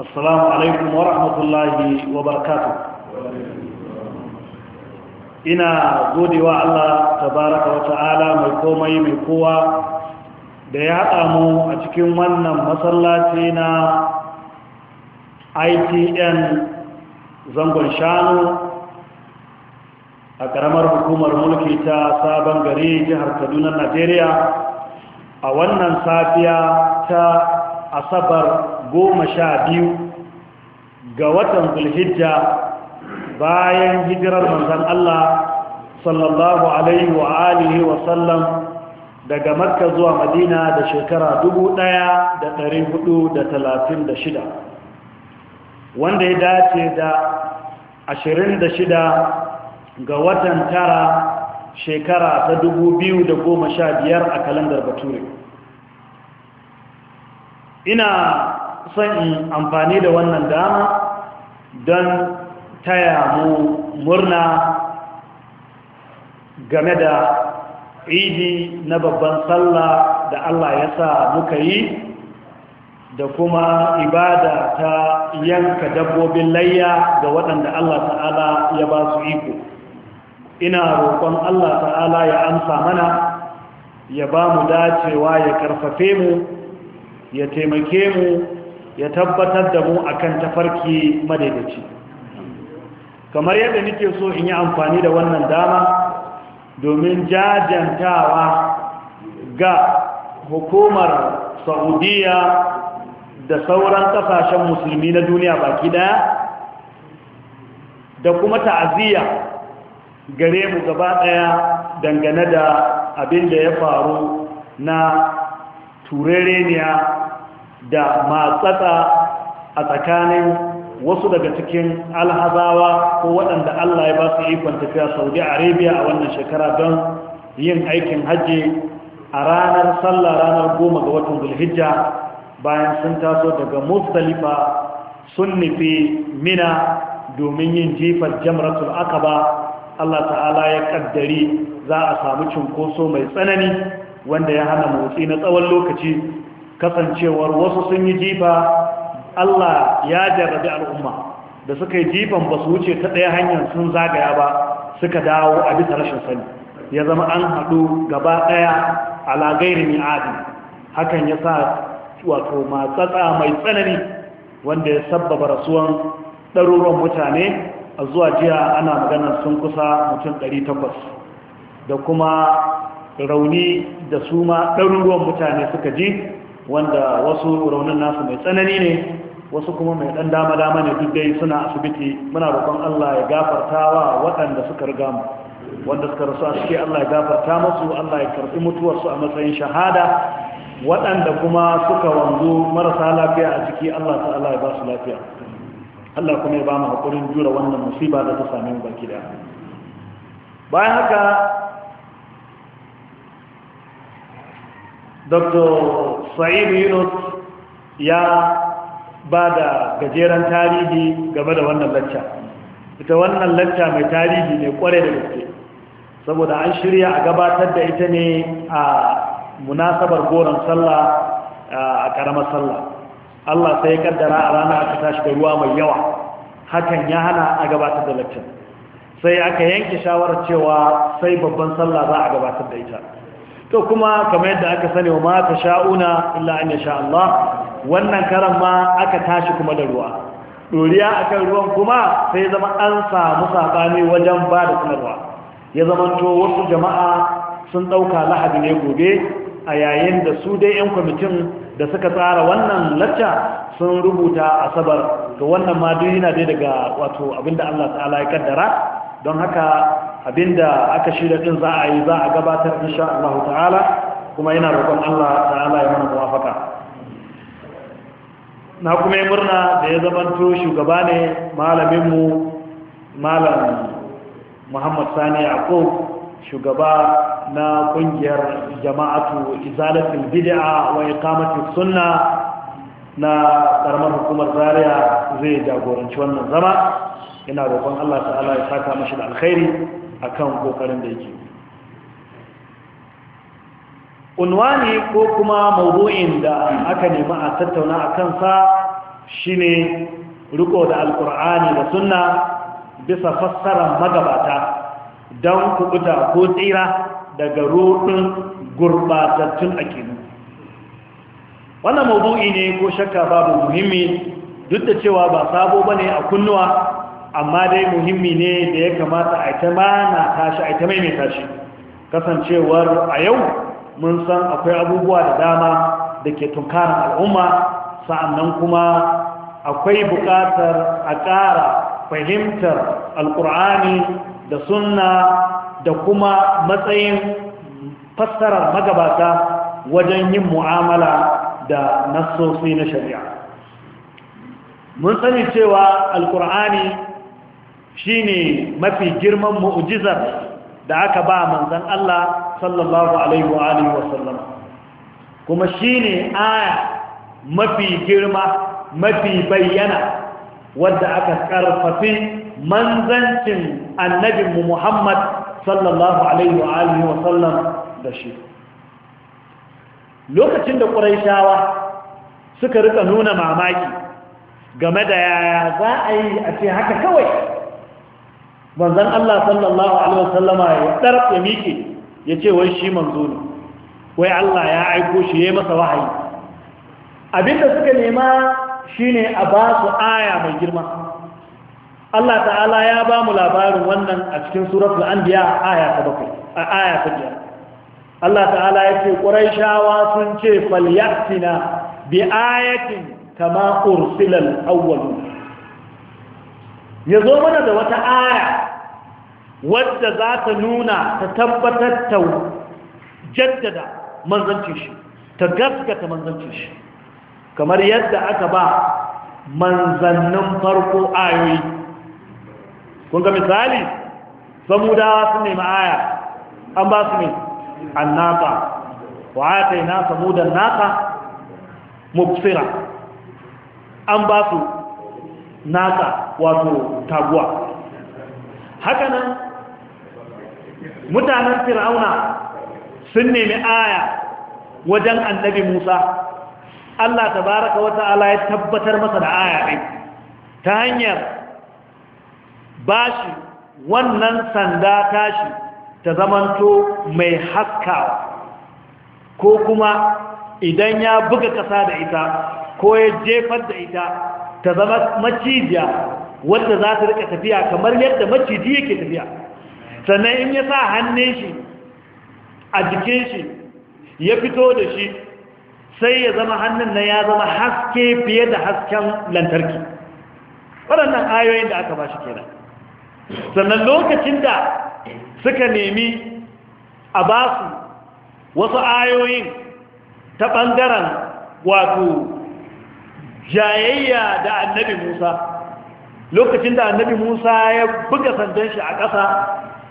assalamu alaikum wa rahmatullahi wa barakatu ina godewa Allah tabaraka wa ta'ala mai komai mai kowa da ya haɗa mu a cikin wannan masallaci na ITN zangon shanu a ƙaramar hukumar mulki ta sabon gari jihar Kaduna Najeriya a wannan safiya ta Asabar goma sha biyu ga watan zulhijja bayan hijirar manzan Allah sallallahu alaihi wa alihi wa sallam daga makka zuwa madina da shekara shida, wanda ya dace da ashirin da shida ga watan tara shekara ta dubu biyu da goma sha biyar a kalandar bature ina son in amfani da wannan dama don taya mu murna game da idi na babban sallah da Allah ya sa muka yi da kuma ibada ta yanka dabbobin layya ga waɗanda Allah ta'ala ya ba su iko ina roƙon Allah ta'ala ya amsa mana ya ba mu dacewa ya ƙarfafe mu ya taimake mu ya tabbatar da mu akan tafarki madaidaci kamar yadda nake so in yi amfani da wannan dama domin jajantawa ga hukumar saudiya da sauran kasashen musulmi na duniya baki daya da kuma ta'aziyya gare mu gaba daya dangane da abin da ya faru na turereniya da matsatsa a tsakanin wasu daga cikin alhazawa ko waɗanda Allah ya ba su ikon tafiya saudi arabia a wannan shekara don yin aikin hajji a ranar sallah ranar goma ga watan zulhijja bayan sun taso daga mustalifa sun nufi mina domin yin jifar jamratul akaba Allah ta'ala ya kaddari za a samu cunkoso mai tsanani wanda ya hana motsi na tsawon lokaci kasancewar wasu sun yi jifa Allah ya jarabi al'umma da suka yi jifan ba su wuce ta ɗaya hanyar sun zagaya ba suka dawo a bisa rashin sani ya zama an haɗu gaba ɗaya a lagairi hakan ya sa wato matsatsa mai tsanani wanda ya sabbaba rasuwan ɗaruruwan mutane a zuwa jiya ana maganar sun kusa mutum ɗari takwas da kuma rauni da su ma ɗaruruwan mutane suka ji wanda wasu raunin nasu mai tsanani ne wasu kuma mai dan dama dama ne duk dai suna asibiti muna roƙon Allah ya gafarta wa waɗanda suka riga mu wanda suka rasu a cikin Allah ya gafarta musu Allah ya mutuwar su a matsayin shahada waɗanda kuma suka wanzu marasa lafiya a ciki Allah ta'ala ya ba su lafiya Allah kuma ya ba mu hakurin jura wannan musiba da ta same mu baki da bayan haka dr sa'id yunus ya ba da gajeren tarihi game da wannan lacca ita wannan lacca mai tarihi ne kware da gaske saboda an shirya a gabatar da ita ne a munasabar goron sallah a ƙaramar sallah allah sai kaddara a rana aka tashi da ruwa mai yawa hakan ya hana a gabatar da lacca sai aka yanke shawarar cewa sai babban sallah za a gabatar da ita to kuma kamar yadda aka sani wa ma ta sha'una illa an yasha Allah wannan karan ma aka tashi kuma da ruwa doriya akan ruwan kuma sai zama an samu sabani wajen ba da sanarwa ya zamanto wasu jama'a sun dauka lahadi ne gobe a yayin da su dai yan kwamitin da suka tsara wannan lacca sun rubuta asabar Ga wannan ma duk yana daga wato abinda Allah ta'ala ya kaddara don haka abinda aka shirya din za a yi za a gabatar insha Allah ta'ala kuma yana roƙon Allah ta'ala ya mana muwafaka na kuma yi murna da ya zamanto shugaba ne malaminmu malam Muhammad Sani Yaqub shugaba na kungiyar jama'atu izalatul bid'a wa iqamatus sunna na karamar hukumar zaria zai jagoranci wannan zama ina roƙon allah ta'ala ya saka mashi da alkhairi akan kokarin da yake unwani ko kuma mawdu'in da aka nemi a tattauna a kansa shine riko da alkur'ani da sunna bisa fassara magabata don kubuta ko tsira daga rudin gurbatattun akidu wannan mawdu'i ne ko shakka babu muhimmi duk da cewa ba sabo bane a kunnuwa amma dai muhimmi ne da ya kamata a ita na tashi a ita mai tashi. kasancewar a yau mun san akwai abubuwa da dama da ke tunkarar al'umma sa'annan kuma akwai buƙatar a ƙara fahimtar alƙur'ani da sunna da kuma matsayin fassarar magabata wajen yin mu'amala da nasosi na shari'a mun sani cewa alƙur'ani shine mafi girman mu'ujizar da aka ba manzon Allah sallallahu alaihi wa alihi wasallam kuma shine aya mafi girma mafi bayyana wadda aka karfafi manzancin annabinmu Muhammad sallallahu alaihi wa alihi da shi lokacin da ƙuraishawa suka rika nuna mamaki game da yaya za a yi a ce haka kawai manzon Allah sallallahu alaihi wasallama ya darf ya miƙe ya ce wai shi manzo ne wai Allah ya aiko shi ya masa wahayi abinda suka nema shine a ba su aya mai girma Allah ta'ala ya ba mu labarin wannan a cikin suratul anbiya aya ta bakwai a aya ta biyar Allah ta'ala ya ce ƙuraishawa sun ce falyatina bi ayatin kama ursilal awwalun ya zo mana da wata aya wadda za ta nuna ta tabbatar ta jaddada manzancin shi ta gaskata manzancin shi kamar yadda aka ba manzannin farko ayoyi kunga misali samudawa su nemi aya an ba su ne annaka wa aka yi na samudan naka mubsira an ba su naka wato taguwa Haka nan, mutanen fir'auna sun nemi aya wajen annabi musa allah ta baraka wata ala ya tabbatar masa da aya ɗin ta hanyar bashi wannan sanda tashi ta zamanto mai haska. ko kuma idan ya buga ƙasa da ita ko ya jefar da ita ta zama macijiya wanda za ta rika tafiya kamar yadda maciji yake tafiya sannan in ya sa hannun shi a jikin shi ya fito da shi sai ya zama hannun na ya zama haske fiye da hasken lantarki waɗannan ayoyin da aka ba shi kenan sannan lokacin da suka nemi a ba su wasu ayoyin ta ɓangaren wato jayayya da annabi musa lokacin da annabi musa ya buga sandan shi a ƙasa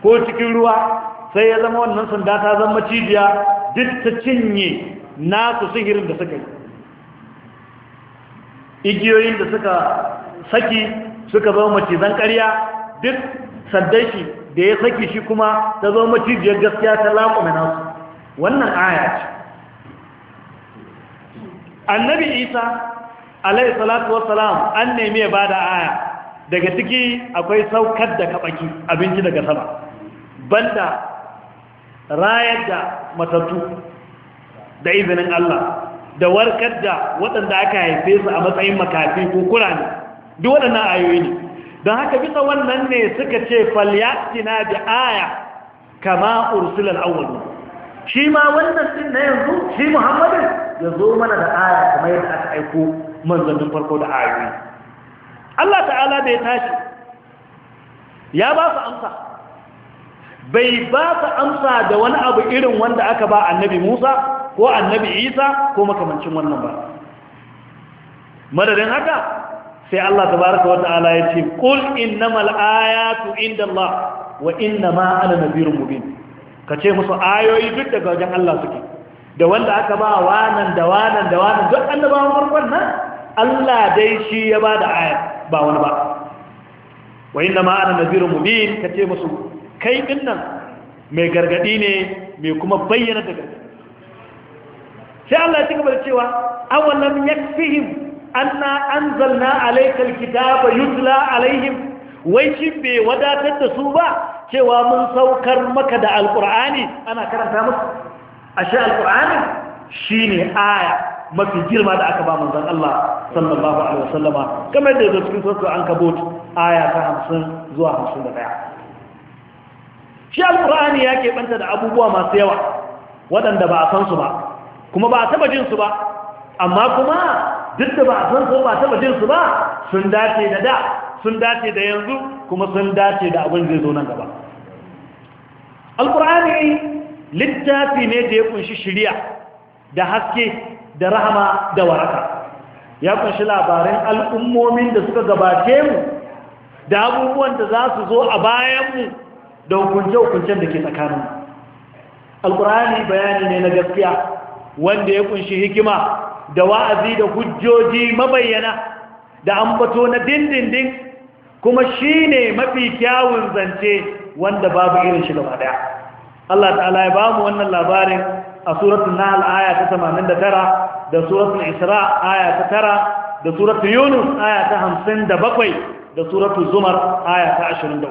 ko cikin ruwa sai ya zama wannan sanda ta zama cibiya duk ta cinye nasu sihirin da suka yi igiyoyin da suka saki suka zama macizan ƙarya duk sandan shi da ya saki shi kuma ta zama maciziyar gaskiya ta laƙume nasu wannan aya ce annabi isa alaihi salatu wassalam an nemi ya bada aya daga ciki akwai saukar da kabaki abinci daga sama banda rayar da matattu da izinin Allah da warkar da waɗanda aka haife su a matsayin makafi ko kurani duk waɗannan ayoyi ne don haka bisa wannan ne suka ce falyatina bi aya kama ursulal awwal shi ma wannan din na yanzu shi muhammadin ya zo mana da aya kamar yadda aka aiko manzannin farko da ayoyi Allah ta'ala bai tashi ya ba su amsa bai ba su amsa da wani abu irin wanda aka ba annabi Musa ko annabi Isa ko makamancin wannan ba madadin haka sai Allah tabaraka wa ta'ala ya ce qul innamal ayatu indallah wa innama ana nadhirun mubin kace musu ayoyi duk daga wajen Allah suke da wanda aka ba wanan da wanan da wanan duk annabawan farkon nan Allah dai shi ya ba da ayar ba wani ba wa inda ma ana nazirin mubin ka ce musu kai ɗin mai gargaɗi ne mai kuma bayyana da gargadi. sai Allah ya ci gaba da cewa awalam yakfihim anna anzalna alaykal kitaba yutla alaihim wai shi bai wadatar da su ba cewa mun saukar maka da alkur'ani ana karanta musu ashe alkur'ani shine aya mafi girma da aka ba manzon Allah sallallahu alaihi wasallama kamar da yake cikin sura Ankabut aya ta hamsin zuwa hamsin da 51 shi alqur'ani ya keɓanta da abubuwa masu yawa waɗanda ba a san su ba kuma ba a taɓa jin su ba amma kuma duk da ba a san su ba a taɓa jin su ba sun dace da da sun dace da yanzu kuma sun dace da abin zai zo nan gaba alqur'ani littafi ne da ya ƙunshi shari'a da haske da rahama da waraka ya kunshi labarin al'ummomin da suka gabace mu da abubuwan da za su zo a bayan mu da hukunce-hukuncen da ke tsakanin alkurani bayani ne na gaskiya wanda ya kunshi hikima da wa'azi da hujjoji mabayyana da ambato na dindindin kuma shi ne mafi kyawun zance wanda babu irin shi gaba daya Allah ta'ala ya ba mu wannan labarin a suratul nahl aya ta 89 da suratul isra aya ta 9 da suratul yunus aya ta 57 da suratul zumar aya ta 23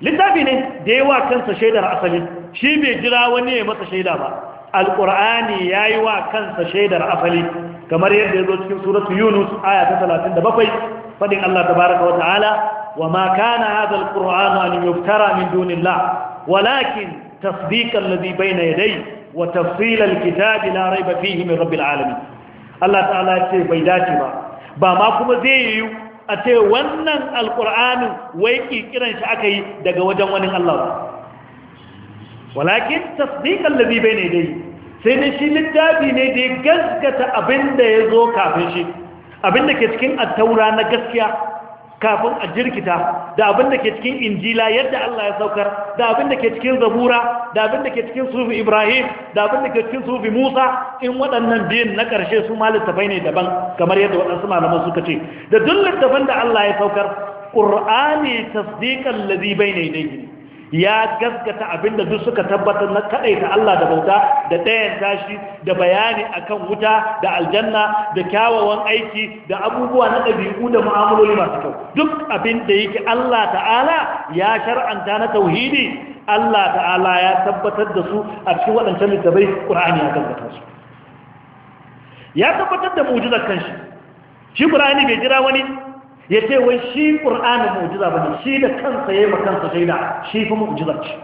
littafi ne da yi wa kansa shaidar asali shi bai jira wani ya masa shaida ba alƙur'ani yi wa kansa shaidar asali kamar yadda ya zo cikin suratu yunus aya ta 37 faɗin Allah tabaraka wa ta'ala wa ma kana hadha alqur'anu an tara min dunillah walakin تصديق الذي بين يديه وتفصيل الكتاب لا ريب فيه من رب العالمين الله تعالى يتي بيداتي با با ما كما زي يو أتي ونن القرآن ويكي كرن شعكي دقا وجن ونن الله ولكن تصديق الذي بين يديه سيدي شي للتابي نيدي قزقة أبن دي زوكا في شي abin da ke cikin attaura na gaskiya kafin a jirkita da abin da ke cikin injila yadda Allah ya saukar da abin da ke cikin zabura da abin da ke cikin sufi ibrahim da abin da ke cikin sufi musa in waɗannan biyun na ƙarshe su ma littafai ne daban kamar yadda waɗansu malaman suka ce da duk littafin da Allah ya saukar ƙur'ani tasdiƙan lazi ne dai ya gaskata abinda duk suka tabbatar na kaɗaita Allah da bauta da ɗayan tashi da bayani akan wuta da aljanna da kyawawan aiki da abubuwa na ɗabi'u da mu'amaloli masu kyau duk abinda yake Allah ta'ala ya shar'anta na tauhidi Allah ta'ala ya tabbatar da su a cikin waɗancan littabai Qur'ani ya tabbata su ya tabbatar da mu'jizar kanshi shi Qur'ani bai jira wani ya ce wai shi ƙur'anin mu'jiza ba ne shi da kansa ya yi makansa shaida shi fi mu'jiza ce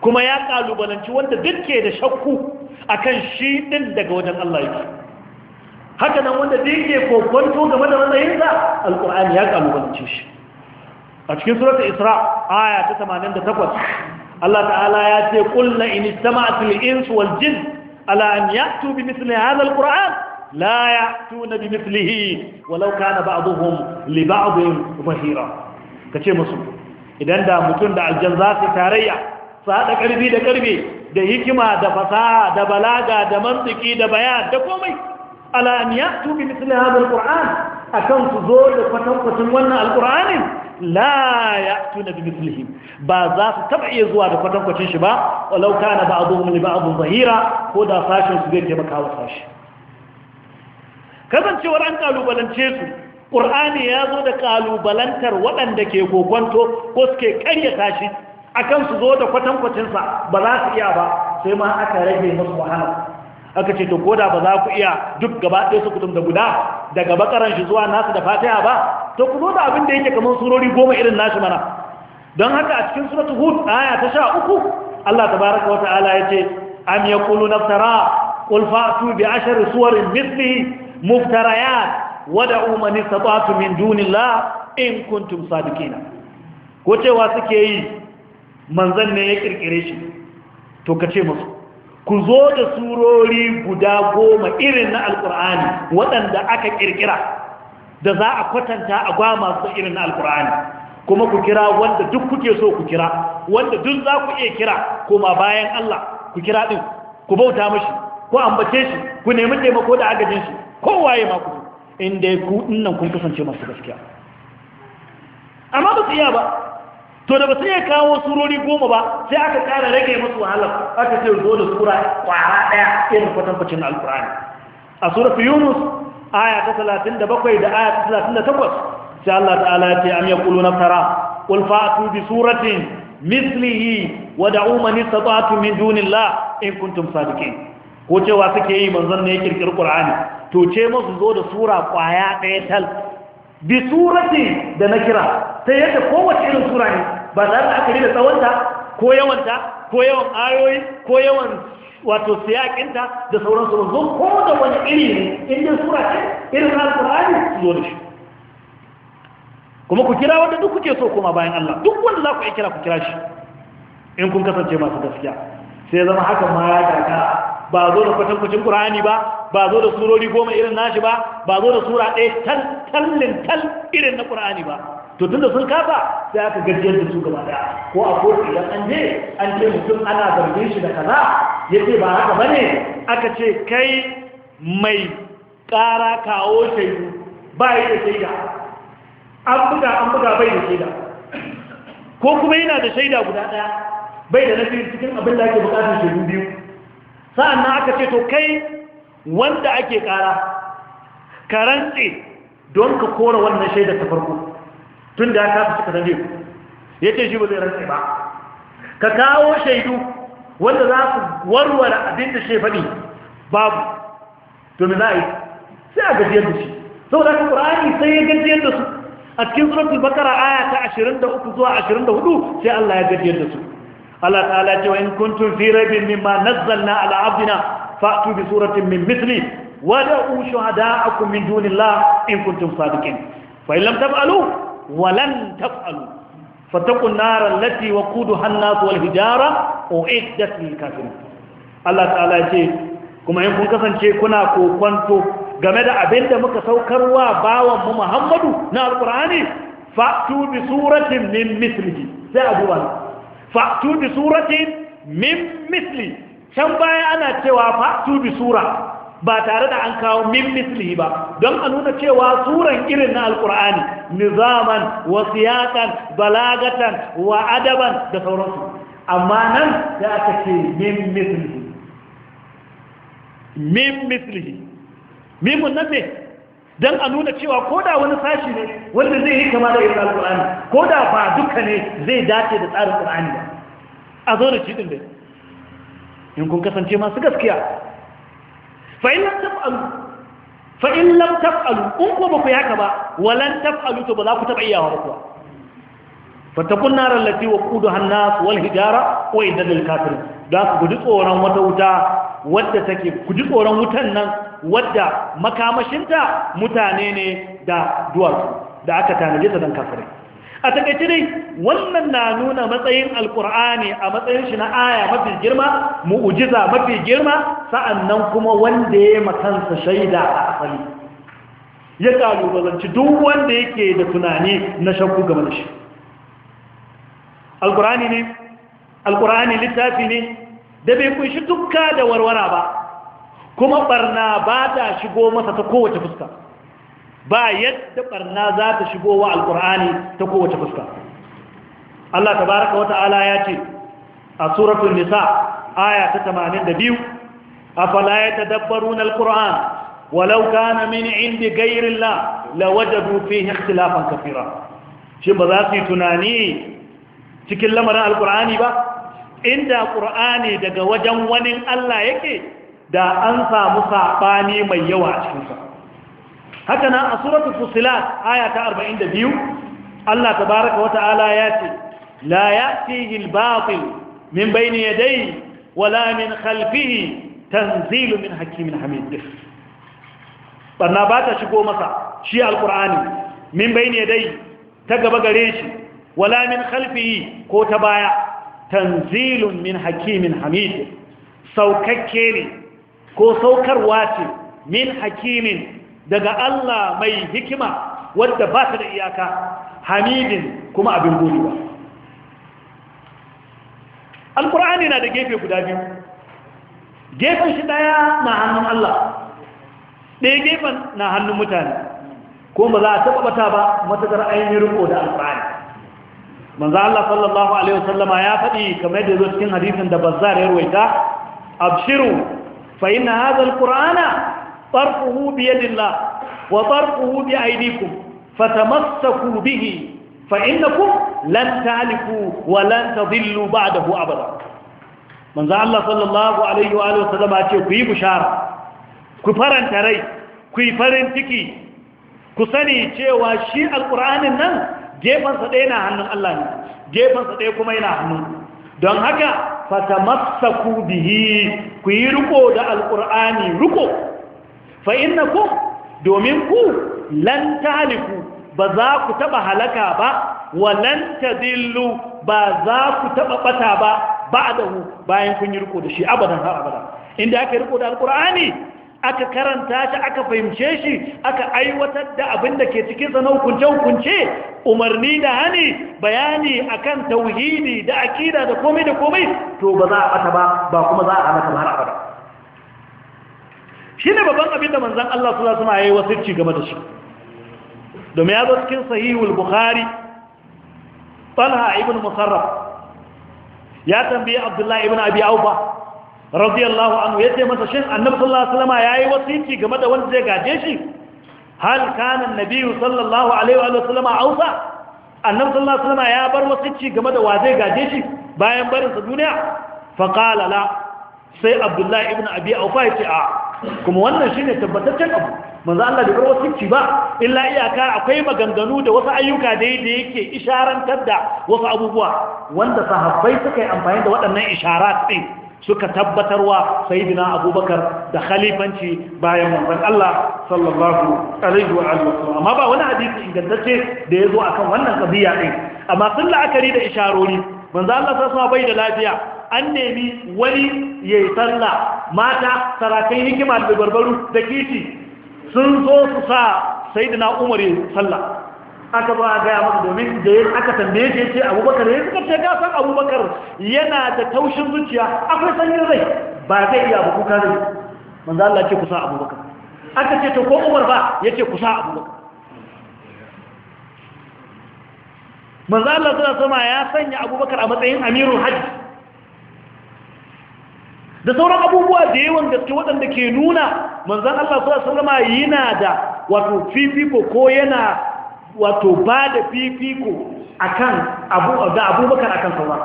kuma ya ƙalubalanci wanda ke da shakku akan shi ɗin daga wajen Allah yake haka nan wanda dukke kokonto game da matsayinsa alƙur'ani ya ƙalubalance shi a cikin suratul isra aya ta 88 Allah ta'ala ya ce kullu in istama'atil insu wal jin ala an ya'tu bi mithli hadha al-qur'an la ya'tuna bi mithlihi walau kana ba'dhum li ba'dhin zahira kace musu idan da mutum da aljan za su tarayya su haɗa ƙarfi da ƙarfi da hikima da fasaha da balaga da mantiki da bayan da komai ala an ya'tu bi mithli hadha alquran akan su zo da kwatankwacin wannan alquranin la ya'tuna bi mithlihi ba za su taba iya zuwa da kwatankwacin shi ba walau kana ba'dhum li ba'd zahira ko da sashen su zai taimaka wa sashi kasancewar an kalubalance su ƙur'ani ya zo da kalubalantar waɗanda ke gogonto ko suke ƙaryata shi akan su zo da kwatankwacinsa ba za su iya ba sai ma aka rage masu wahala aka ce to da ba za ku iya duk gaba ɗaya su kutum da guda daga bakaran shi zuwa nasu da fatiha ba to ku zo da abin da yake kamar surori goma irin nashi mana don haka a cikin suratu hud aya ta sha uku Allah tabaraka wa ta'ala ya ce am kulu naftara qul fa'tu bi ashri suwarin mithlihi muftarayat wada'u man istata'tum min dunillah in kuntum sadiqina ko cewa suke yi manzan ne ya kirkire shi to kace musu ku zo da surori guda goma irin na alkur'ani waɗanda aka kirkira da za a kwatanta a ga masu irin na alkur'ani kuma ku kira wanda duk kuke so ku kira wanda duk za ku iya kira koma bayan Allah ku kira din ku bauta mashi ku ambace shi ku nemi taimako da agajin shi kowaye ma ku inda ya ku nan kun kasance masu gaskiya amma ba su iya ba to da ba su iya kawo surori goma ba sai aka kara rage masu wahala aka ce zo da sura kwara daya irin kwatankwacin alkurani a surat yunus aya ta 37 da aya ta takwas, sai Allah ta'ala ya ce am na tara qul fa'tu bi suratin mithlihi wad'u man istata'tum min dunillah in kuntum sadiqin ko cewa suke yi manzon ne ya kirkiri qur'ani to ce musu zo da sura kwaya ɗaya tal bi surati da na kira ta yadda kowace irin sura ne ba za da aka da tsawonta ko yawanta ko yawan ayoyi ko yawan wato siyakinta da sauran ba zo ko da wani iri ne inda sura ce irin alkur'ani zo da shi kuma ku kira wanda duk kuke so kuma bayan Allah duk wanda za ku iya kira ku kira shi in kun kasance masu gaskiya sai zama haka ma ya gaga ba zo da kwatankwacin ƙur'ani ba ba zo da surori goma irin nashi ba ba zo da sura ɗaya tal tallin tal irin na ƙur'ani ba to tunda sun kafa sai aka gajiyar da su gaba da ko a ko idan an je an ce mutum ana zargin shi da kaza yace ba haka ba aka ce kai mai ƙara kawo shaidu ba yi da shaida an buga an buga bai da shaida ko kuma yana da shaida guda ɗaya bai da nasiri cikin abin da ake bukatar shaidu biyu sa'an nan aka ce to kai wanda ake ƙara ka rantse don ka kora wannan shaidar ta farko tun da ka fi suka zanje ya ce shi ba zai rantse ba ka kawo shaidu wanda za su warware abin da shefani babu domin za a yi sai a gajiyar da shi sau da ƙurani sai ya gajiyar da su a cikin suratul bakara aya ta 23 zuwa 24 sai Allah ya gajiyar da su Allah ta'ala ce wa in kuntum fi raibin mimma nazzalna ala abdina fa'tu bi suratin min mithli wa da'u shuhada'akum min dunillah in kuntum sadiqin fa in taf'alu wa lan taf'alu fattaqun nar allati waquduha an-nas wal hijara u'iddat lil kafirin Allah ta'ala ce kuma in kun kasance kuna kokonto game da abinda muka saukarwa bawanmu Muhammadu na Alƙur'ani fa'tu bi suratin min mislihi sai a duba fa'tu bi suratin min misli can baya ana cewa fa'tu bi sura ba tare da an kawo min misli ba don a nuna cewa suran irin na alkur'ani nizaman wa siyatan balagatan wa adaban da sauransu amma nan da aka ce min misli min misli mimun nan ne don a nuna cewa ko da wani sashi ne wanda zai yi kama da irin alƙur'ani ko da ba duka ne zai dace da tsarin ƙur'ani ba a zo da shi ɗin dai in kun kasance masu gaskiya Fa fa'in lam taf'alu in ko ba ku yaka ba walan taf'alu to ba za ku taɓa iyawa ba kuwa fatakun narar lati wa kudu hannas wal hijara ko idan da kafir da ku guji tsoron wata wuta wadda take ku ji tsoron wutan nan wadda makamashinta mutane ne da duwatsu da aka tanaje ta don kafirai a takaice dai wannan na nuna matsayin alkur'ani a matsayin shi na aya mafi girma mu'ujiza mafi girma sa'annan kuma wanda ya makansa shaida a asali ya kalubalanci duk wanda yake da tunani na shakku game da shi alkur'ani ne alkur'ani littafi ne da bai kunshi dukka da warwara ba kuma barna ba ta shigo masa ta kowace fuska ba yadda barna za ta shigo wa alkur'ani ta kowace fuska Allah tabaraka wata ala ya ce a suratul nisa aya ta 82 afala yatadabbaruna alquran walau kana min indi ghayri allah lawajadu fihi ikhtilafan kathira shin ba za su yi tunani cikin lamarin alkur'ani ba inda ƙur'ani daga wajen wani Allah yake da an samu saɓani mai yawa a cikinsa haka nan a suratul fusilat aya ta 42 Allah tabaraka wata'ala ya ce la ya'tihi al-batil min bayni yadayhi wala min khalfihi tanzilu min hakimin hamid barna ba ta shigo masa shi alqur'ani min bayni yadayhi ta gaba gare shi wala min khalfihi ko ta baya tanzilun min hakimin hamid saukakke ne ko saukarwa ce min hakimin daga Allah mai hikima wadda ba ta da iyaka hamidin kuma abin godewa alkur'ani na da gefe guda biyu gefen shi daya na hannun Allah ɗaya gefen na hannun mutane ko ba za a taɓa ba matuƙar ainihin riko da alkur'ani manzo Allah sallallahu alaihi wasallama ya faɗi kamar da zo cikin hadisin da bazzar ya ruwaita abshiru fa inna hadha alqur'ana tarfuhu bi yadillah wa tarfuhu bi aydikum fatamassaku bihi fa innakum lan taliku wa lan tadillu ba'dahu abada manzo Allah sallallahu alaihi wa alihi wasallama ce ku yi bushara ku faranta rai ku yi farin ciki ku sani cewa shi alqur'anin nan gefansa ɗaya na hannun Allah ne gefansa ɗaya kuma yana hannun don haka ku bihi ku yi riko da alkur'ani riko fa ku domin ku lan ba za ku taɓa halaka ba wa lan ba za ku taɓa ɓata ba ba'dahu bayan kun yi riko da shi abadan har abada inda aka riko da alkur'ani aka karanta shi aka fahimce shi aka aiwatar da abin da ke cikin sa na hukunce-hukunce umarni da hani bayani akan tauhidi da akida da komai da komai to ba za a bata ba ba kuma za a halaka har shi ne babban abin da manzan Allah su zasu ma yi wasu ci game da shi domin ya zo cikin sahihul bukhari talha ibn musarraf ya tambaye abdullahi ibn abi aufa radiyallahu anhu yace masa shin annabi sallallahu alaihi wasallam yayi wasiki game da wanda zai gaje shi hal kana annabi sallallahu alaihi wasallam ausa annabi sallallahu alaihi wasallam ya bar wasiki game da wa zai gaje shi bayan barin sa duniya fa qala la sai abdullahi ibn abi aufa ce a kuma wannan shine tabbataccen abu manzo Allah da bar wasiki ba illa iyaka akwai maganganu da wasu ayyuka da yake isharantar da wasu abubuwa wanda sahabbai suka yi amfani da waɗannan isharat din suka tabbatarwa Saidina abubakar da khalifanci bayan manzon Allah sallallahu alaihi wa sallam amma ba wani hadisi ingantacce da ya zo a kan wannan ƙabiya ɗin amma sun la'akari da isharori manzon Allah sallallahu bai da lafiya an nemi wani yayi sallah mata sarakai hikima da barbaru da kici sun zo su sa Saidina Umar ya sallah aka zo a gaya masa domin da ya aka tambaye shi ce abubakar ya suka ce ga san abubakar yana da taushin zuciya akwai sanyin rai ba zai iya abu kuka zai manzo Allah ce kusa abubakar aka ce to ko Umar ba yace kusa abubakar manzo Allah sallallahu sama ya sanya abubakar a matsayin amirul hajji da sauran abubuwa da yawan gaske waɗanda ke nuna manzan Allah sallallahu alaihi yana da wato fifiko ko yana wato ba da fifiko a kan abubakar a kan sauran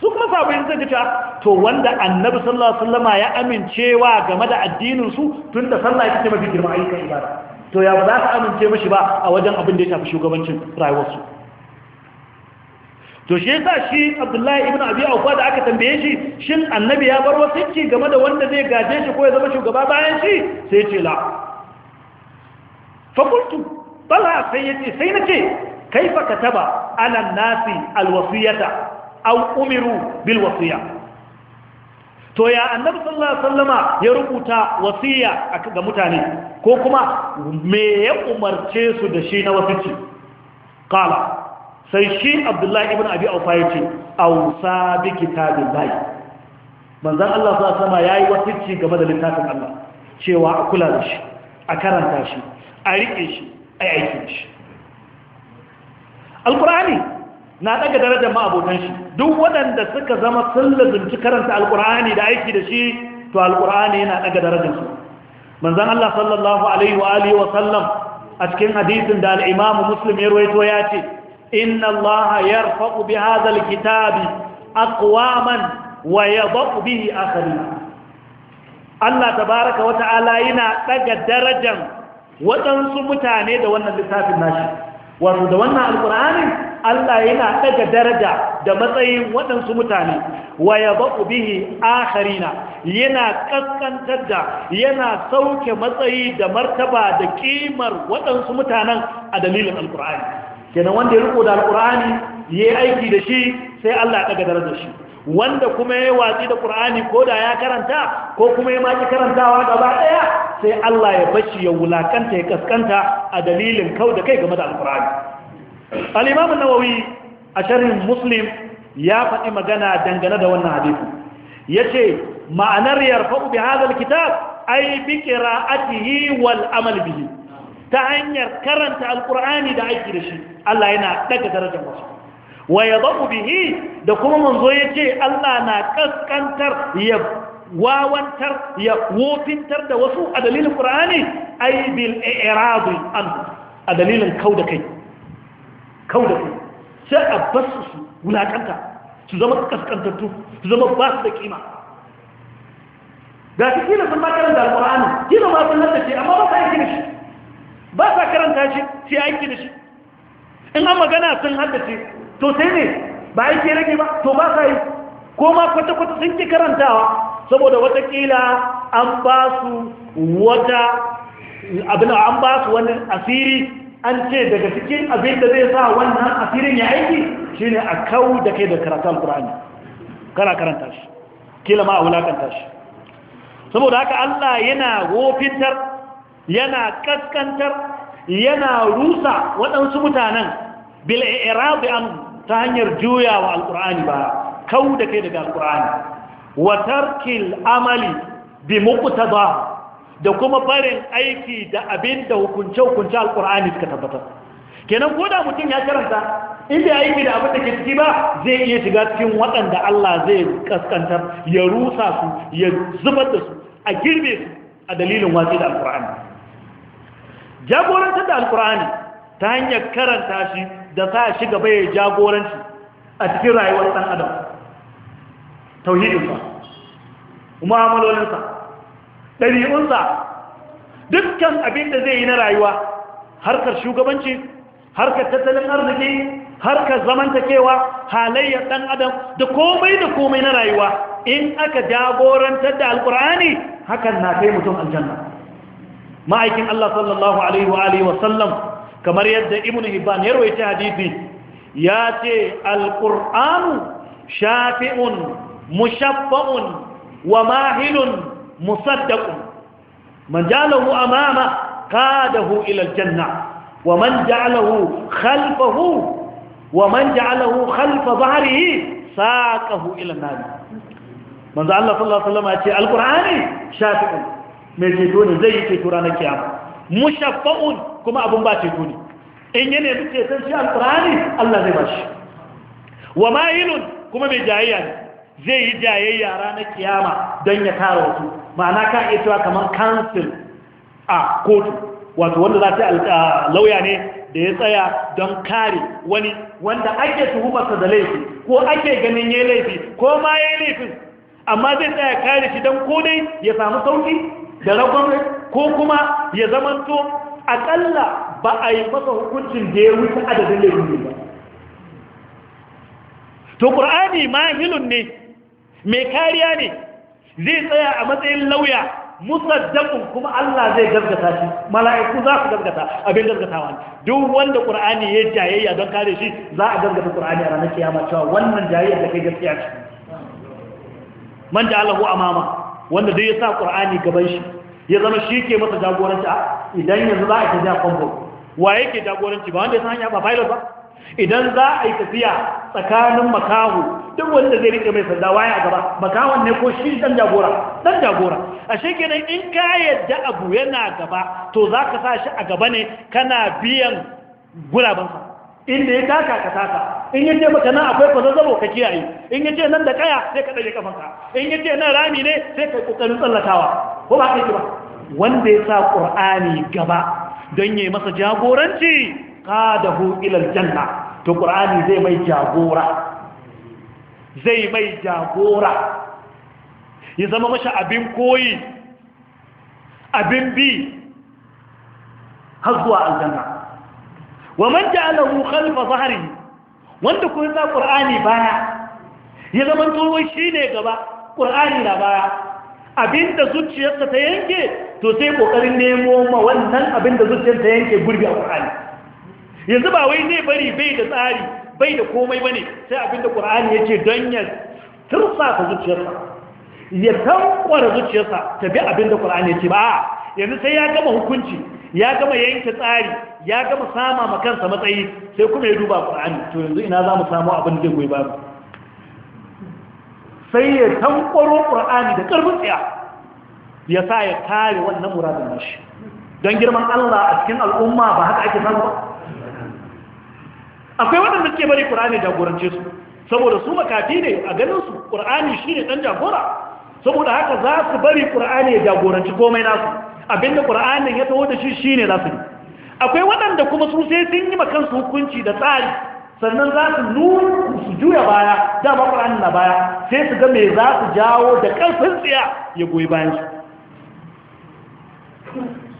su kuma yin zai to wanda annabi sallallahu alaihi wasallama ya amincewa game da addininsu tun da sallah ya ce mafi girma ayyukan ibada to ya ba za ka amince mashi ba a wajen abin da ya shafi shugabancin rayuwarsu to shi yasa shi Abdullahi ibn Abi Awfa da aka tambaye shi shin annabi ya bar wasicci game da wanda zai gaje shi ko ya zama shugaba bayan shi sai ya ce la fa qultu talha sai ya sai na ce kai fa ka taba alan nasi alwasiyata an umiru bil wasiya to ya annabi sallallahu alaihi wasallama ya rubuta wasiya ga mutane ko kuma me ya umarce su da shi na wasici qala sai shi abdullahi ibn abi aufa yace ausa bi kitabillahi manzon Allah sallallahu alaihi yayi wasici game da littafin Allah cewa a kula da shi a karanta shi a rike shi a yaƙi shi na ɗaga darajar ma'abotan shi duk waɗanda suka zama sun lazumci karanta alkur'ani da aiki da shi to alkur'ani yana ɗaga darajar su manzan Allah sallallahu alaihi wa wa sallam a cikin hadisin da al'imamin imam Muslim ya rawaito ya ce inna Allah yarfa'u bi hadha kitabi kitabi aqwaman wa yadhu bihi akharin Allah baraka wata ta'ala yana ɗaga darajar waɗansu mutane da wannan littafin nashi wato da wannan alƙur'anin Allah yana ɗaga daraja da matsayin waɗansu mutane wa ya baƙu bihi akharina yana ƙasƙantar da yana sauke matsayi da martaba da ƙimar waɗansu mutanen a dalilin alƙur'ani kenan wanda ya riko da alƙur'ani ya yi aiki da shi sai Allah ya ɗaga darajar shi wanda kuma ya watsi da ƙur'ani ko da ya karanta ko kuma ya maki karantawa gaba ɗaya sai Allah ya bashi ya wulakanta ya kaskanta a dalilin kau da kai game da alƙur'ani al'imamun nawawi a sharhin muslim ya faɗi magana dangane da wannan hadisi ya ce ma'anar yarfa'u bi hadal kitab ai bi qira'atihi wal amal bihi ta hanyar karanta alƙur'ani da aiki da shi Allah yana daga darajar wasu wa ya babu bihi da kuma manzo ya ce Allah na kaskantar ya wawantar ya wofintar da wasu a dalilin ƙura'ani ai bil an a dalilin kau da kai kau da kai sai a basu su wulakanta su zama kaskantattu su zama ba su da kima ga su kila sun ba karanta alƙura'ani kila ma sun lantarki amma ba sa aiki da shi ba sa karanta shi sai aiki da shi in an magana sun haddace to sai ne ba yake rage ba to ba sai yi ko ma kwata-kwata sun ki karantawa saboda watakila an ba su wata abin an ba su wani asiri an ce daga cikin abin da zai sa wannan asirin ya aiki shine a kawo da kai da karatun ƙur'ani kana karanta shi kila ma a wulakanta shi saboda haka Allah yana wofintar yana kaskantar yana rusa waɗansu mutanen bil'irabi an ta hanyar juyawa alkur'ani ba kau da kai daga alkur'ani wa tarkil amali bi ba da kuma barin aiki da abin da hukunce hukunce alkur'ani suka tabbatar kenan ko da mutum ya karanta inda aiki da abin da ke ciki ba zai iya shiga cikin waɗanda Allah zai kaskantar ya rusa su ya zubar da su a girbe su a dalilin watsi da alkur'ani jagorantar da alkur'ani ta hanyar karanta shi da sa shi gaba ya jagoranci a cikin rayuwar ɗan adam tauhidinsa mu'amalolinsa ɗari'unsa dukkan abin da zai yi na rayuwa harkar shugabanci harkar tattalin arziki harkar zamantakewa halayyar ɗan adam da komai da komai na rayuwa in aka jagorantar da alkur'ani hakan na kai mutum aljanna ma'aikin Allah sallallahu alaihi wa alihi wa sallam kamar yadda ibn hibban ya rawaita hadisi ya ce alqur'anu shafi'un mushaffa'un wa mahilun musaddaqun man jalahu amama qadahu ila aljanna wa man ja'alahu khalfahu wa man ja'alahu khalfa dhahrihi saqahu ila an-nar manzo Allah sallallahu alaihi wasallam ya ce alqur'ani shafi'un mai ceto ne zai yi ceto ranar kiyama mushaffa'un kuma abin ba teku ne in yi nemi ceton shi alkurani Allah zai ba shi wa mayinun kuma mai jayayya ne zai yi jayayya ranar kiyama don ya tara wasu ma'ana ka iya cewa kamar kansil a kotu wato wanda za ta lauya ne da ya tsaya don kare wani wanda ake tuhumarsa da laifi ko ake ganin ya laifi ko ma ya laifin amma zai tsaya kare shi don kodai ya samu sauki da ragon ko kuma ya zamanto akalla ba a yi masa hukuncin da ya wuce adadin laifin ba to ƙur'ani mahilun ne mai kariya ne zai tsaya a matsayin lauya musaddaqun kuma Allah zai gaskata shi mala'iku za su gaskata abin gaskatawa duk wanda ƙur'ani ya jayayya don kare shi za a gaskata ƙur'ani a ranar kiyama cewa wannan jayayya da kai gaskiya ce man da Allahu amama wanda zai sa ƙur'ani gaban shi ya zama shi ke masa jagoranci a idan yanzu za a tafiya kwamfo wa yake jagoranci ba wanda ya san ba pilot ba idan za a yi tafiya tsakanin makahu duk wanda zai rike mai sanda waya a gaba makahon ne ko shi dan jagora dan jagora a shekenan in ka yadda abu yana gaba to za ka sa shi a gaba ne kana biyan gurabansa inda ya taka ka taka in yace maka nan akwai kwazazzabo ka kiyaye in yace nan da kaya sai ka dage kafanka in yace nan rami ne sai ka kokarin tsallatawa ko ba kai ba wanda ya sa qur'ani gaba don yi masa jagoranci qadahu ila aljanna to qur'ani zai mai jagora zai mai jagora ya zama masa abin koyi abin bi har zuwa aljanna wa man ja'alahu khalfa zahrihi wanda ko yasa qur'ani baya ya zaman to wai shine gaba qur'ani na baya abinda zuciyarsa ta yanke to sai kokarin nemo ma wannan abinda zuciyarsa ta yanke gurbi a qur'ani yanzu ba wai zai bari bai da tsari bai da komai bane sai abinda qur'ani yace don ya tursa ta zuciyarsa ya tankwara zuciyarsa ta bi abinda qur'ani yace ya ba yanzu sai ya gama hukunci ya gama yanke tsari ya gama sama ma kansa matsayi sai kuma ya duba Al-Qur'ani. to yanzu ina za mu samu abin da goyi babu sai ya tankwaro qurani da ƙarfin tsaya ya sa ya kare wannan muradin nashi don girman Allah a cikin al'umma ba haka ake samu ba akwai waɗanda suke bari ƙur'ani jagorance su saboda su makafi ne a ganin su qurani shi ne ɗan jagora saboda haka za su bari Al-Qur'ani ya jagoranci komai nasu abinda ƙura'anin ya taho da shi shine ne akwai waɗanda kuma su sai sun yi makansu hukunci da tsari sannan za su nuna su juya baya dama ƙura'anin na baya sai su ga mai za su jawo da ƙarfin tsiya ya goyi bayan shi.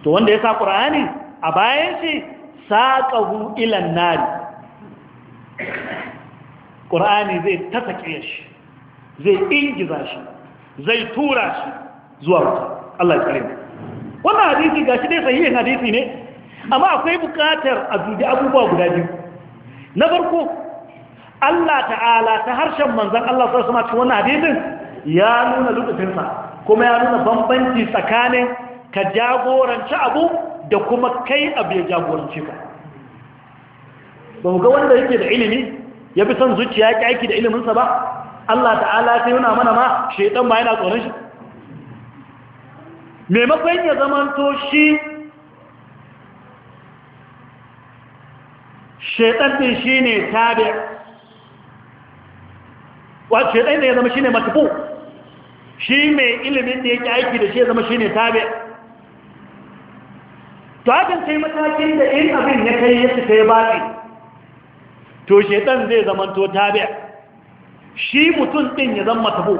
to wanda ya sa ƙura'ani a bayan shi saƙahu ilan nari ƙura'ani zai tasake shi zai ingiza shi zai tura shi zuwa wuta Allah ya kare mu wannan hadisi ga shi dai sahihin hadisi ne amma akwai bukatar a dubi abubuwa guda biyu na farko Allah ta'ala ta harshen manzan Allah sai suna cikin wannan hadisin ya nuna lutufinsa kuma ya nuna bambanci tsakanin ka jagoranci abu da kuma kai abu ya jagoranci ka ba mu ga wanda yake da ilimi ya fi son zuciya ya aiki da iliminsa ba Allah ta'ala sai yana mana ma shaidan ba yana tsoron shi maimakon ya zamanto shi shaitan ɗin shi ne tabi shaitan da ya zama shi ne matubu shi mai ilimin da yake aiki da shi ya zama shi ne tabi to hakan kai matakin da in abin ya kai ya suka ya batsi to shaitan zai zamanto tabi shi mutum ɗin ya zama matubu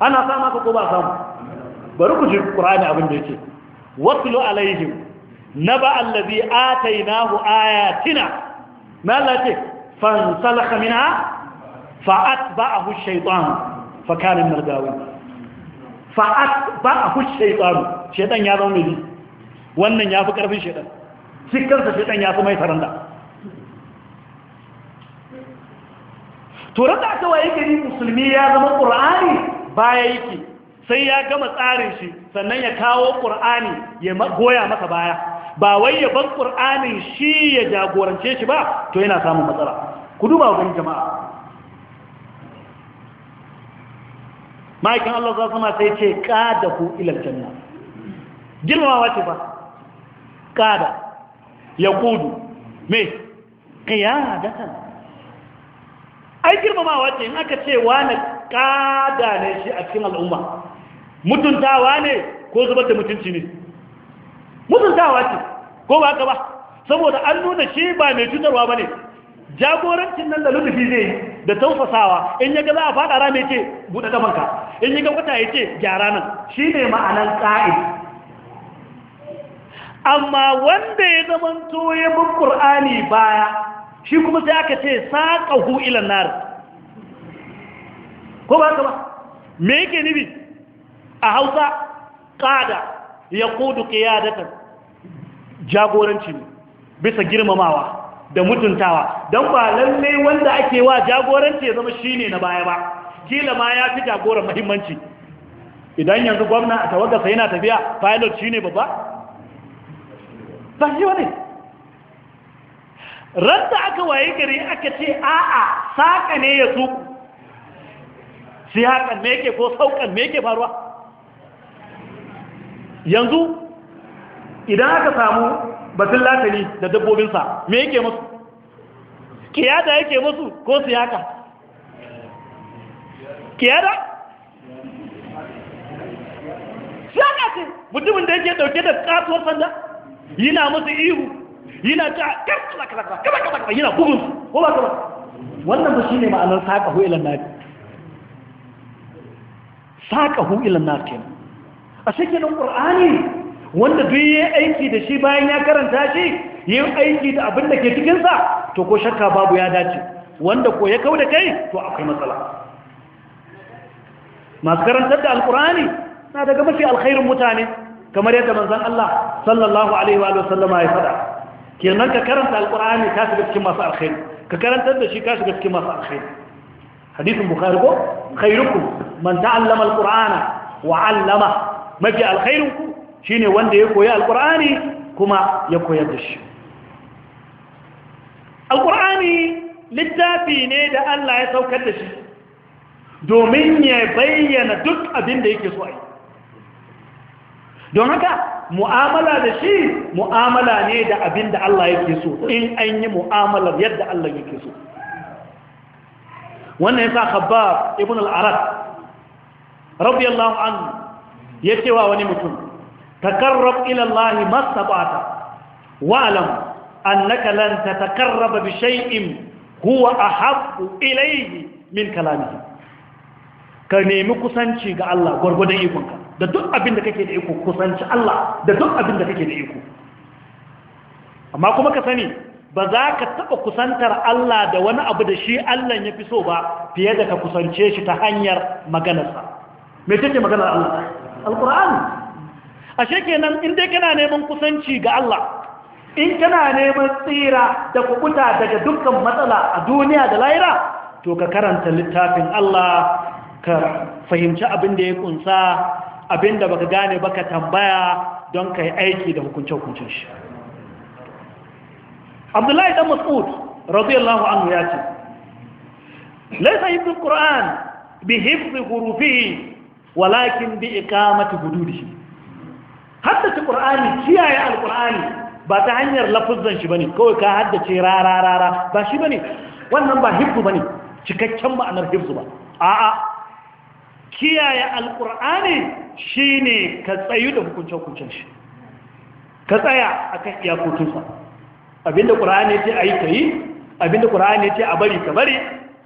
ana sama ka ko ba samu bari ku ji qur'ani abin da yake watlu alaihim naba allazi atainahu ayatina ma la ta fansalakha minha fa atba'ahu ash-shaytan fa kana min al-gawi fa atba'ahu ash-shaytan shaytan ya zama mai wannan ya fi ƙarfin shi cikinsa shaytan ya fi mai taranda to rada ta waye gari musulmi ya zama qur'ani baya yake sai ya gama tsarin shi sannan ya kawo ƙur'ani ya goya masa baya ba wai ya bar ƙur'anin shi ya jagorance shi ba to yana samun matsala ku duba wani jama'a ma'aikin Allah za sama sai ce ƙada ku ilar janna girmawa wace ba ƙada ya kudu me kan?' ai girmamawa wace in aka ce wani ƙada ne shi a cikin al'umma mutuntawa ne ko zubar da mutunci ne mutuntawa ce ko ba ka ba saboda an nuna shi ba mai cutarwa ba ne jagorancin nan da lullufi zai yi da taufasawa in yaga za a fada rame ce buɗe gabanka in yaga wata ya ce gyara nan shi ne ma'anar ƙa'id amma wanda ya zama toye bin ƙur'ani baya shi kuma sai aka ce saƙahu ilan nari ko ba ka ba me yake nibi a hausa ƙada ya kudu ƙiyadatar jagoranci bisa girmamawa da mutuntawa don ba lalle wanda ake wa jagoranci ya zama shi ne na baya ba kila ma ya fi jagoran mahimmanci idan yanzu gwamna a sai yana tafiya pilot shi ne babba wani ranta aka waye gari aka ce a'a saƙa ne ya su siyaƙan me ke ko saukan me ke faruwa yanzu idan aka samu batun latari da dabbobinsa me yake masu kiyada yake masu ko yaka kiyada siyaka ce mutumin da yake dauke da kasuwar sanda yana masu ihu yana ta kasa kasa kasa kasa yana bugun ko ba kaba wannan ba shi ne ma'anar saƙahu ilan nafi saƙahu ilan nafi kenan a shekelin ƙur'ani wanda duk yi aiki da shi bayan ya karanta shi yin aiki da abin da ke cikinsa to ko shakka babu ya dace wanda ko ya kau da kai to akwai matsala masu karantar da alƙur'ani na daga mafi alkhairun mutane kamar yadda manzan Allah sallallahu alaihi wa sallama ya faɗa nan ka karanta alƙur'ani ka shiga cikin masu alkhairi ka karantar da shi ka shiga cikin masu alkhairi hadisin bukari ko khairukum man ta'allama alqur'ana wa 'allama mafi alkhairin ku shine wanda ya koyi alkur'ani kuma ya koyar da shi alqur'ani littafi ne da Allah ya saukar da shi domin ya bayyana duk abin da yake so a yi don haka mu'amala da shi mu'amala ne da abin da Allah yake so in an yi mu'amalar yadda Allah yake so wannan ya sa khabbab ibn al-arad radiyallahu anhu ya ce wa wani mutum takarrab ila Allah mastata'ta wa'lam annaka lan tatakarraba bi shay'in huwa ahabbu ilayhi min kalamihi ka nemi kusanci ga Allah gwargwadon ikonka da duk abin da kake da iko kusanci Allah da duk abin da kake da iko amma kuma ka sani ba za ka taɓa kusantar Allah da wani abu da shi Allah ya fi so ba fiye da ka kusance shi ta hanyar maganarsa mai take maganar Allah alkur'an ashe kenan in dai kana neman kusanci ga Allah in kana neman tsira da kukuta daga dukkan matsala a duniya da lahira to ka karanta littafin Allah ka fahimci abin da ya kunsa abin da baka gane baka tambaya don kai aiki da hukunce-hukuncin shi abdullahi dan mas'ud radiyallahu anhu ya ce laisa yibul qur'an bi hifzi hurufihi walakin bi ikamati hududihi haddace qur'ani kiyaye alqur'ani ba ta hanyar lafuzan shi bane kawai ka haddace rara rara ba shi bane wannan ba hibbu bane cikakken ma'anar hibzu ba a'a kiyaye alqur'ani shine ka tsayu da hukuncin hukuncin shi ka tsaya akan iyakokinsa abinda qur'ani yace ayi kai abinda qur'ani ce a bari ka bari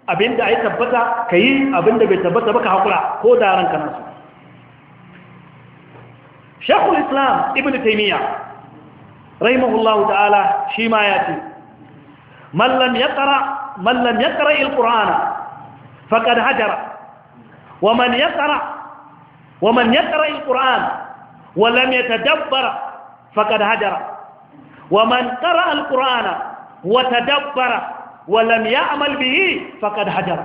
abinda ai tabbata ka yi abinda bai tabbata ba ka haƙura ko da ranka nasu shekul islam ibn taimiyya rahimahullahu ta'ala shi ma ya ce mallam ya ƙara il-ƙura'ana faƙad hajara ومن ta ومن يقرأ القرآن ولم يتدبر tsara al ومن wa ta وتدبر walam amal bihi faqad hajar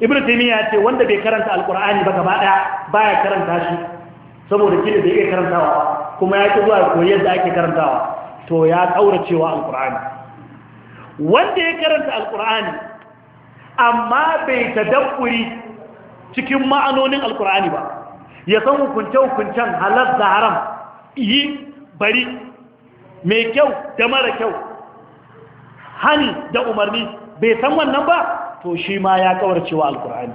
ibnu taymiya ce wanda bai karanta alqur'ani ba gaba daya baya karanta shi saboda kida bai iya karantawa kuma ya ki zuwa koyi yadda ake karantawa to ya kauracewa alqur'ani wanda ya karanta alqur'ani amma bai tadabburi cikin ma'anonin alqur'ani ba ya san hukunce-hukuncen halar da haram yi bari mai kyau da mara kyau hani da umarni bai san wannan ba to shi ma ya kawarcewa alkur'ani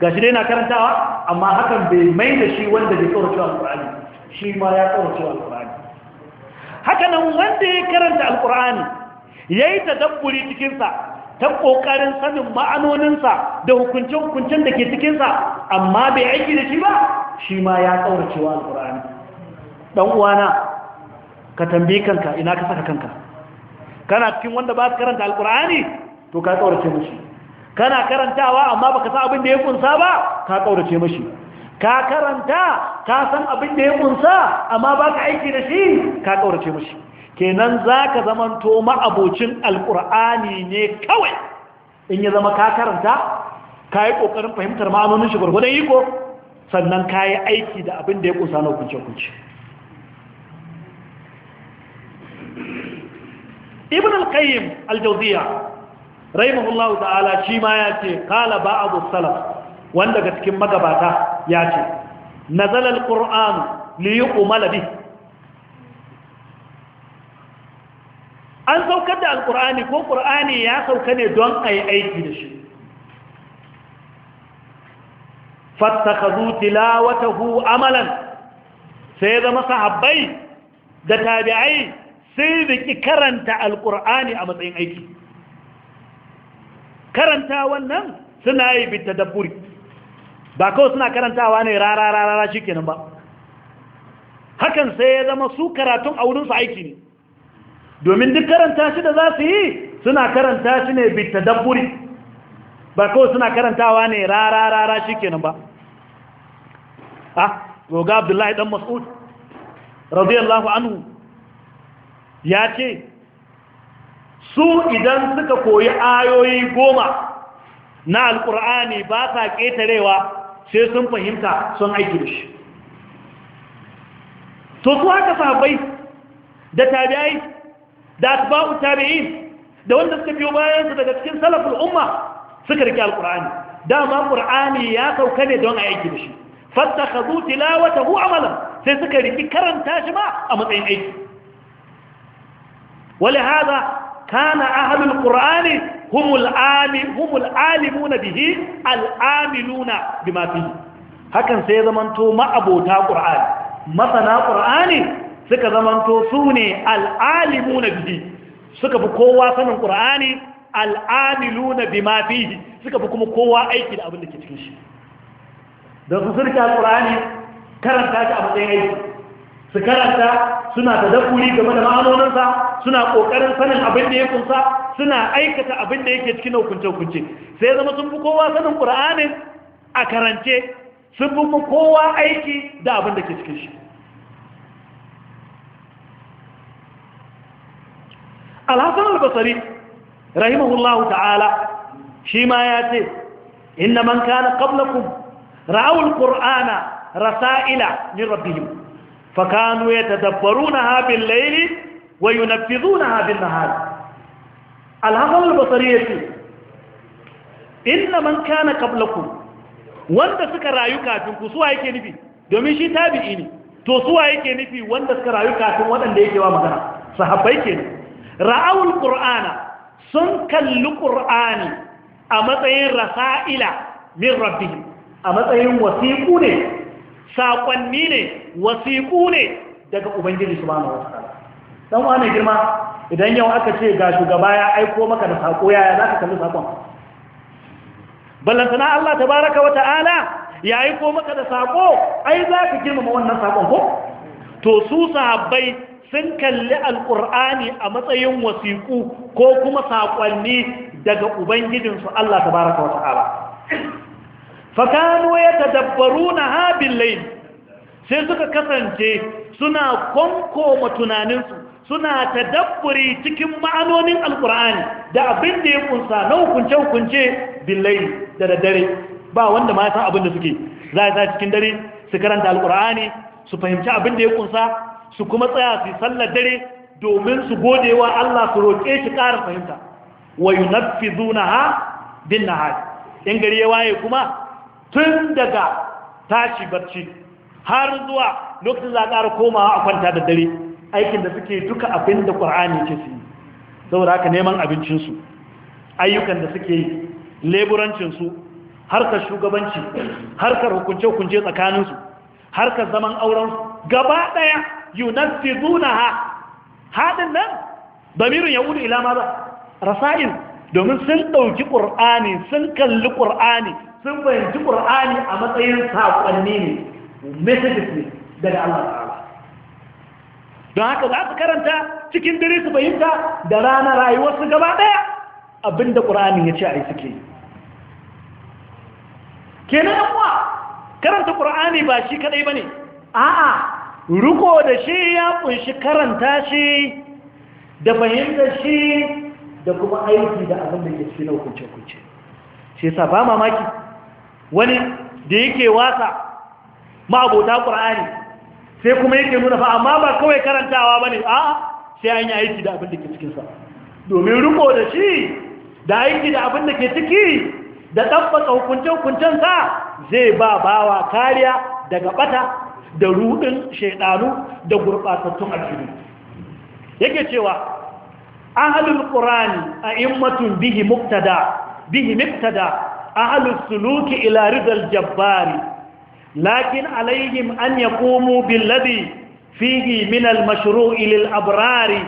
ga shi dai na karantawa amma hakan bai mai da shi wanda bai kawarcewa alkur'ani shi ma ya kawarcewa alkur'ani hakanan wanda ya karanta alkur'ani ya yi ta dabburi cikinsa ta ƙoƙarin sanin ma'anoninsa da hukuncin-hukuncin da ke cikinsa amma bai aiki da shi ba shi ma ya kawarcewa alkur'ani ɗan uwana ka tambi kanka ina ka saka kanka kana cikin wanda ba su karanta alkur'ani to ka kaurace mashi kana karantawa amma baka san abin da ya kunsa ba ka kaurace mashi ka karanta ka san abin da ya kunsa amma baka aiki da shi ka kaurace mashi kenan zaka zamanto ma'abocin alkur'ani ne kawai in ya zama ka karanta ka yi kokarin fahimtar ma'anonin shi gurgurdan iko sannan ka yi aiki da abin da ya kunsa na hukunce-hukunce ibn al-qayyim al-jawziya rahimahullahu ta'ala shi ma ya ce qala ba'd salaf wanda ga cikin magabata ya ce nazala al-qur'an li yuqmal bi an saukar da al-qur'ani ko qur'ani ya sauka ne don ayi aiki da shi fattakhadhu tilawatahu amalan sai zama sahabbai da tabi'ai sai riki karanta alkur'ani a matsayin aiki karanta wannan suna yi bita daburi ba kawai suna karantawa ne rara-rara shi kenan ba hakan sai ya zama su karatun a wurinsu aiki ne domin duk karanta shi da za su yi suna karanta shi ne bita daburi ba kawai suna karantawa ne rara-rara shi kenan ba ah goga abdullahi dan mas'ud radiyallahu anhu ya ce su idan suka koyi ayoyi goma na alkur'ani ba sa ƙetarewa sai sun fahimta sun aiki da shi to su haka sahabbai da tabi'ai da atba'u tabi'in da wanda suka biyo bayansu daga cikin salaful umma suka rike alkur'ani dama ƙur'ani ya sauka ne don aiki da shi fattakhadhu hu amalan sai suka riki karanta shi ma a matsayin aiki ولهذا كان أهل القرآن هم هم hakan sai zamanto ma'abota ƙur'ani masana ƙur'ani suka zamanto su ne al'alimu na bihi suka fi kowa sanin ƙur'ani al'amilu na bima fihi suka fi kuma kowa aiki da abin da ke cikin shi da su surka ƙur'ani karanta shi a matsayin aiki su karanta suna da tadabburi game da ma'anoninsa suna ƙoƙarin sanin abin da ya kunsa suna aikata abin da yake cikin hukunce-hukunce sai zama sun fi kowa sanin ƙura'anin a karance sun fi kowa aiki da abin da ke cikin shi alhassan albasari rahimahullahu ta'ala shi ma ya ce inna man kana qablakum ra'ul qur'ana rasa'ila min rabbihim fakanu ya tadabbaru haɓin laili wa yi nafizu na haɓin na hali basari ya ce inna man kana kablaku wanda suka rayu kafin ku suwa yake nufi domin shi tabi'i ne to suwa yake nufi wanda suka rayu kafin waɗanda yake wa magana sahabbai ke ra'awul qur'ana sun kalli qur'ani a matsayin rasa'ila min rabbihim a matsayin wasiƙu ne saƙonni ne wasiƙu ne daga ubangiji su ba na wasu dan wani girma idan yau aka ce ga shugaba ya aiko maka da saƙo yaya za ka kalli saƙon ballantana Allah ta baraka wa ta'ala ya aiko maka da saƙo ai za ka girmama wannan saƙon ko to su sahabbai sun kalli alƙur'ani a matsayin wasiƙu ko kuma saƙonni daga ubangijinsu Allah ta baraka wa ta'ala fakanu ya tadabbaru na habin sai suka kasance suna kwankoma tunaninsu suna tadabburi cikin ma'anonin alkur'ani da abin da ya kunsa na hukunce-hukunce billai da daddare ba wanda ma ya san abin da suke za a sa cikin dare su karanta alkur'ani su fahimci abin da ya kunsa su kuma tsaya su sallar dare domin su gode wa Allah su roƙe shi ƙara fahimta wa ha bin nahar in gari ya waye kuma tun daga tashi barci har zuwa lokacin za a ƙara komawa a kwanta da dare aikin da suke duka abin da ƙwar'ani ce su yi saboda haka neman abincinsu ayyukan da suke yi leburancinsu harkar shugabanci harkar hukunce-hukunce tsakaninsu harkar zaman aurensu gaba ɗaya yunassi zuna ha haɗin nan damirin ya wuri ilama ba rasa'in domin sun ɗauki ƙur'ani sun kalli ƙur'ani sun fahimci ƙur'ani a matsayin saƙonni ne messages ne daga Allah ta'ala don haka za su karanta cikin dare su fahimta da rana rayuwar rayuwarsu gaba ɗaya abinda ƙur'ani ya ce a yi suke kenan yawa karanta ƙur'ani ba shi kaɗai ba ne a'a riko da shi ya ƙunshi karanta shi da fahimtar shi da kuma aiki da abin da ke cikin hukunce-hukunce shi sa ba mamaki wani da yake wasa ma'abota ƙur'ani sai kuma yake nuna fa amma ba kawai karantawa ba ne a sai an yi aiki da abin da ke cikinsa domin riko da shi da aiki da abin da ke ciki da ɗabbaka hukunce-hukuncensa zai ba bawa kariya daga ɓata da ruɗin shaidanu da gurɓatattun aljihu yake cewa ahlul ƙur'ani a immatun bihi muktada bihi muktada أهل السلوك إلى رضا الجبار لكن عليهم أن يقوموا بالذي فيه من المشروع للأبرار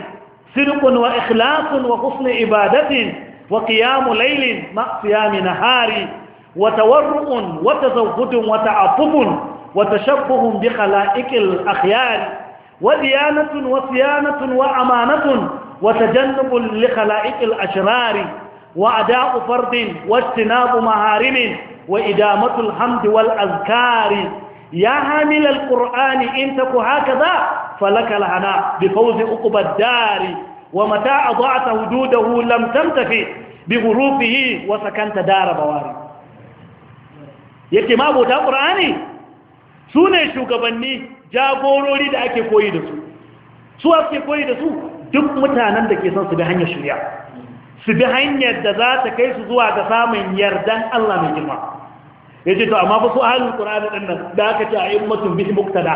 صدق وإخلاص وحسن عبادة وقيام ليل مع صيام نهار وتورع وتزود وتعطف وتشبه بخلائق الأخيار وديانة وصيانة وأمانة وتجنب لخلائق الأشرار وأداء فرض واجتناب محارم وإدامة الحمد والأذكار يا حامل القرآن إن تك هكذا فلك الهناء بفوز أقب الدار ومتى أضعت وجوده لم تمتفي بغروفه وسكنت دار بواري yake mabuta ƙur'ani su ne shugabanni jagorori da ake koyi da su su ake koyi da su duk mutanen da ke son su bi hanyar shirya su bi hanyar da za ta kai su zuwa ga samun yardan Allah mai girma ya ce to amma ba su halin ƙura'ani ɗin nan da aka ce a yi mutum bihi muktada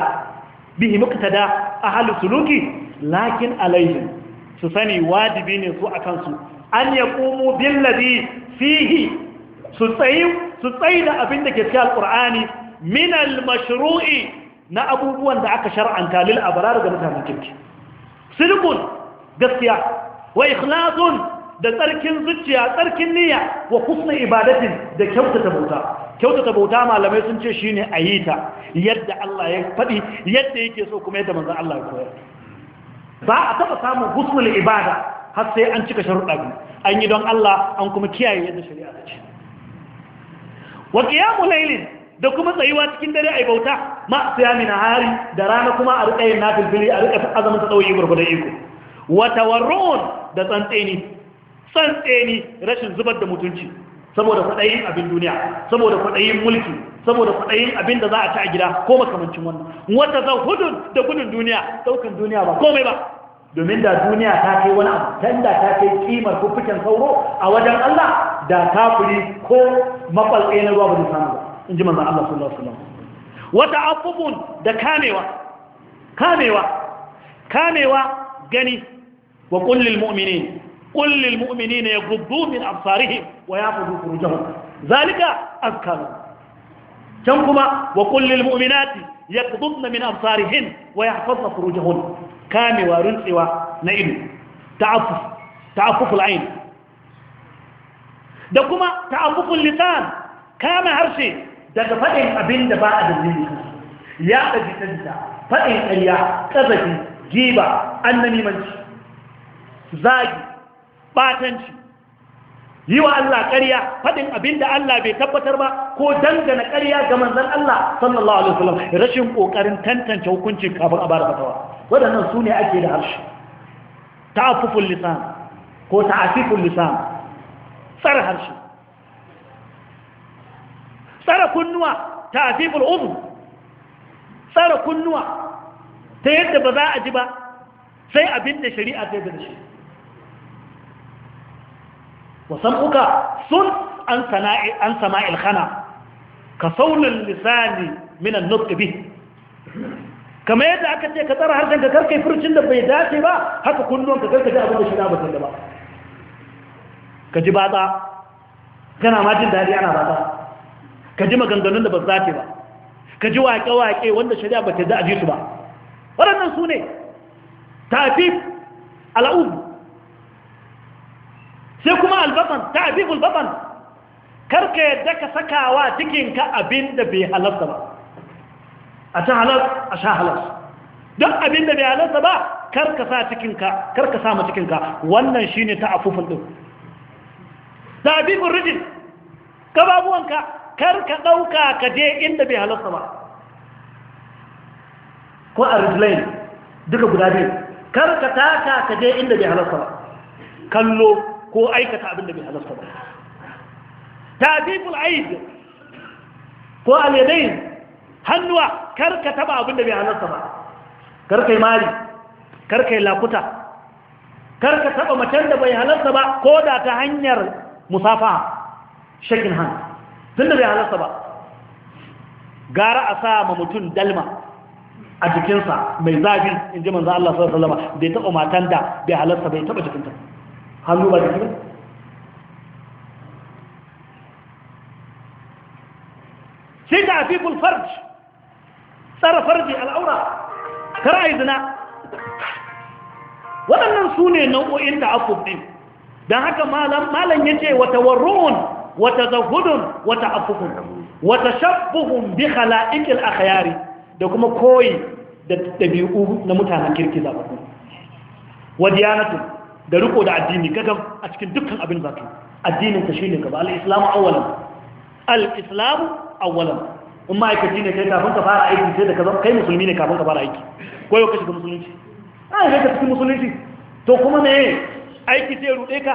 bihi muktada halin suluki lakin alaihi su sani wajibi ne su a kansu an ya komo billadi fihi su tsayi da abin da ke cikin alƙur'ani minal mashrui na abubuwan da aka shar'anta lil abrar ga mutanen kirki sidqun gaskiya wa ikhlasun da tsarkin zuciya tsarkin niyya wa kusna ibadatin da kyautata bauta kyautata bauta malamai sun ce shine ayita yadda Allah ya faɗi yadda yake so kuma yadda manzon Allah ya koyar ba a taba samun husnul ibada har sai an cika sharuɗa biyu an yi don Allah an kuma kiyaye yadda shari'a ta ce wa qiyamu laylin da kuma tsayuwa cikin dare a bauta ma siyami hari da rana kuma a riƙa yin nafilfili a riƙa azamin ta ɗauki gurgudan iko wata warron da tsantseni san tseni rashin zubar da mutunci saboda kwaɗayin abin duniya saboda kwaɗayin mulki saboda kwaɗayin abin da za a ci a gida ko makamancin wannan wata zan hudun da gudun duniya ɗaukan duniya ba komai ba domin da duniya ta kai wani abu tanda da ta kai kimar fuffuken sauro a wajen Allah da ta kafiri ko makwalƙe na ruwa ba zai samu ba in ji manzan Allah sallallahu alaihi wasallam wata abubuwan da kamewa kamewa kamewa gani wa kullil mu'minin قل للمؤمنين يغضوا من أبصارهم ويحفظوا فروجهم ذلك أذكى كما وقل للمؤمنات يغضضن من أبصارهن ويحفظن فروجهن كامي ورنسوا نئن تعفف تعفف العين da kuma ta'abbukun lisan kama harshe daga faɗin abin da ba a dalili ya ɗaji ɗanta faɗin ƙarya ƙazafi giba annamimanci zagi batanci yi wa Allah ƙarya faɗin abin da Allah bai tabbatar ba ko dangana ƙarya ga manzan Allah sallallahu alaihi wasallam rashin ƙoƙarin tantance hukuncin kafin a bara fatawa waɗannan su ne ake da harshe Ta ta'affuful lisan ko ta ta'afiful lisan tsara harshe tsara kunnuwa ta ta'afiful uzun tsara kunnuwa ta yadda ba za a ji ba sai abin da shari'a ta yi da shi Wasan uka sun an sana'i an sama'il khana ka saulul lisani min an-nutq bi kamar yadda aka ce ka tsara harshen ka karkai furcin da bai dace ba haka kullum ka karkaje abin da shi na bakan da ba ka ji batsa kana ma jin dadi ana batsa ka ji maganganun da ba su dace ba ka ji waƙe-waƙe wanda shari'a ba ta da aji su ba waɗannan su ne tafif al'ubu sai kuma albatan ta abibul batan karka yadda ka sakawa cikinka abin da bai halarta ba a ta halar a sha halar don abin da bai halarta ba karka sa cikinka karka sa ma cikinka wannan shi ne ta afufin ɗin ta abibul rijin gababuwanka karka ɗauka ka je inda bai halarta ba ko a rijlain duka guda biyu karka taka ka je inda bai halarta ba kallo ko aikata abin da bai halasta ba ta taziful aid ko alyadain hannuwa karka taba abin da bai halasta ba karka yi mali karka yi lakuta karka taba macen da bai halasta ba ko da ta hanyar musafa shakin hannu tun da bai halasta ba gara a sa ma mutum dalma a jikinsa mai zafi in ji manzo Allah sallallahu alaihi wasallam bai taɓa matan da bai halasta bai taɓa jikinta hannu ba jiki ba sai da fi farj tsara farji al'aura kar yi zina waɗannan su ne nau'o'in da aku ɗin don haka malam ya ce wata warruhun wata zahudun wata afukun wata shabbuhun bi hala'ikil a khayari da kuma koyi da ɗabi'u na mutanen kirki zaɓaɓɓu wajiyanatun da riko da addini gagam a cikin dukkan abin zaki addinin ka shine gaba al-islamu awwalan al-islamu awwalan in ma'aikaci ne kai kafin ka fara aiki sai da ka zama kai musulmi ne kafin ka fara aiki ko yau ka shiga musulunci ai ah, sai ka shiga musulunci to kuma me aiki sai ya rude ka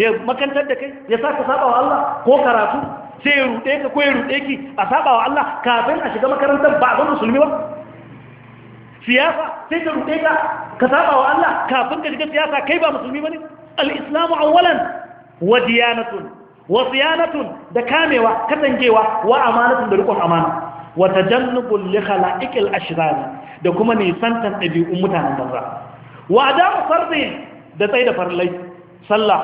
ya makantar da kai ya ka saba wa Allah ko karatu sai ya rude ka ko ya rude ki a saba wa Allah kafin a shiga makarantar ba a musulmi ba siyasa sai ka ruɗe ka ka saba wa Allah kafin ka shiga siyasa kai ba musulmi bane al-islamu awwalan wa diyanatun wa siyanatun da kamewa katangewa wa amanatun da rikon amana wa tajannubul li khala'iqil ashrar da kuma nisantan ɗabi'un mutanen banza wa adamu fardin da tsaye da farlai sallah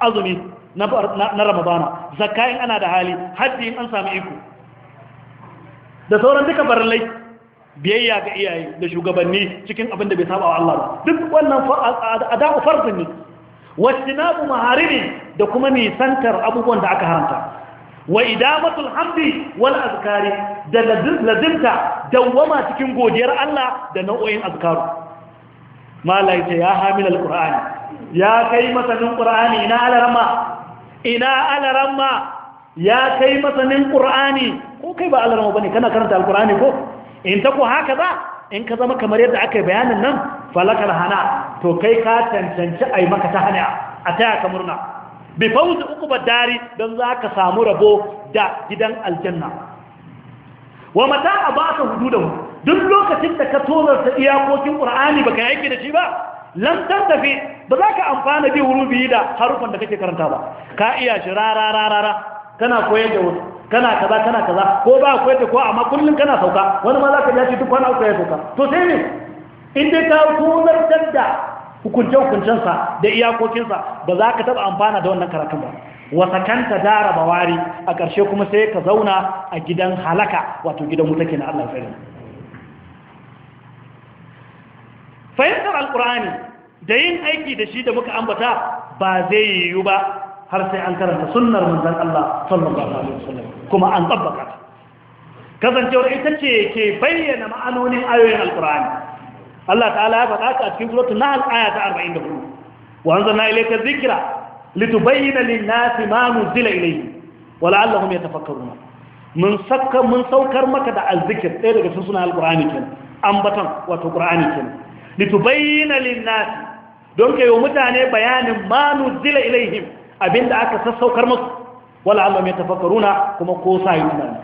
azumi na ramadana zakka in ana da hali hajji in an samu iko da sauran duka farlai biyayya ga iyaye da shugabanni cikin abin da bai saba wa Allah ba duk wannan ada'u farzin ne wastinabu maharimi da kuma nisantar abubuwan da aka haramta wa idamatul hamdi wal azkari da lazimta dawwama cikin godiyar Allah da nau'o'in azkaru malai ta ya hamil alqur'ani ya kai masanin qur'ani ina alarama ina alarama ya kai masanin qur'ani ko kai ba alarama bane kana karanta alqur'ani ko in ta ku haka za in ka zama kamar yadda aka yi bayanin nan falakar hana to kai ka cancanci a yi maka ta hanya a taya ka murna bi fauzi uku ba dari don za ka samu rabo da gidan aljanna wa mata a ba ka hudu da duk lokacin da ka tozarta iyakokin ƙur'ani ba ka aiki da shi ba lam tafi ba za ka amfana bi wuri biyu da harufan da kake karanta ba ka iya shi rara rara kana koyar da wasu kana kaza kana kaza ko ba akwai ta ko amma kullum kana sauka wani ma za ka jaci duk wani uku ya sauka to sai ne in dai ka tozartar da hukunce-hukuncensa da iyakokinsa ba za ka taba amfana da wannan karatun ba wasa kanta dara bawari a ƙarshe kuma sai ka zauna a gidan halaka wato gidan wuta ke na allah fahimtar alkur'ani da yin aiki da shi da muka ambata ba zai yiwu ba har sai an karanta sunnar manzon Allah sallallahu alaihi wasallam kuma an tabbaka ta kasancewar ita ce ke bayyana ma'anonin ayoyin alqur'ani Allah ta'ala ya faɗa a cikin suratul nahl aya ta 44 wa anzalna ilayka ma mun sakka mun saukar maka da alzikir ɗaya daga cikin sunan alqur'ani kenan ambaton wato qur'ani kenan litubayyana lin-nasi don kayo mutane bayanin ma nuzila ilayhim abinda aka sassaukar musu wala Allah mai tafakkaruna kuma ko sa yi tunani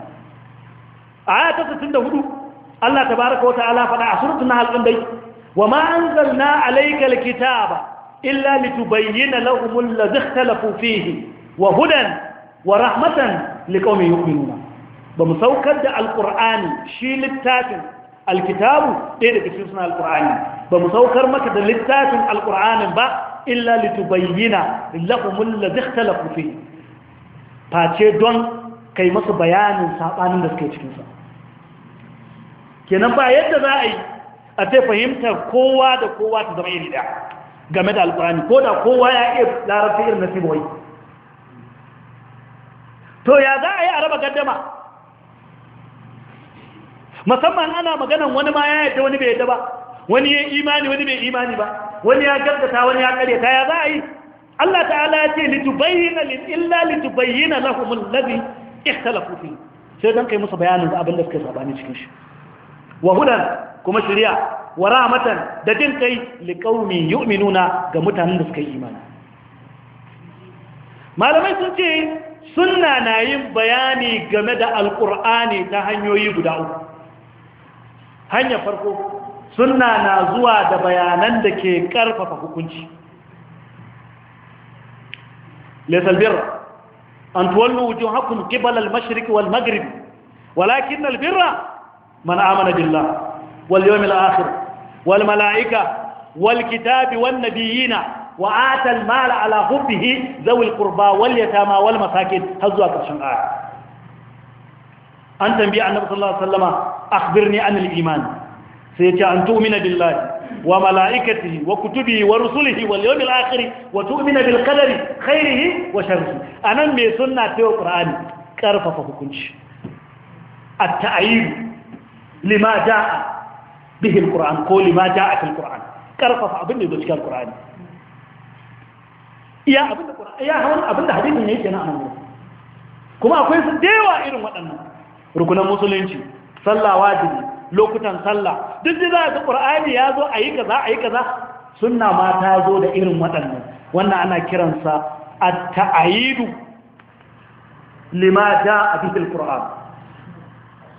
a aya ta 64 Allah tabaraka wa ta'ala faɗa a suratul nahl din dai wa ma anzalna alaykal kitaba illa litubayyana lahum alladhi ikhtalafu fihi wa hudan wa rahmatan liqaumin yu'minuna ba mu saukar da alqur'ani shi littafin alkitabu ɗaya daga cikin sunan alqur'ani ba mu saukar maka da littafin alƙur'anin ba illa litubayyina lahumul ladhi ikhtalafu fi face don kai masu bayanin sabanin da suke cikin sa kenan ba yadda za a yi a ce fahimtar kowa da kowa ta zama iri game da alƙur'ani ko da kowa ya iya larabci irin nasiboi to ya za a yi a raba gaddama musamman ana maganan wani ma ya yadda wani bai yadda ba wani ya imani wani bai imani ba wani ya gaskata wani ya Ta ya za a yi Allah ta'ala ya ce litubayyana illa litubayyana lahum alladhi ikhtalafu fi sai dan kai musu bayanin abin da suka sabani cikin shi wa hudan kuma shari'a wa rahmatan da jin kai liqaumin yu'minuna ga mutanen da suka yi imani malamai sun ce sunna na yin bayani game da alqur'ani ta hanyoyi guda uku hanyar farko sunna na zuwa da bayanan da ke karfafa hukunci laisal birra an tuwallu wujuhakum hakun al-mashriq wal walakin al-birra man amana billah wal yawmil akhir wal malaika wal kitabi wan nabiyina wa atal mala ala hubbihi zawil qurba wal yatama wal masakin har zuwa ƙarshen aya an tambayi annabi sallallahu alaihi wasallama an iman sai ce an tu'mina billahi wa mala'ikatihi wa kutubihi wa rusulihi wal yawmil akhir wa tu'mina bil qadari khairihi wa sharrihi anan me sunna ta qur'ani karfafa hukunci at-ta'yid lima jaa bihi al-qur'an ko lima jaa fil qur'an karfafa abin da yake cikin qur'ani iya abin da qur'ani ya hawan abin da hadisin ne yake na annabi kuma akwai su dewa irin waɗannan rukunan musulunci sallah wajibi lokutan sallah duk da za ga qur'ani ya zo ayi kaza ayi kaza sunna ma ta zo da irin waɗannan wannan ana kiransa at-ta'yidu lima jaa bihi al-qur'an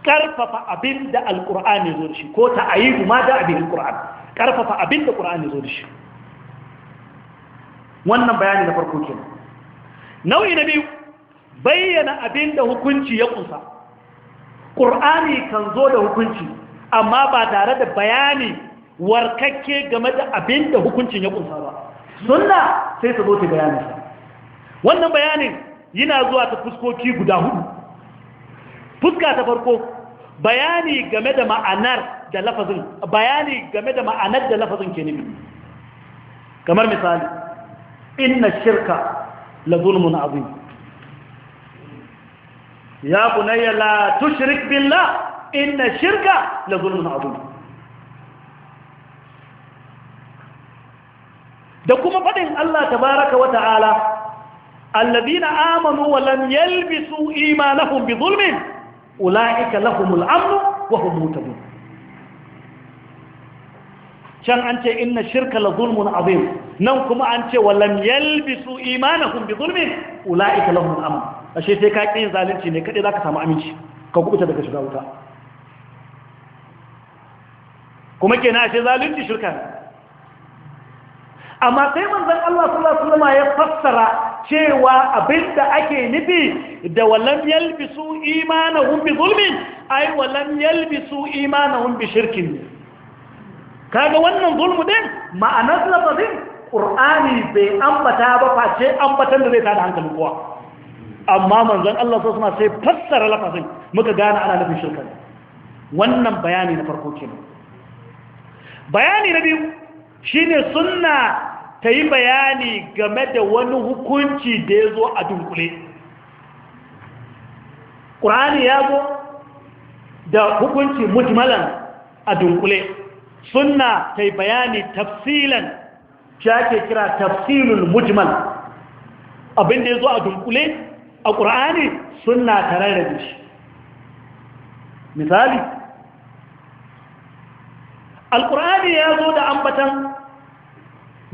karfafa abinda al-qur'ani zo da shi ko ta'yidu ma jaa bihi al-qur'an karfafa abinda qur'ani zo da wannan bayani na farko kenan nau'i na biyu bayyana abinda hukunci ya kusa. ƙur'ani kan zo da hukunci amma ba tare da bayani warkakke game da abin da hukuncin ya kunsa ba sunna sai su zo ta bayanin wannan bayanin yana zuwa ta fuskoki guda hudu fuska ta farko bayani game da ma'anar da lafazin bayani game da ma'anar da lafazin ke nufi kamar misali inna shirka la zulmun azim ya bunayya la tushrik billah inna shirka la zulmun azum da kuma fadin Allah tabaraka wa ta'ala alladhina amanu wa lam yalbisu imanahum bi zulmin ulaika lahumul amn wa hum muhtadun can an ce inna shirka la zulmun azim nan kuma an ce wa lam yalbisu imanahum bi zulmin ulaika lahumul amn ashe sai ka kin zalunci ne kade zaka samu aminci ka kubuta daga shiga wuta kuma kenan ashe zalunci shirka ne amma sai manzan Allah sallallahu alaihi wasallam ya fassara cewa abinda ake nufi da walam yalbisu imanahum bi zulmin ai walam yalbisu imanahum bi shirkin kaga wannan zulmu din ma'anar lafazin qur'ani bai ambata ba face ambatan da zai tada hankalin kowa amma manzon Allah sallallahu alaihi wasallam sai fassara lafazin muka gane ana nufin shirka wannan bayani na farko kenan bayani na biyu shi ne sunna ta yi bayani game da wani hukunci da ya zo a dunkule ƙurani ya zo da hukunci mujmalan a dunkule sunna ta yi bayani tafsilan shi ake kira tafsilul mujmal abinda ya zo a dunkule a ƙur'ani suna tare da shi misali alkur'ani ya zo da ambatan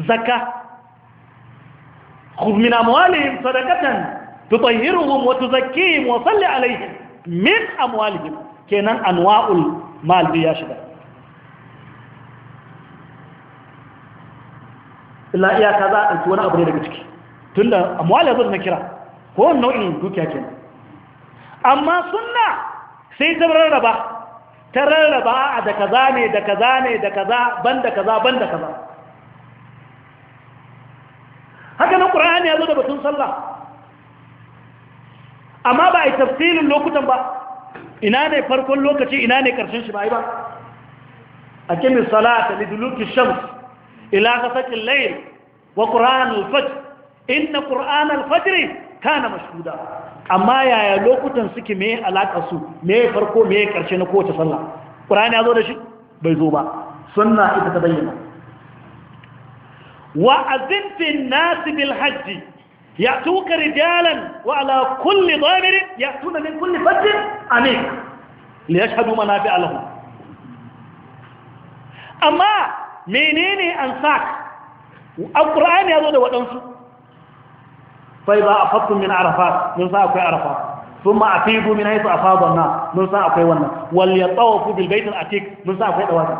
zakka khudh min amwalihim sadaqatan tutahhiruhum wa tuzakkihim wa salli alayhim min amwalihim kenan anwa'ul mal biya shida illa iya kaza za a wani abu ne daga ciki tunda amwali ya zo na kira ko nau'in dukiya kenan amma sunna sai ta ba ta rarraba a da kaza ne da kaza ne da kaza ban da kaza ban da kaza haka na ƙura'ani ya zo da batun sallah amma ba a yi tafsirin lokutan ba ina ne farkon lokaci ina ne ƙarshen shi ba yi ba a kimi salata liduluki shams ila kasakin layin wa ƙura'an alfajir inna ƙura'an alfajiri kana mashuda amma yaya lokutan suke me alaƙa su me farko me karshe na kowace sallah ƙur'ani ya zo da shi bai zo ba sunna ita ta bayyana wa azinfin nasi bil hajji ya tuka rijalan wa ala kulli dhamirin ya tuna min kulli fajjin amin li yashhadu fi alahu amma menene ansak alqur'ani ya zo da waɗansu? sai za a fattun min arafa mun san akwai arafa sun ma min haisu a fadon na mun san akwai wannan wal ya tsawo ku bilbaitin atik mun san akwai ɗawafi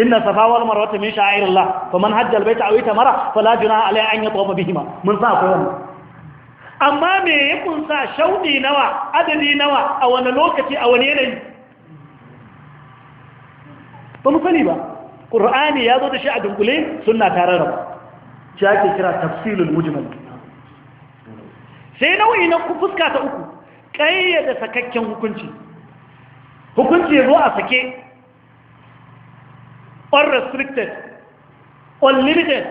inna safa wal marwata min sha'irillah fa man hajjal baita aw itamara fala junaha alayhi an yatawafa bihima mun san akwai wannan amma me ya kunsa shaudi nawa adadi nawa a wani lokaci a wani yanayi ba mu sani ba ƙur'ani ya zo da shi a dunkule suna tare da shi ake kira tafsilul mujmal sai nau'i na fuska ta uku ƙayyada sakakken hukunci hukunci ya zo a sake unrestricted unlimited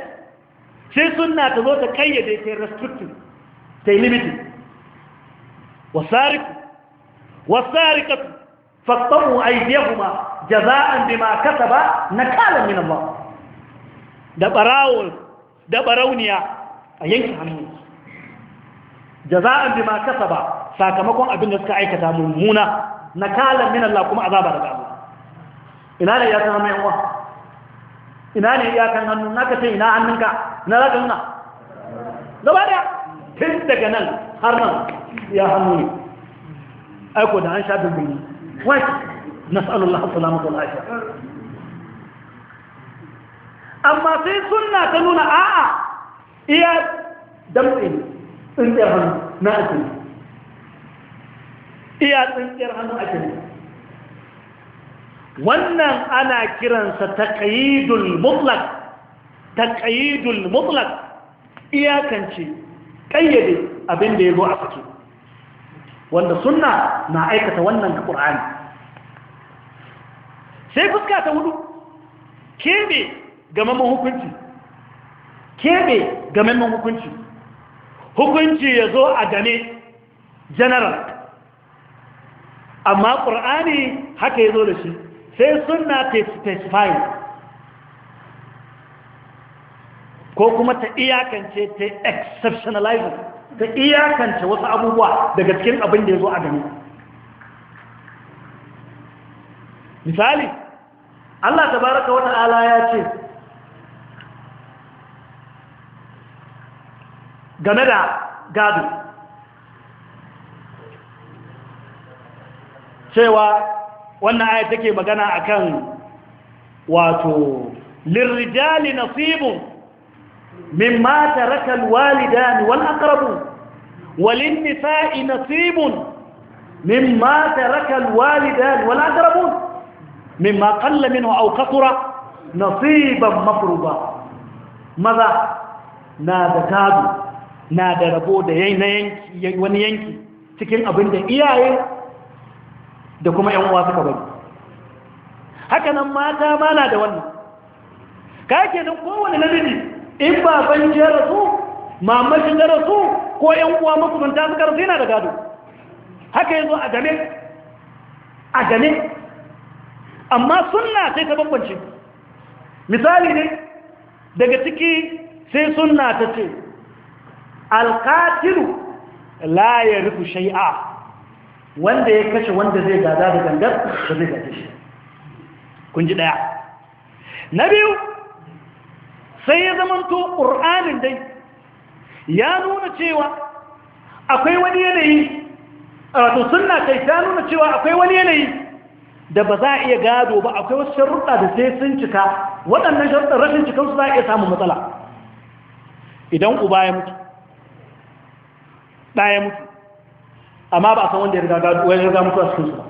sai suna ta zo ta ƙayyade ta restricted ta limited wasariku wasarikatu fattamu aidiyahuma jaza'an bima kasaba nakalan min Allah da barawo da barauniya a yanki hannu jaza'an bima kasaba sakamakon abin da suka aikata mummuna nakalan min Allah kuma azaba daga Allah ina ne ya san mai uwa ina ne ya kan hannu naka ce ina hannunka na zaka nuna gaba daya tun daga nan har nan ya hannu ne aiko da an sha dubbini wai nas'alullah salamatu wal afiya amma sai sunna ta nuna a'a iya damtse tsintiyar hannu na ake iya tsintiyar hannu ake wannan ana kiransa taƙayidul mutlak taƙayidul mutlak iyakance ƙayyade abin da ya zo a cikin, wanda sunna na aikata wannan ga ƙur'ani sai fuska ta hudu kebe ga mamman hukunci kebe ga mamman hukunci hukunci ya zo a game general amma ƙur'ani haka ya zo da shi sai suna testify ko kuma ta iyakance ta exceptionalizing ta iyakance wasu abubuwa daga cikin abin da ya zo a gani misali Allah ta baraka wata ala ya ce game da gado cewa wannan aya take magana akan wato lirrijali nasibun mimma taraka alwalidani wal aqrabun walin nisa'i nasibun mimma taraka alwalidani wal aqrabun mimma qalla minhu aw kathura nasiban mafruba maza na da gado na da rabo da yai na yanki wani yanki cikin abin da iyaye da kuma ƴan uwa suka bari haka nan mata ma na da wannan ka ke nan kowane namiji in baban jera su, mamashin ya rasu ko ƴan uwa makusanta suka rasu yana da gado haka yanzu a game a game amma sunna sai ta bambance misali ne daga ciki sai sunna ta ce alƙatilu la ya rufu shai'a wanda ya kashe wanda zai gada da gangar da zai gada shi kun ji ɗaya na biyu sai ya zamanto ƙur'anin dai ya nuna cewa akwai wani yanayi wato suna kai ta nuna cewa akwai wani yanayi da ba za a iya gado ba akwai wasu sharuɗa da sai sun cika waɗannan sharuɗa rashin cikinsu za a iya samun matsala idan uba ya mutu ɗaya mutu amma ba a san wanda ya riga mutu a cikinsu ba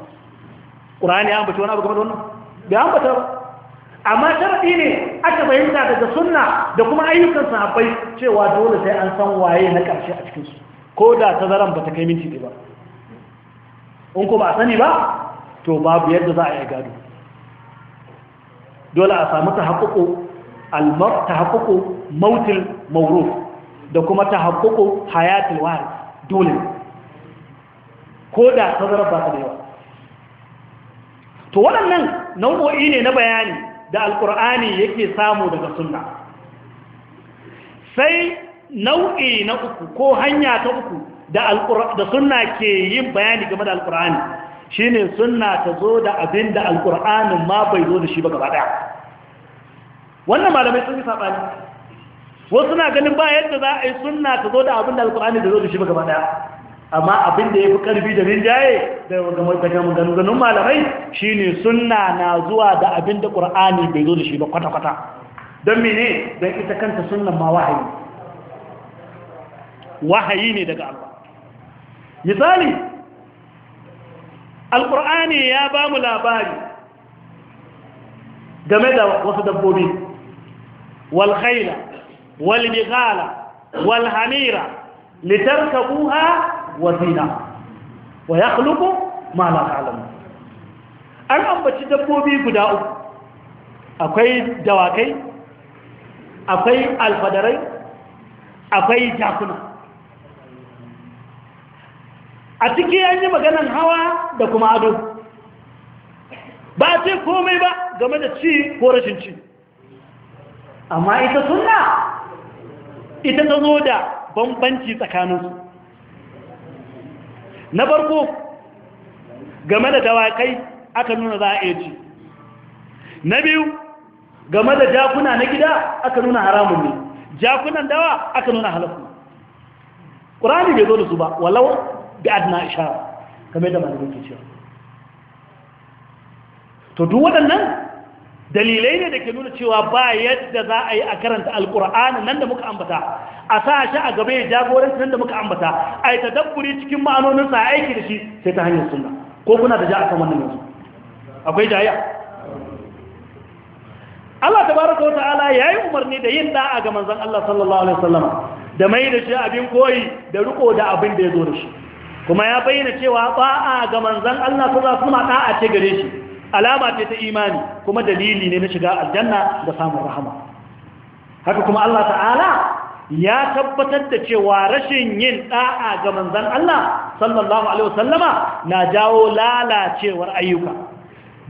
ƙurani ya ambaci wani abu game da wannan bai ambata ba amma sharaɗi ne aka fahimta daga sunna da kuma ayyukan sahabbai cewa dole sai an san waye na ƙarshe a cikinsu ko da tazaran ba ta kai minti ba in ko ba a sani ba to babu yadda za a yi gado dole a samu ta haƙuƙo almar ta haƙuƙo mautil mauro da kuma ta haƙuƙo hayatul wari dole ko da tazarar ba ta da yawa to waɗannan nau'o'i ne na bayani da alkur'ani yake samu daga sunna sai nau'i na uku ko hanya ta uku da sunna ke yin bayani game da alkur'ani shine sunna ta zo da abin da alkur'anin ma bai zo da shi ba gaba ɗaya wannan malamai sun yi saɓani wasu na ganin ba yadda za a yi sunna ka zo da abin da alkur'ani da zo da shi gaba daya amma abin da ya fi karfi da rinjaye da ganin malamai shi ne sunna na zuwa da abin da ƙur'ani bai zo da shi ba kwata-kwata don mene don ita kanta sunan ma wahayi wahayi ne daga Allah misali alƙur'ani ya ba mu labari game da wasu dabbobi walhaila wal bighala wal hamira litarkabuha wa zina wa yakhluqu ma la ta'lamun an ambaci dabbobi guda uku akwai dawakai akwai alfadarai akwai jakuna a ciki an yi maganan hawa da kuma ado ba ce komai ba game da ci ko rashin ci amma ita suna ita ta zo da bambanci tsakaninsu na farko game da dawakai aka nuna za a iya ci na biyu game da jakuna na gida aka nuna haramun ne jakunan dawa aka nuna halafu ƙurani bai zo da su ba walau bi adina ishara kamar da malamin to duk waɗannan dalilai ne da ke nuna cewa ba yadda za a yi a karanta alkur'ani nan da muka ambata a sa shi a gaba ya jagoranci nan da muka ambata a yi tadabburi cikin ma'anoninsa sa aiki da shi sai ta hanyar suna. ko kuna da ja a kan wannan yanzu akwai jaya Allah baraka wa ta'ala ya yi umarni da yin da'a ga manzan Allah sallallahu alaihi wasallam da mai da shi abin koyi da riko da abin da ya zo da shi kuma ya bayyana cewa ba'a ga manzan Allah sallallahu alaihi wasallam da'a ce gare shi alama ce ta imani kuma dalili ne na shiga aljanna da samun rahama haka kuma Allah ta'ala ya tabbatar da cewa rashin yin da'a ga manzon Allah sallallahu alaihi wasallama na jawo lalacewar ayyuka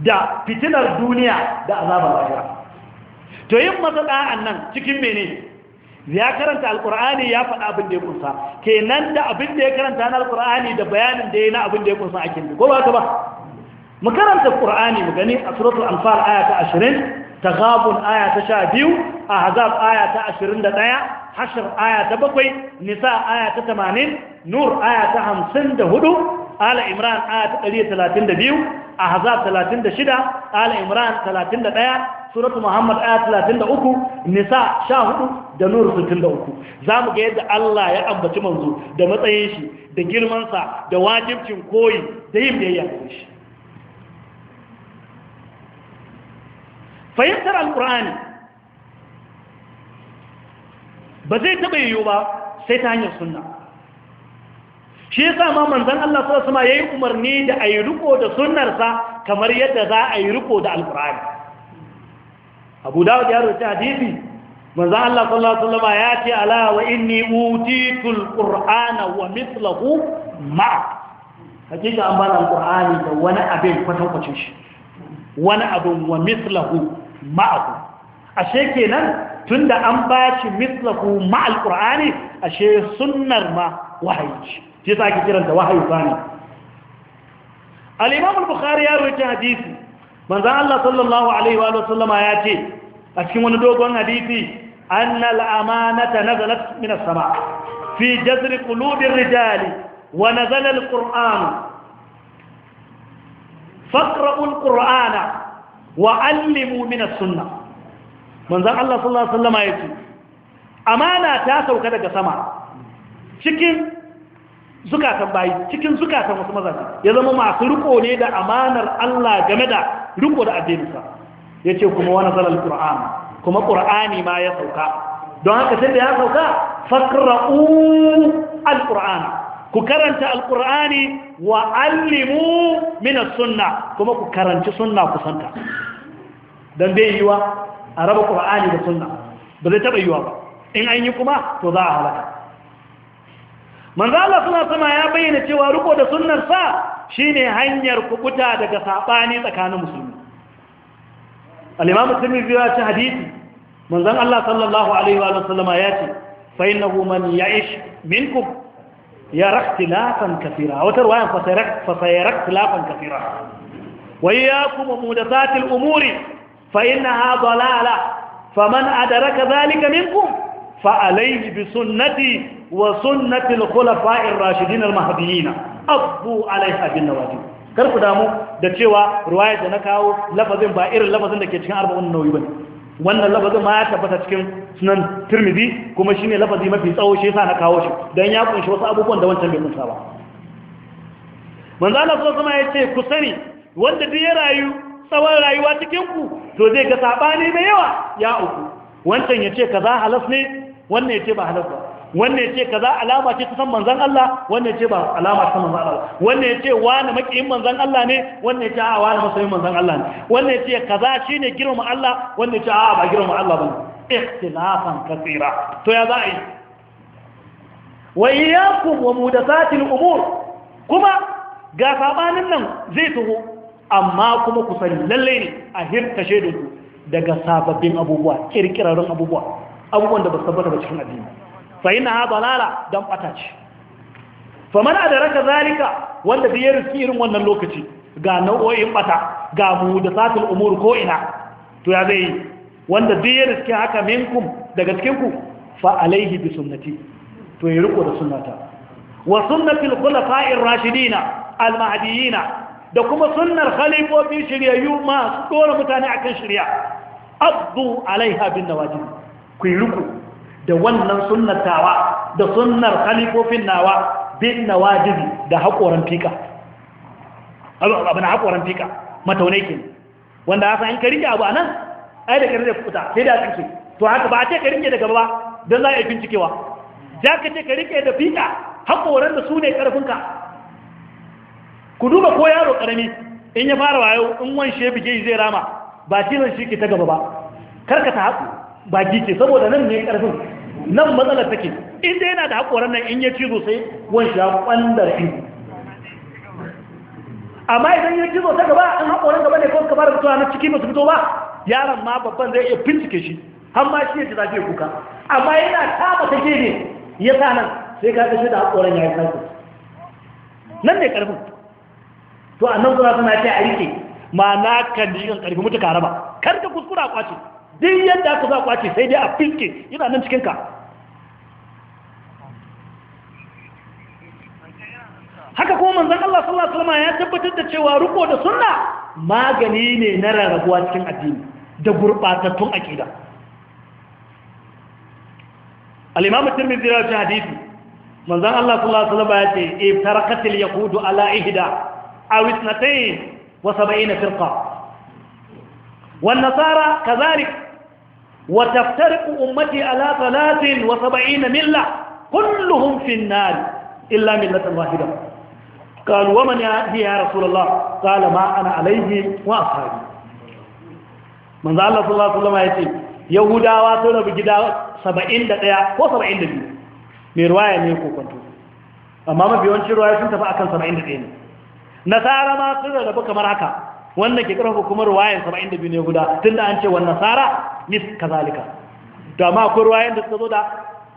da fitinar duniya da azabar lahira to yin masa da'an nan cikin mene ya karanta alqur'ani ya faɗa abin da ya kunsa kenan da abin da ya karanta na alkur'ani da bayanin da ya na abin da ya kunsa a ko ba ka ba mu karanta qur'ani mu gani a suratul anfal aya ta 20 taghabun aya ta 12 ahzab aya ta 21 hashr aya ta 7 nisa aya ta 80 nur aya ta 54 ala imran aya ta 132 ahzab 36 ala imran 31 suratu muhammad aya 33 nisa 14 da nur 63 za mu ga yadda Allah ya ambaci manzu da matsayin shi da girmansa da wajibcin koyi da yin biyayya shi fahimtar alkur'ani ba zai taɓa yiwu ba sai ta hanyar sunna shi yasa ma manzon Allah sallallahu ya yi umarni da a yi riko da sunnarsa kamar yadda za a yi riko da alqur'ani Abu Dawud ya rawaita hadisi manzon Allah sallallahu alaihi wasallam ya ce ala wa inni utitul qur'ana wa mithluhu ma hakika an bada alqur'ani da wani abin kwatankwacin shi wani abin wa mithluhu ma'ahu ashe kenan tunda an ba shi mislahu ma'al qur'ani ashe sunnar ma wahayi shi yasa ake kiranta wahayi bani al-imam al-bukhari ya rawaita hadisi manzo Allah sallallahu alaihi wa sallama ya ce a cikin wani dogon hadisi annal amanata nazalat min as-sama fi jazr qulubi ar-rijali wa nazala al-qur'an faqra'u al-qur'ana wa allimu min as-sunna Allah sallallahu alaihi wasallama yace amana ta sauka daga sama cikin zukatan bayi cikin zukatan wasu mazaje ya zama masu riko ne da amanar Allah game da riko da addininsa yace kuma wa nazala al-qur'an kuma qur'ani ma ya sauka don haka sai da ya sauka faqra'u al-qur'an ku karanta al-qur'ani wa allimu min as kuma ku karanci sunna kusanta. don bai yiwa a raba ƙur'ani da sunna ba zai taɓa yiwa ba in an yi kuma to za a halaka manzo suna sama ya bayyana cewa riko da sunnar sa shine hanyar kubuta daga saɓani tsakanin musulmi al-imam at ya ce hadisi manzo Allah sallallahu alaihi wa sallama ya ce fa innahu man ya'ish minkum yara ikhtilafan kathira wa tarwayan fa Wai ya kuma mu da muhdathatil umuri فإنها ضلالة فمن أدرك ذلك منكم فعليه بسنتي وسنة الخلفاء الراشدين المهديين أبو عليها بالنواجد karku damu da cewa ruwayar da na kawo lafazin ba irin lafazin da ke cikin arba'un nauyi bane wannan lafazin ma ya tabbata cikin sunan tirmidhi kuma ne lafazi mafi tsawo shi yasa na kawo shi dan ya kunshi wasu abubuwan da wancan bai kunsa ba manzo Allah sallallahu alaihi ya ce ku sani wanda duk ya rayu tsawon rayuwa cikin ku, to zai ga saɓani mai yawa ya uku wancan ya ce ka halas ne wannan ya ce ba halas ba wannan ya ce ka alama ce ta san manzan Allah wannan ya ce ba alama ta san manzan Allah wannan ya ce wani makiyin manzan Allah ne wannan ya ce a wani masoyin manzan Allah ne wannan ya ce ka za shi ne girma Allah wannan ya ce a ba girma Allah ba ne ikhtilafan kasira to ya za a yi wa iyyakum wa mudasatil umur kuma ga sabanin nan zai tuho amma kuma ku sani lalle ne a hirta shaidun ku daga sababbin abubuwa kirkirarun abubuwa abubuwan da ba tabbata ba cikin addini fa ina ha balala dan bata ce fa da raka zalika wanda bai riski irin wannan lokaci ga nau'o'in bata ga mu satul umur ko ina to ya zai wanda bai riski haka minkum daga cikin ku fa alaihi bi sunnati to ya riko da sunnata wa sunnatil khulafa'ir rashidina al mahdiyina da kuma sunnar khalifofi shiryayyu masu dora mutane akan shirya abdu alaiha bin nawajib ku yi ruku da wannan sunnar tawa da sunnar khalifofin nawa bin nawajibi da haƙoran fika abin haƙoran fika mataunai ke wanda haka in ka rike abu a nan ai da karfe fita sai da tsinke to haka ba a ce ka rike daga ba don za a yi bincikewa Ja ka ce ka rike da fika haƙoran da su ne ƙarfinka ku duba ko yaro karami in ya fara wayo in wan shi bige zai rama ba cizon shi ke ta gaba ba karka ta haku ba gike saboda nan ne karfin nan matsalar take in dai yana da hakoran nan in ya cizo sai wan shi ya kwandar ido amma idan ya cizo ta gaba an hakoran gaba ne ko ka fara fitowa na ciki masu fito ba yaron ma babban zai iya bincike shi har ma shi ya ji zafi kuka amma yana taba ta ne ya sa nan sai ka ga shi da hakoran ya yi karfin nan ne karfin to nan suna suna ce a rike ma'ana kan da yin karfi mutu ka ba karka ka kuskura a kwace duk yadda aka za kwace sai dai a finke yana nan cikin ka haka kuma manzan Allah sallallahu alaihi wasallam ya tabbatar da cewa ruko da sunna magani ne na rarrabuwa cikin addini da gurbatattun aqida al-imam at-tirmidhi rawi hadisi manzan Allah sallallahu alaihi wasallam ya ce iftarakat yahudu ala ihda أو اثنتين وسبعين فرقة والنصارى كذلك وتفترق أمتي على ثلاث وسبعين ملة كلهم في النار إلا ملة واحدة قالوا ومن هي يا رسول الله قال ما أنا عليه وأصحابي من ذا الله صلى الله عليه وسلم يأتي يهودا واتونا بجدا سبعين دقيا وسبعين دقيا mai ruwaya ne ko kwanto amma mafi yawancin ruwaya sun tafi akan 71 ne nasara ma sun rarrabu kamar haka Wannan ke karfafa kuma ruwayan 72 ne guda tunda an ce wannan nasara mis kazalika to amma akwai ruwayan da suka zo da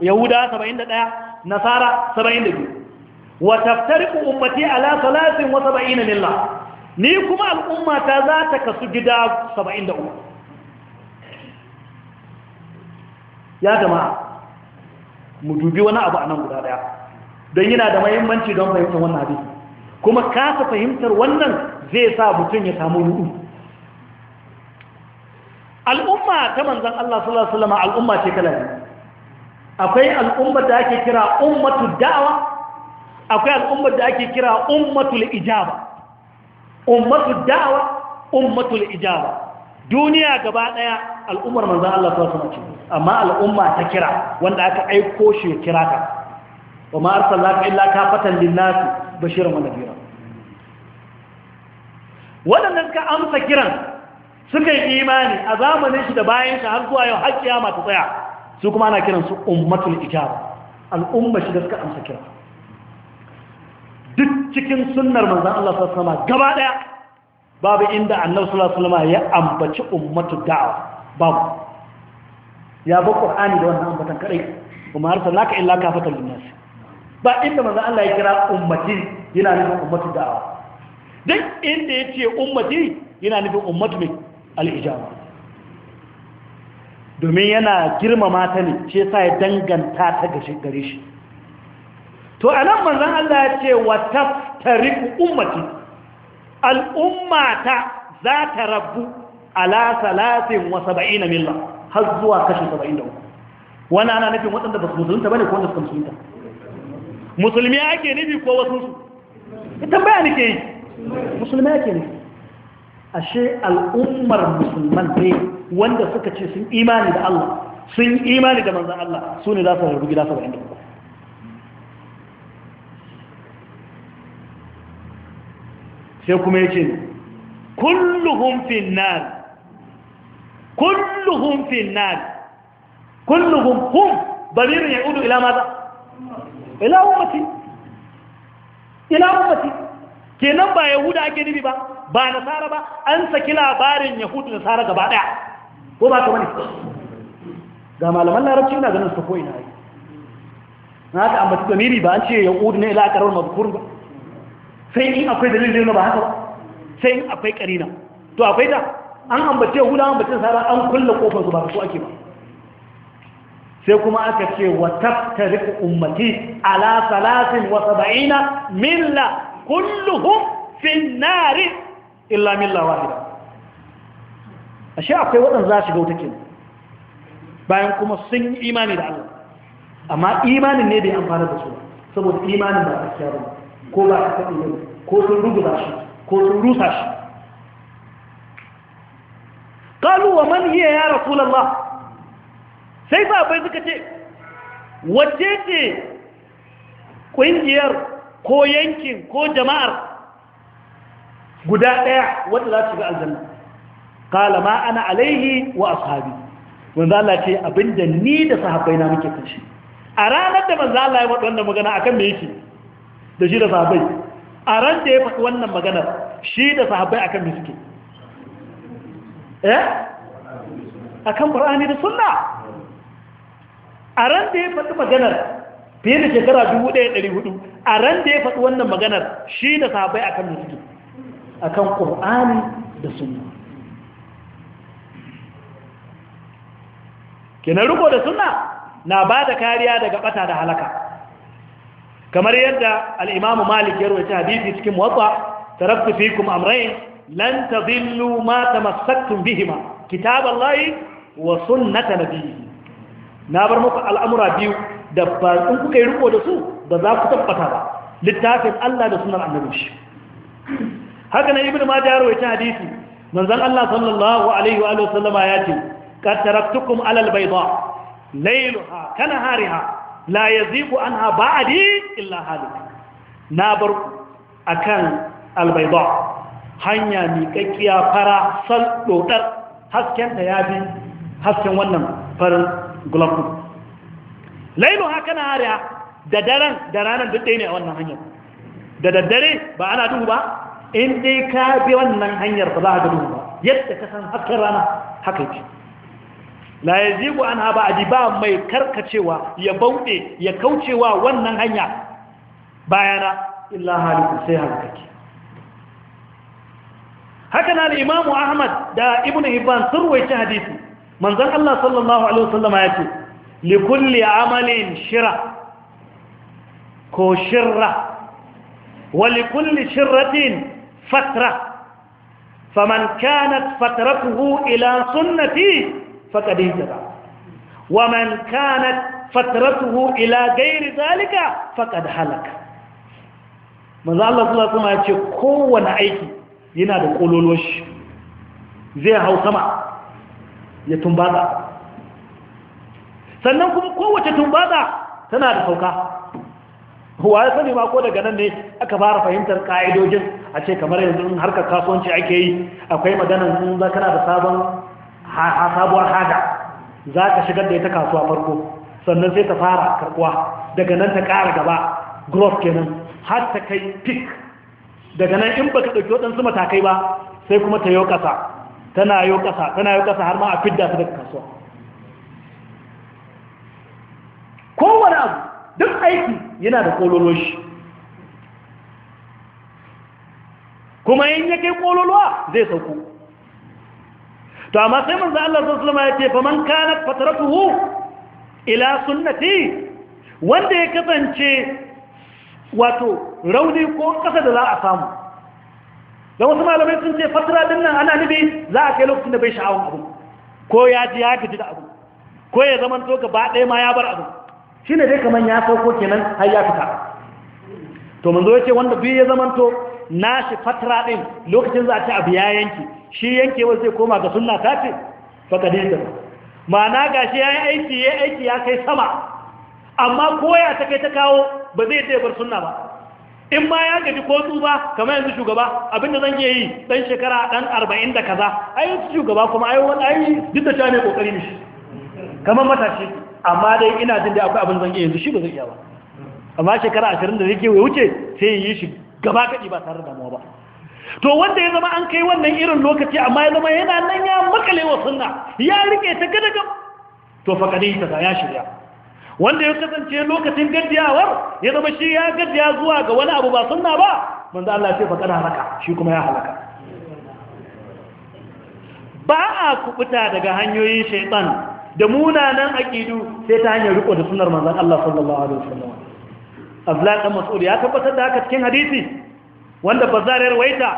yahuda 71 nasara 72 wa taftariqu ummati ala 73 milla ni kuma al'umma ta za ta kasu gida 73 ya jama'a mu dubi wani abu a nan guda daya don yana da mahimmanci don fahimtar wannan hadisi kuma kasa fahimtar wannan zai sa mutum ya samu ruɗu al'umma ta manzan Allah sallallahu alaihi al'umma ce kala akwai al'ummar da ake kira ummatu da'awa akwai al'ummar da ake kira ummatul ijaba ummatul da'awa ummatul ijaba duniya gaba daya al'ummar manzan Allah sallallahu alaihi wasallam amma al'umma ta kira wanda aka aiko shi ya kira ta wa ma arsalnaka illa kafatan lin-nas bashiran wa nadhira Waɗannan ka amsa kiran suka yi imani a zamanin shi da bayan shi har zuwa yau har kiyama ta tsaya su kuma ana kiran su ummatul ijaba al'umma shi da suka amsa kira duk cikin sunnar manzon Allah sallallahu alaihi gaba ɗaya. babu inda annabi sallallahu alaihi wasallam ya ambaci ummatu da'wa babu ya ba qur'ani da wannan ambatan kadai kuma arsalaka illa kafatan linnas ba inda manzon Allah ya kira ummati yana nufin ummatu da'wa duk inda ya ce ummati yana nufin ummatu mai al'ijama domin yana girmama ta ne ce sa ya danganta ta gare shi to a nan manzan Allah ya ce wa taftariku ummati al'ummata za ta rabu ala salasin wa na milla har zuwa kashi saba'in da uku wani ana nufin waɗanda ba su musulunta ba ne ko wanda suka musulunta musulmi ake nufi ko wasu su ita bayan ke yi musulma ke ne ashe al'ummar musulman ne wanda suka ce sun imani da Allah sun imani da manzan Allah su ne za su rarrubi gida saba'in da uku sai kuma ya ce kulluhun finnar kulluhun finnar kulluhun hun baririn ya udu ila maza ila umarci ila umarci kenan ba yahuda ake nufi ba ba nasara ba an saki labarin yahudu nasara gaba daya ko ba ka wani ga malaman larabci na ganin su koyi na yi na haka ambaci miri ba an ce yahudu ne ila karar mazkur ba sai in akwai dalilin na ba haka ba sai in akwai karina to akwai ta an ambaci yahuda an ambaci nasara an kulle kofar su ba su ake ba sai kuma aka ce wa taftariku ummati ala salatin wa saba'ina milla kulluhum fin nari illa milla wahida ashe akwai waɗanda za su ga wuta kenan bayan kuma sun yi imani da Allah amma imanin ne bai amfana da su saboda imanin ba gaskiya ba ko ba ta faɗi ko sun rubuta shi ko sun rusa shi qalu wa man hiya ya rasulullah sai ba bai suka ce wace ce ƙungiyar ko yankin ko jama'ar guda ɗaya wadda za su ga aljanna kala ma ana alaihi wa ashabi da Allah ce abinda ni da sahabbai na muke kashi a ranar da manzo Allah ya faɗi wannan magana akan me yake da shi da sahabbai a ran da ya faɗi wannan maganar shi da sahabbai akan me suke eh akan qur'ani da sunna a ran da ya faɗi maganar fiye da shekara 1400 a ran da ya faɗi wannan maganar shi da sahabbai akan musulmi kan qur'ani da sunna kinan riko da sunna na ba da kariya daga bata da halaka kamar yadda al-imamu malik ya ci hadisi cikin muwatta taraktu fikum amrayn lan tadillu ma tamassaktum bihima kitaballahi wa sunnata na biyu. na bar muku al'amura biyu da ba in kuka yi riko da su ba za ku tabbata ba littafin Allah da sunan annabi haka na ibnu majah rawaita hadisi manzon Allah sallallahu alaihi wa sallama ya ce qad taraktukum alal bayda laylaha kanahariha la yaziqu anha ba'di illa halik na bar akan albayda hanya miƙaƙƙiya fara sal dodar hasken ta yafi hasken wannan farin gulafu lailu haka na hariya da daren da ranar duk ne a wannan hanyar da daddare ba ana duhu ba in dai ka bi wannan hanyar ba za a duhu ba yadda ka san hasken rana haka ce. la ya zigo an haɓa a ba mai karkacewa ya bauɗe ya kaucewa wannan hanya bayana illa halittu sai haka na imamu ahmad da ibn hibban sun ruwaice hadisi manzan allah sallallahu alaihi wasallama ya ce لكل عمل شرة كو ولكل شرة فترة فمن كانت فترته إلى سنتي فقد اهتدى ومن كانت فترته إلى غير ذلك فقد هلك ماذا الله صلى الله عليه وسلم يقول كوة نعيك ينادي قولوا زيها وسمع يتنبغى sannan kuma kowace tumbatsa tana da sauka wa ya sani ma ko daga nan ne aka fara fahimtar ka'idojin a ce kamar yanzu in harkar kasuwanci ake yi akwai maganar in za kana da sabon sabuwar hada za ka shigar da ita kasuwa farko sannan sai ta fara karkuwa daga nan ta ƙara gaba growth kenan har ta kai peak daga nan in baka ɗauki waɗansu matakai ba sai kuma ta yau ƙasa tana yau ƙasa har ma a fidda su daga kasuwa kowane abu duk aiki yana da kololo shi kuma yin yake kai kololuwa zai sauko to amma sai manzo Allah sallallahu ya ce fa man kana fataratuhu ila sunnati wanda ya kasance wato rauni ko kasa da za a samu da wasu malamai sun ce fatara din nan ana nufi za a kai lokacin da bai sha'awun abu ko ya ji ya gaji da abu ko ya zama to gaba ɗaya ma ya bar abu shi ne dai kamar ya sauko kenan har ya fita to manzo ya ce wanda duk ya zamanto nashi fatra din lokacin za a ci abu ya yanki shi yankewar zai koma ga sunna ta ce fakadinta ma'ana gashi ya yi aiki ya aiki ya kai sama amma koya ta kai ta kawo ba zai ta bar sunna ba in ma ya gaji ko tsuba kamar yanzu shugaba abinda zan iya yi dan shekara dan arba'in da kaza ai shugaba kuma ai wani ai duk da cewa ne kokari ne kamar matashi amma dai ina jin da akwai abin zan iya yanzu shi ba zan iya ba amma shekara ashirin da zai ya wuce sai yi shi gaba kaɗi ba tare da damuwa ba to wanda ya zama an kai wannan irin lokaci amma ya zama yana nan ya makale wa sunna ya rike ta gada gab to fa kadai ta ya shirya wanda ya kasance lokacin gaddiyawar ya zama shi ya gaddiya zuwa ga wani abu ba sunna ba manzo Allah sai fa kada halaka shi kuma ya halaka ba a kubuta daga hanyoyin shaytan da munanan aqidu sai ta hanyar riko da sunnar manzon Allah sallallahu alaihi wasallam Abdullah ibn Mas'ud ya tabbatar da haka cikin hadisi wanda bazarar waita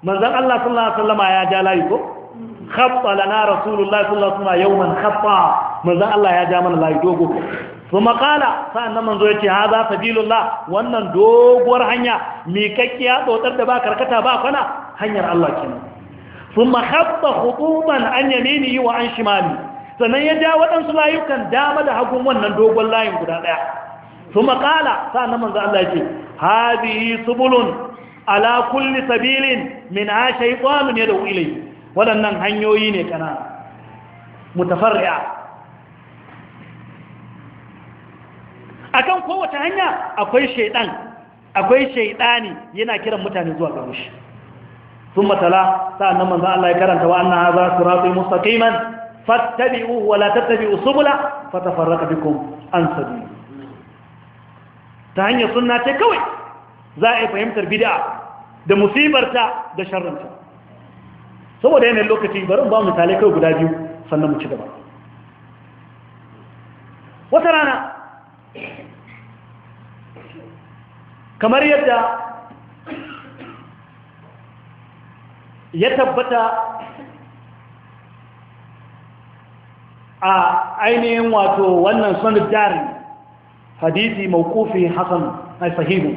manzon Allah sallallahu alaihi wasallam ya ja layi ko khatta lana rasulullah sallallahu alaihi wasallam yawman khatta manzon Allah ya ja mana layi dogo makala kala sa'annan manzo yace haza sabilullah wannan doguwar hanya kakkiya tsotsar da ba karkata ba kwana hanyar Allah kenan ثم خط خطوطا عن wa an shimali sannan ya ja waɗansu layukan dama da hagun wannan dogon layin guda ɗaya su makala sa na za Allah ce haɗi subulun ala kulli sabilin min a shaiƙwanu ne da ilai waɗannan hanyoyi ne kana mutafarriya akan kowace hanya akwai shaiɗan akwai shaiɗani yana kiran mutane zuwa ga mushi sun matala sa'an nan manzan Allah ya karanta wa'annan haza su ratsu mustaqiman fattabi'u wa la tattabi'u subula fatafarraqa bikum an sabili ta hanyar sunna ce kawai za a yi fahimtar bid'a da musibarta da sharranta saboda yanayin lokaci bari ba misalai kai guda biyu sannan mu ci gaba wata rana kamar yadda ya tabbata a ainihin wato wannan sunan jari hadisi Ma'ukufi Hassan ai sahihu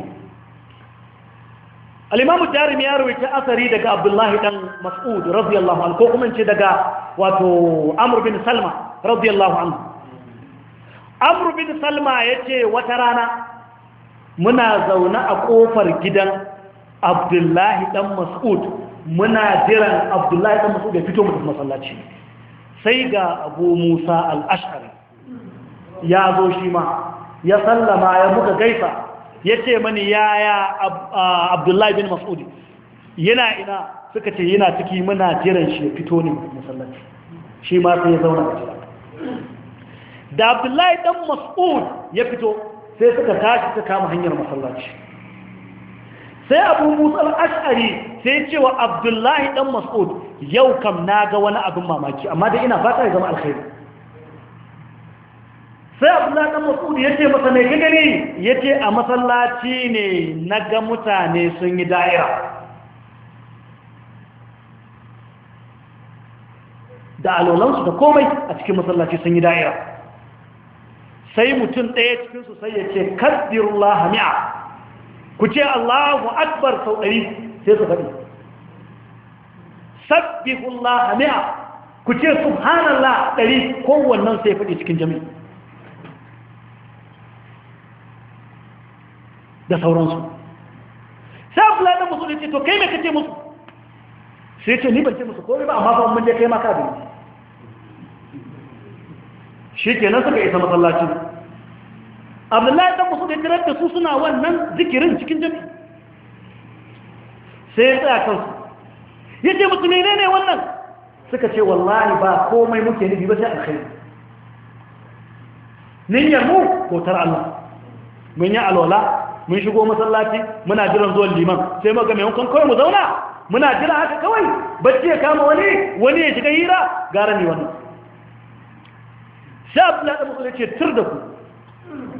al-imam ad-darimi ya rawaita asari daga abdullahi dan mas'ud radiyallahu anhu ko kuma ce daga wato amr bin salma radiyallahu anhu amr bin salma ce wata rana muna zaune a kofar gidan abdullahi dan mas'ud muna jiran abdullahi dan mas'ud ya fito mu masallaci sai ga abu musa al'ashari ya zo shi ma ya sallama ya muka gaisa ya ce mani yaya abdullahi bin mas'udi yana ina suka ce yana ciki muna jiran shi fito ne masallaci shi ma sai ya zauna da jira da abdullahi dan mas'ud ya fito sai suka tashi suka kama hanyar masallaci sai abu musal ash'ari sai cewa abdullahi dan mas'ud yau kam na ga wani abin mamaki amma da ina fata ya zama alkhairi sai abdullahi dan mas'ud ya ce masa mai gani ya ce a masallaci ne na ga mutane sun yi da'ira da alolansu da komai a cikin masallaci sun yi da'ira sai mutum ɗaya cikinsu sai ya ce kaddirullah mi'a ku ce Allahu akbar sau ɗari sai su faɗi sabbihullah mi'a ku ce subhanallah ɗari kowannan sai faɗi cikin jami'i da sauransu sai kula da musu da ce to kai mai kace musu sai ce ni ban ce musu komai ba amma fa mun je kai ma ka bi shi kenan suka isa masallacin abdullahi dan musu da kirar da su suna wannan zikirin cikin jami sai ya tsaya kansu ya ce musu ne ne wannan suka ce wallahi ba komai muke nufi ba sai alkhairi niyyar mu kotar Allah mun yi alwala mun shigo masallaci muna jiran zuwan liman sai muka maimakon kawai mu zauna muna jira haka kawai bacci ya kama wani wani ya shiga hira gara ne wannan sha abdullahi dan musu ya ce tur da ku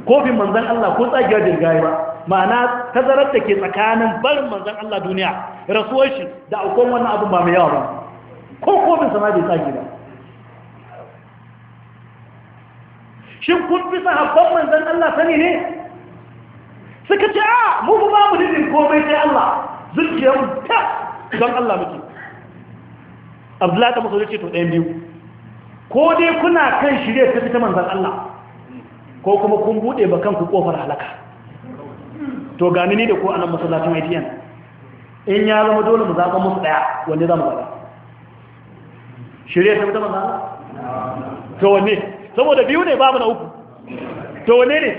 kofin manzan Allah ko tsagiyar jirgaye ba ma'ana tazarar da ke tsakanin barin manzan Allah duniya rasuwar shi da akwai wannan abin ba mai yawa ba ko kofin sama bai tsagi ba shin kun fi sahabban manzan Allah sani ne suka ce a ah, mu ba mu nufin komai sai Allah zuciyar ta don Allah muke abdullahi ta masu ce to ɗayan biyu ko dai kuna kan shirya ta fita manzan Allah ko kuma kun bude ba kanku kofar halaka to gani ni da ko anan masallacin ITN in ya zama dole mu zaba musu daya wanne zamu bada? shirye shirya ta mutum zaɓa to wanne saboda biyu ne babu na uku to wanne ne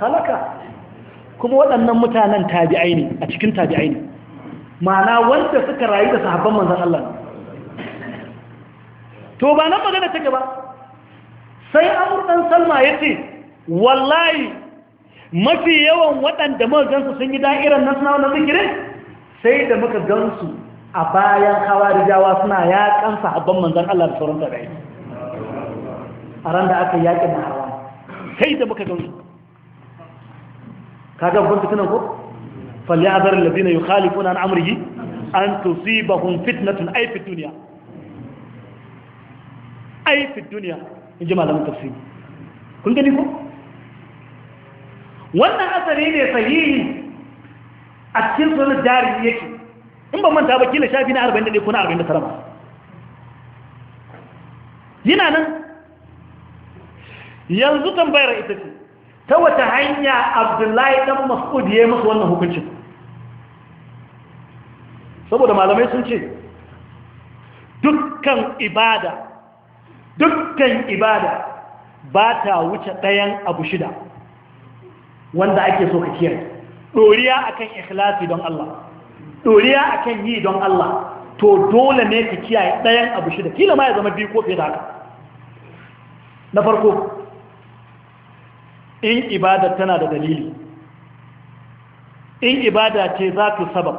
halaka kuma waɗannan mutanen tabi'ai ne a cikin tabi'ai ne ma'ana wanda suka rayu da sahabban manzan Allah to ba nan magana take ba sai amur ɗan salma ya ce wallahi mafi yawan waɗanda muka gansu sun yi da'irar nasu na wannan zikirin sai da muka gansu a bayan hawarijawa suna ya yaƙan ban manzan Allah da sauran tarayi a ran da aka yaƙi na hawa sai da muka gansu kaga gunta tunan ko falyazar alladhina yukhalifuna an amrihi an tusibahum fitnatun ay fi dunya ay fi dunya in ji malamin tafsiri kun gani ko wannan asali ne sahihi a cikin sunan jari yake in ba manta ba kila shafi na 41 ko na 49 ba yana nan yanzu tambayar ita ce ta wata hanya abdullahi dan mas'ud ya masa wannan hukuncin saboda malamai sun ce dukkan ibada dukkan ibada ba ta wuce ɗayan abu shida wanda ake so ka kiyar. ɗoriya akan ikhlasi don Allah ɗoriya akan yi don Allah to dole ne ka kiyaye ɗayan abu shida kila ma ya zama biyu ko fiye da haka na farko in ibada tana da dalili in ibada ce za ta sabab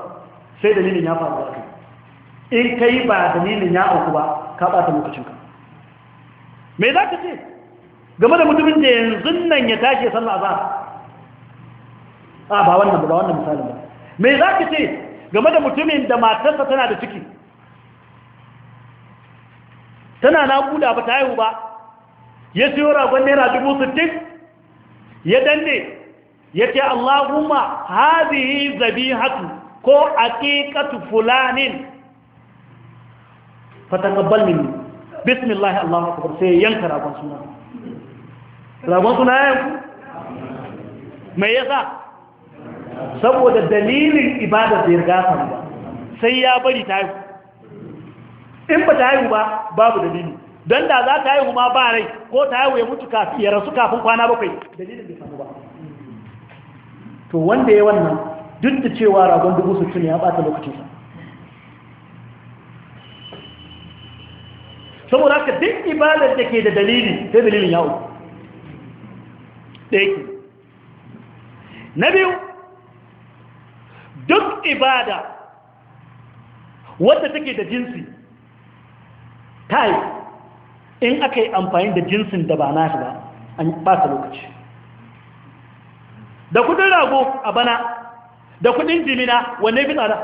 sai dalilin ya faru da in ka yi ba dalilin ya auku ba ka ɓata lokacinka me za ka ce game da mutumin da yanzu nan ya tashi sallah azhar a ba wannan ba wannan misalin ba me za ka ce game da mutumin da matarsa tana da ciki tana naƙuda ba ta haihu ba ya siyo ragon naira dubu sittin ya danne ya ce allahumma hazihi zabihatu ko aqiqatu fulanin fataqabbal minni bismillah Allahu akbar sai yanka ragon suna ragon suna yanku mai yasa saboda dalilin ibada da yarda ba sai ya bari ta haihu in ba ta haihu ba babu dalili don da za ta haihu ma ba rai ko ta haihu ya mutu kafin ya rasu kafin kwana bakwai dalilin bai samu ba to wanda ya wannan duk da cewa ragon dubu sittin ya bata lokacinsa saboda haka duk ibadar da ke da dalili sai dalilin ya uku ɗaya na biyu duk ibada wadda take da jinsi ta yi in aka yi amfani da jinsin da ba nasu ba an ɓata lokaci da kudin rago a bana da kudin jimina wanne fi tsada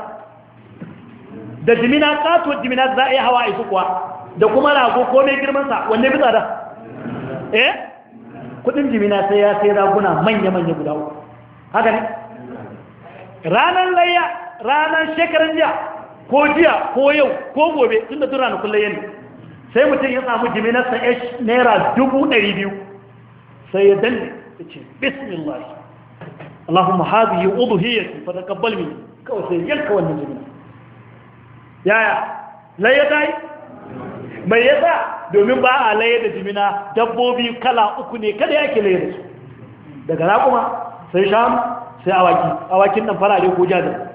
da jimina katuwar jimina za a yi hawa a kuwa da kuma rago ko mai girmansa wanne bi tsada eh kudin jimina sai ya sai raguna manya-manya guda uku haka ne ranar layya ranar shekaran jiya ko jiya ko yau ko gobe tun da tun ranakun kullaye ne sai mutum ya samu jiminarsa h naira dubu ɗari biyu sai ya danne ya ce bismillah allahumma hazi yi ubu hiyar fa ta kabbal mini kawai sai yanka wannan jimina yaya layya ta yi mai yasa domin ba a laye da jimina dabbobi kala uku ne kada ya ke laye da su daga raƙuma sai sham sai awaki awakin nan farare ko jazar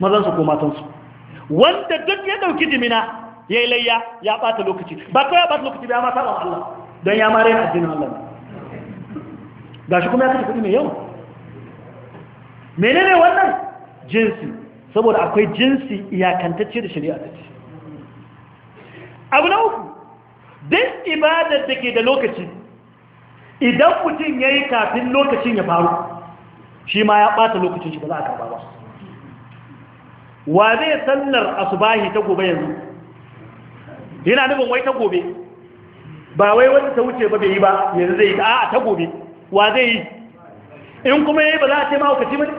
mazansu ko matansu wanda duk ya ɗauki jimina ya yi layya ya ɓata lokaci ba kawai ya ɓata lokaci ba ma wa Allah don ya mara yin addinin Allah ga shi kuma ya kashe kuɗi mai yawa menene wannan jinsi saboda akwai jinsi iyakantacce da shari'a ta ce abu na uku duk ibadar da ke da lokaci idan mutum ya yi kafin lokacin ya faru shi ma ya ɓata lokacin shi ba za a karɓa ba wa zai sallar asubahi ta gobe yanzu yana nufin wai ta gobe ba wai wanda ta wuce ba bai yi ba yanzu zai yi a ta gobe wa zai yi in kuma ya yi ba za a ce ma wakaci ba ne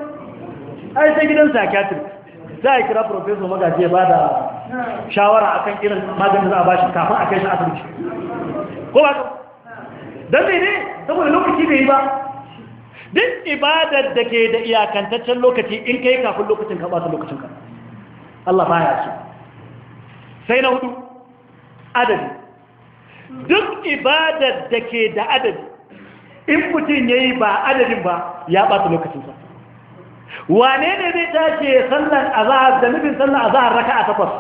ai sai gidan kyatir za a kira profesor magaji ya ba da shawara akan irin maganin za a bashi kafin a kai shi asibiti ko ba don zai ne saboda lokaci bai yi ba duk ibadar da ke da iyakantaccen lokaci in kai kafin lokacin ka ɓata lokacin ka Allah ba ya so sai na hudu adadi duk ibadar da ke da adadi in mutum ya yi ba adadin ba ya lokacin lokacinsa wane ne zai tashi sallan azahar da nufin sallan azahar raka a takwas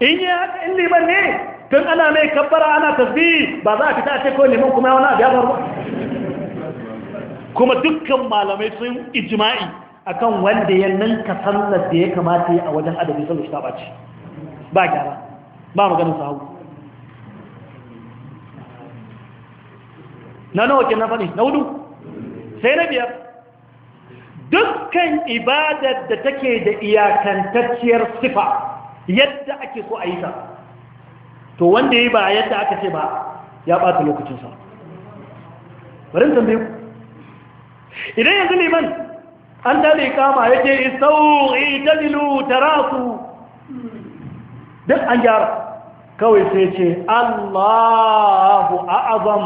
in yi haka in liman ne tun ana mai kabbara ana tasbi ba za a fita a ce kawai liman kuma wani abu ya faru kuma dukkan malamai sun ijima'i akan wanda ya ninka sallar da ya kamata ya a wajen adabi sallar shi ta ɓaci ba gyara ba maganin sahu na nawa ke na faɗi na hudu sai na biyar dukkan ibadar da take da iyakantacciyar sifa yadda ake so a yi ta to wanda ya ba yadda aka ce ba ya ɓata lokacinsa barin tambayi ku idan yanzu liman an dade kama ya ce isau italilu tarasu duk an gyara kawai sai ce allahu a'azam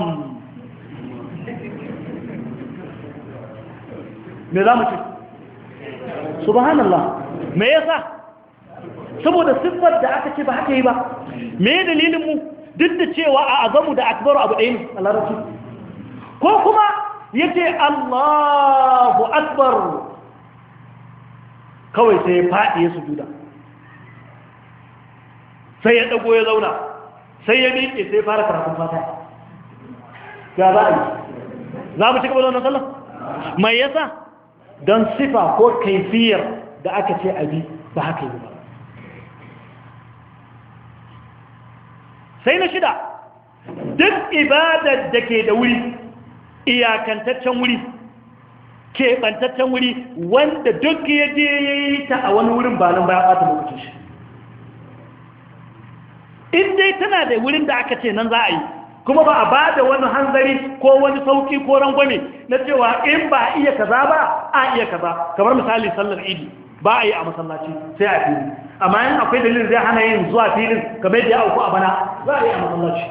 me za mu ce subhanallah me yasa saboda siffar da aka ce ba haka yi ba me dalilin mu duk da cewa a azamu da akbaru abu ɗaya ne a larabci ko kuma yace Allahu akbar kawai sai ya faɗi ya sujuda sai ya dago ya zauna sai ya miƙe sai ya fara karatun fata ga za a yi za mu ci gaba da wannan sallah mai yasa don sifa ko kaifiyar da aka ce abi ba haka yi ba sai na shida duk ibadar da ke da wuri iyakantaccen wuri keɓantaccen wuri wanda duk ya je ya yi ta a wani wurin ba nan ba ɓata mafi shi in dai tana da wurin da aka ce nan za a yi kuma ba a ba da wani hanzari ko wani sauki ko rangwame na cewa in ba a iya kaza ba a iya kaza kamar misali sallar idi ba a yi a masallaci sai a fili amma yin akwai dalilin zai hana yin zuwa filin kamar da ya auku a bana za a yi a masallaci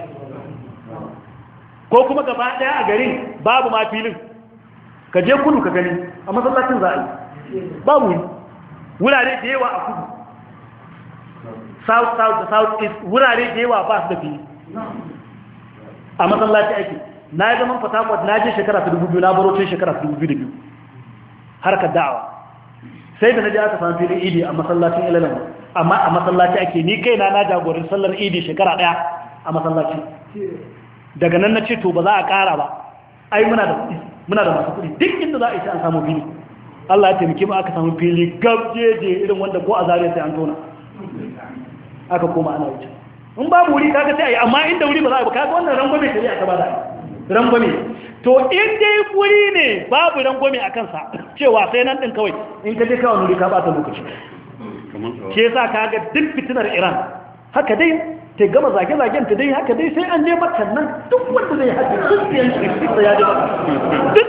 ko kuma gaba ɗaya a garin babu ma filin ka je kudu ka gani a masallacin za a yi babu wurare da yawa a kudu south south da south east wurare da yawa ba su da fili a masallaci ake na yi zaman fatakwad na je shekara ta dubu biyu na baro ce shekara ta dubu biyu da biyu harkar da'awa sai da na ji aka samu filin idi a masallacin ilalin amma a masallaci ake ni kaina na jagorin sallar idi shekara daya a masallaci daga nan na ce to ba za a kara ba ai muna da kuɗi muna da masu kuɗi duk inda za a isa an samu fili Allah ya taimake mu aka samu fili gabjeje irin wanda ko a zare sai an tona aka koma ana wuce in babu wuri kaga sai ayi amma inda wuri ba za a yi ba kaga wannan rangwame shari'a ta ba da rangwame to in dai wuri ne babu rangwame a kansa cewa sai nan ɗin kawai in ka je kawai nuri ka bata lokaci ke sa ka ga duk fitinar iran haka dai ta gama zage-zagen ta dai haka dai sai an je makan nan duk wanda zai haka duk da da ya je duk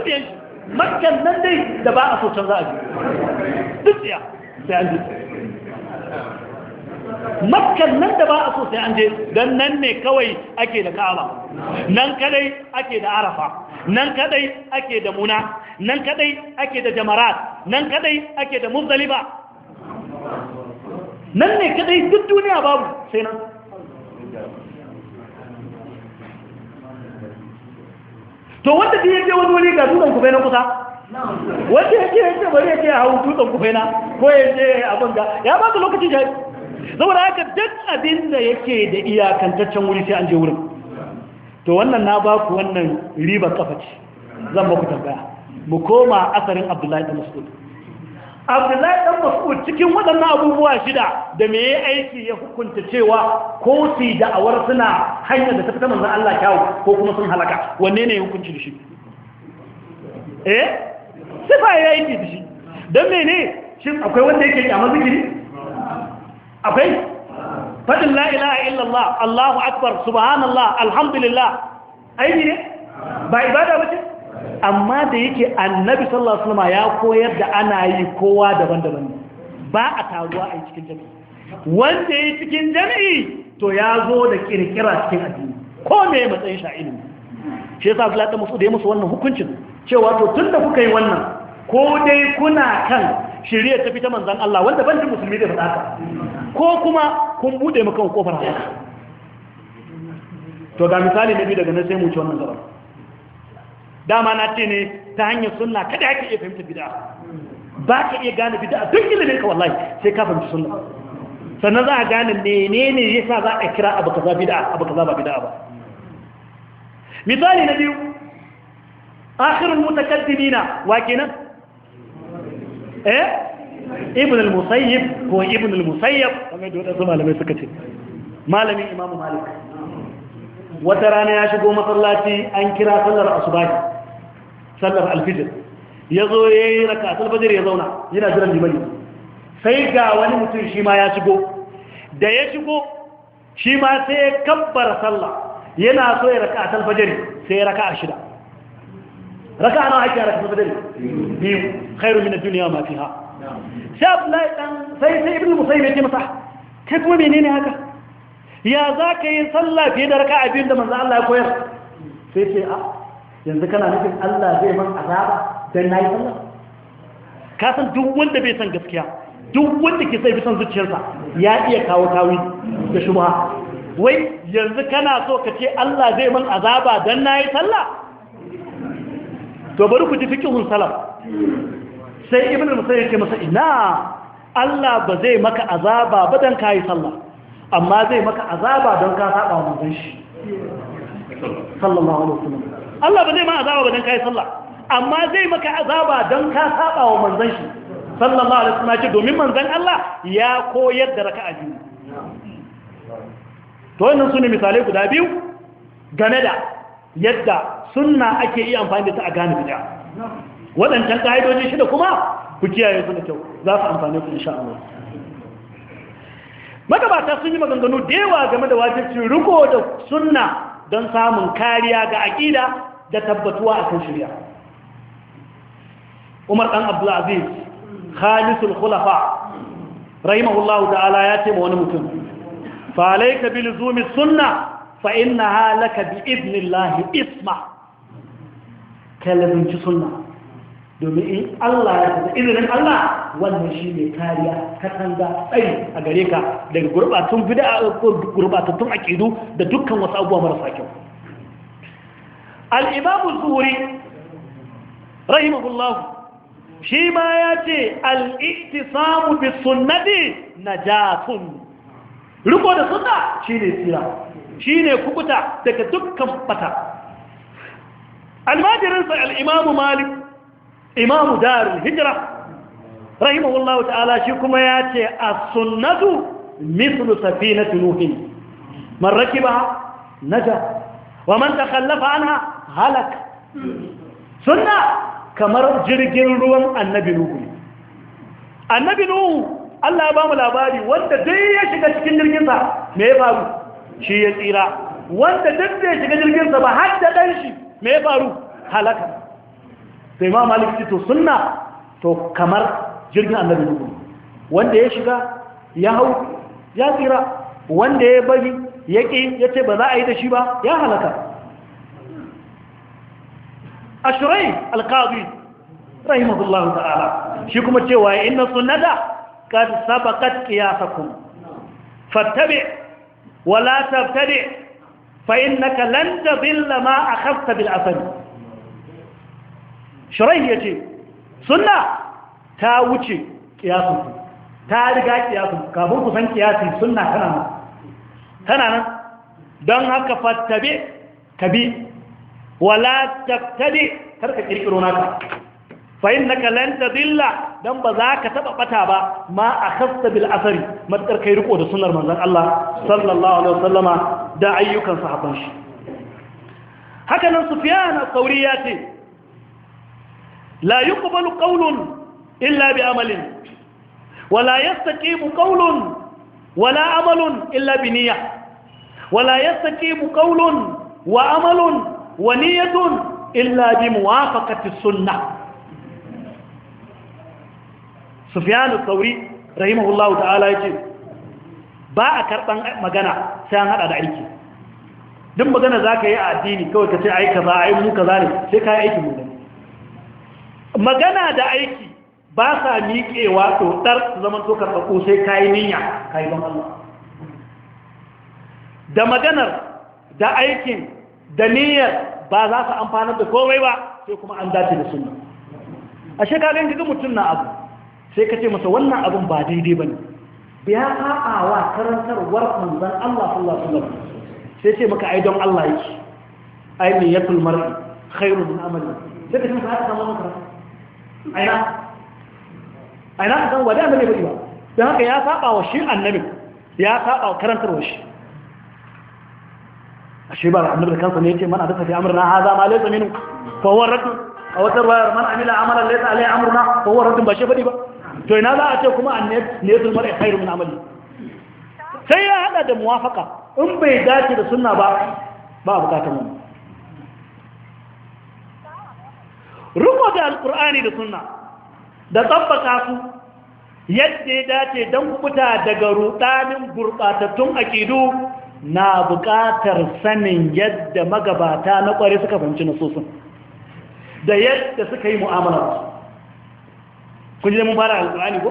da yanki nan dai da ba a so can za a duk da sai an je makkan nan da ba a so sai an je don nan ne kawai ake da ka'aba nan kadai ake da arafa nan kadai ake da muna nan kadai ake da jamarat nan kadai ake da muzdaliba nan ne kadai duk duniya babu sai nan to wanda ya yake wani wani ga dutsen kufai na kusa wanda yake yake ya bari yake ce hau dutsen kufai na ko ya je abin ga ya ba ka lokaci jari saboda haka duk abin da yake da iyakantaccen wuri sai an je wurin to wannan na ba ku wannan ribar kafa ce zan ba ku tambaya mu koma asarin abdullahi da mas'ud abdullahi Ɗan mas'ud cikin waɗannan abubuwa shida da me ya aiki ya hukunta cewa ko su da'awar suna hanyar da ta fita manzon Allah kyawu ko kuma sun halaka wanne ne ya hukunci da shi eh sifa ya aiki da shi don mene shin akwai wanda yake kyamar zikiri akwai faɗin la illallah Allahu akbar subhanallah alhamdulillah aiki ne ba ibada ba ce amma da yake annabi sallallahu alaihi wasallam ya koyar da ana yi kowa daban-daban ba a taruwa a cikin jami'i wanda ya cikin jami'i to ya zo da kirkira cikin addini ko me matsayin sha ilimi shi yasa Abdullahi ta da ya musu wannan hukuncin cewa to tunda kuka yi wannan ko dai kuna kan shirya ta fita manzan Allah wanda ban musulmi zai faɗa haka ko kuma kun buɗe maka kofar haka to ga misali na biyu daga nan sai mu ci wannan gaba dama na ce ne ta hanyar sunna kada ake iya fahimta bid'a ba ka iya gane bid'a duk ilimin ka wallahi sai ka fahimci sunna sannan za a gane menene yasa za a kira abu kaza bid'a abu kaza ba bid'a ba misali na biyu akhirul mutakaddimina wa kenan eh ibn al-musayyib ko ibn al-musayyab kamar da wadansu malamai suka ce malamin imamu malik wata rana ya shigo masallaci an kira sallar asubahi sallar alfijir ya zo ya yi raka alfajir ya zauna yana jiran limani sai ga wani mutum shi ma ya shigo da ya shigo shi ma sai ya kabbar sallah yana so ya raka alfajir sai ya raka a shida raka nawa ake raka dare. biyu khairu min ad-dunya ma fiha sai Abdullahi dan sai sai ibnu Musayyib yake masa kai kuma menene haka ya zaka yi sallah fiye da raka abin da manzo Allah ya koyar sai ce a ah, yanzu kana nufin Allah zai man azaba dan nayi sallah ka san duk wanda bai san gaskiya duk wanda ke sai bisan zuciyarsa ya iya kawo tawi da shubha wai yanzu kana so ka ce Allah zai man azaba dan nayi sallah to bari ku ji fiqhun salaf sai ibnu musayyib ya masa ina Allah ba zai maka azaba ba dan kai sallah amma zai maka azaba don ka saba wa manzon shi sallallahu alaihi wasallam Allah ba zai maka azaba ba dan kai sallah amma zai maka azaba don ka saba wa manzon shi sallallahu alaihi wasallam ce domin manzon Allah ya koyar da raka'a biyu to wannan sune misalai guda biyu game da yadda sunna ake iya amfani da ta a gane bid'a waɗancan ƙa'idoji shida kuma ku kiyaye su da kyau za su amfani ku insha Allah magabata sun yi maganganu da yawa game da wajibcin riko da sunna don samun kariya ga aƙida da tabbatuwa a kan shirya umar ɗan abdulaziz khalisul khulafa rahimahullahu ta'ala ya ce ma wani mutum falai ka bi sunna fa innaha laka bi idnillahi isma kalabinci sunna domin in Allah ya tafi izinin Allah wannan shi ne kariya katanga tsayi a gare ka daga gurbatun bid'a ko gurbatattun aqidu da dukkan wasu abubuwa marasa kyau al-imam rahimahullah shi ma ya ce al-ihtisamu bis sunnati najatun riko da sunna shine tsira Shi ne kubuta daga dukkan fata. almajirinsa al'imamu malik imamu darin hijira rahimahullahu ta'ala shi kuma ya ce a sunnatu mislu safi na tunuhin marraki ba naja wa man ta kallafa ana halak sunna kamar jirgin ruwan annabi nuhu annabi nuhu Allah ba mu labari wanda zai ya shiga cikin jirginsa me ya faru shi ya tsira wanda duk da shiga jirginsa ba har ɗan shi me ya faru halaka sai ma malik ce to sunna to kamar jirgin annabi nuhu wanda ya shiga ya hau ya tsira wanda ya bari ya ƙi ya ce ba za a yi da shi ba ya halaka ashirai alkazi rahimahullahu ta'ala shi kuma cewa inna sunnata kad sabaqat qiyasakum fattabi' wala tabtadi fa innaka lan tadilla ma akhadta bil asad shuraih yace sunna ta wuce kiyasun ta riga kiyasun kafin ku san kiyasi sunna tana nan tana nan don haka fattabe kabi wala naka fa'in na kalanta dilla don ba za ka taɓa ɓata ba ma a kasta bil asari matsar kai riko da sunar manzan Allah sallallahu alaihi wasallama da ayyukan sahabban shi haka nan su fiya sufiyan sauri ya ce la yi yuqbalu ƙaunun illa bi amalin wala yastaqimu qawlun wala amalun illa bi niyya wala yastaqimu ƙaunun wa amalun wa niyyatun illa bi muwafaqati sunnah sufiyanu sauri rahimahullahu ta'ala ya ba a karban magana sai an hada da aiki duk magana zaka yi a addini kawai ka ce ai kaza ai mu kaza ne sai kai aiki mu magana da aiki ba sa miƙewa to dar zaman to ko sai kai niyya kai don Allah da maganar da aikin da niyyar ba za su amfanar da komai ba sai kuma an dace da sunna a ka ga mutum na abu sai ka ce masa wannan abin ba daidai ba ne ya haɓa wa karantarwar manzan Allah sallallahu alaihi wasallam sai ce maka ai don Allah yake ai ne ya tulmar khairu min amali sai ka ce maka haka samu maka aina aina ka san wada mai bai ba don haka ya saba wa shi annabi ya saba wa karantarwar shi ashe ba annabi kansa ne ce man da fi amrina haza ma laysa minhu fa huwa rad a wata ruwayar man amila amalan laysa alai amruna fa huwa rad ba shi fadi ba to ina za a ce kuma annayatul ya hairu min amali sai ya hada da muwafaka in bai dace da sunna ba ba a bukatar wani. ruko da alkur'ani da sunna da tabbata su yadda ya dace don kubuta daga rudanin gurbatattun akidu na bukatar sanin yadda magabata na ƙwari suka fahimci nasusun da yadda suka yi mu'amalar kun ji mun fara alƙur'ani ko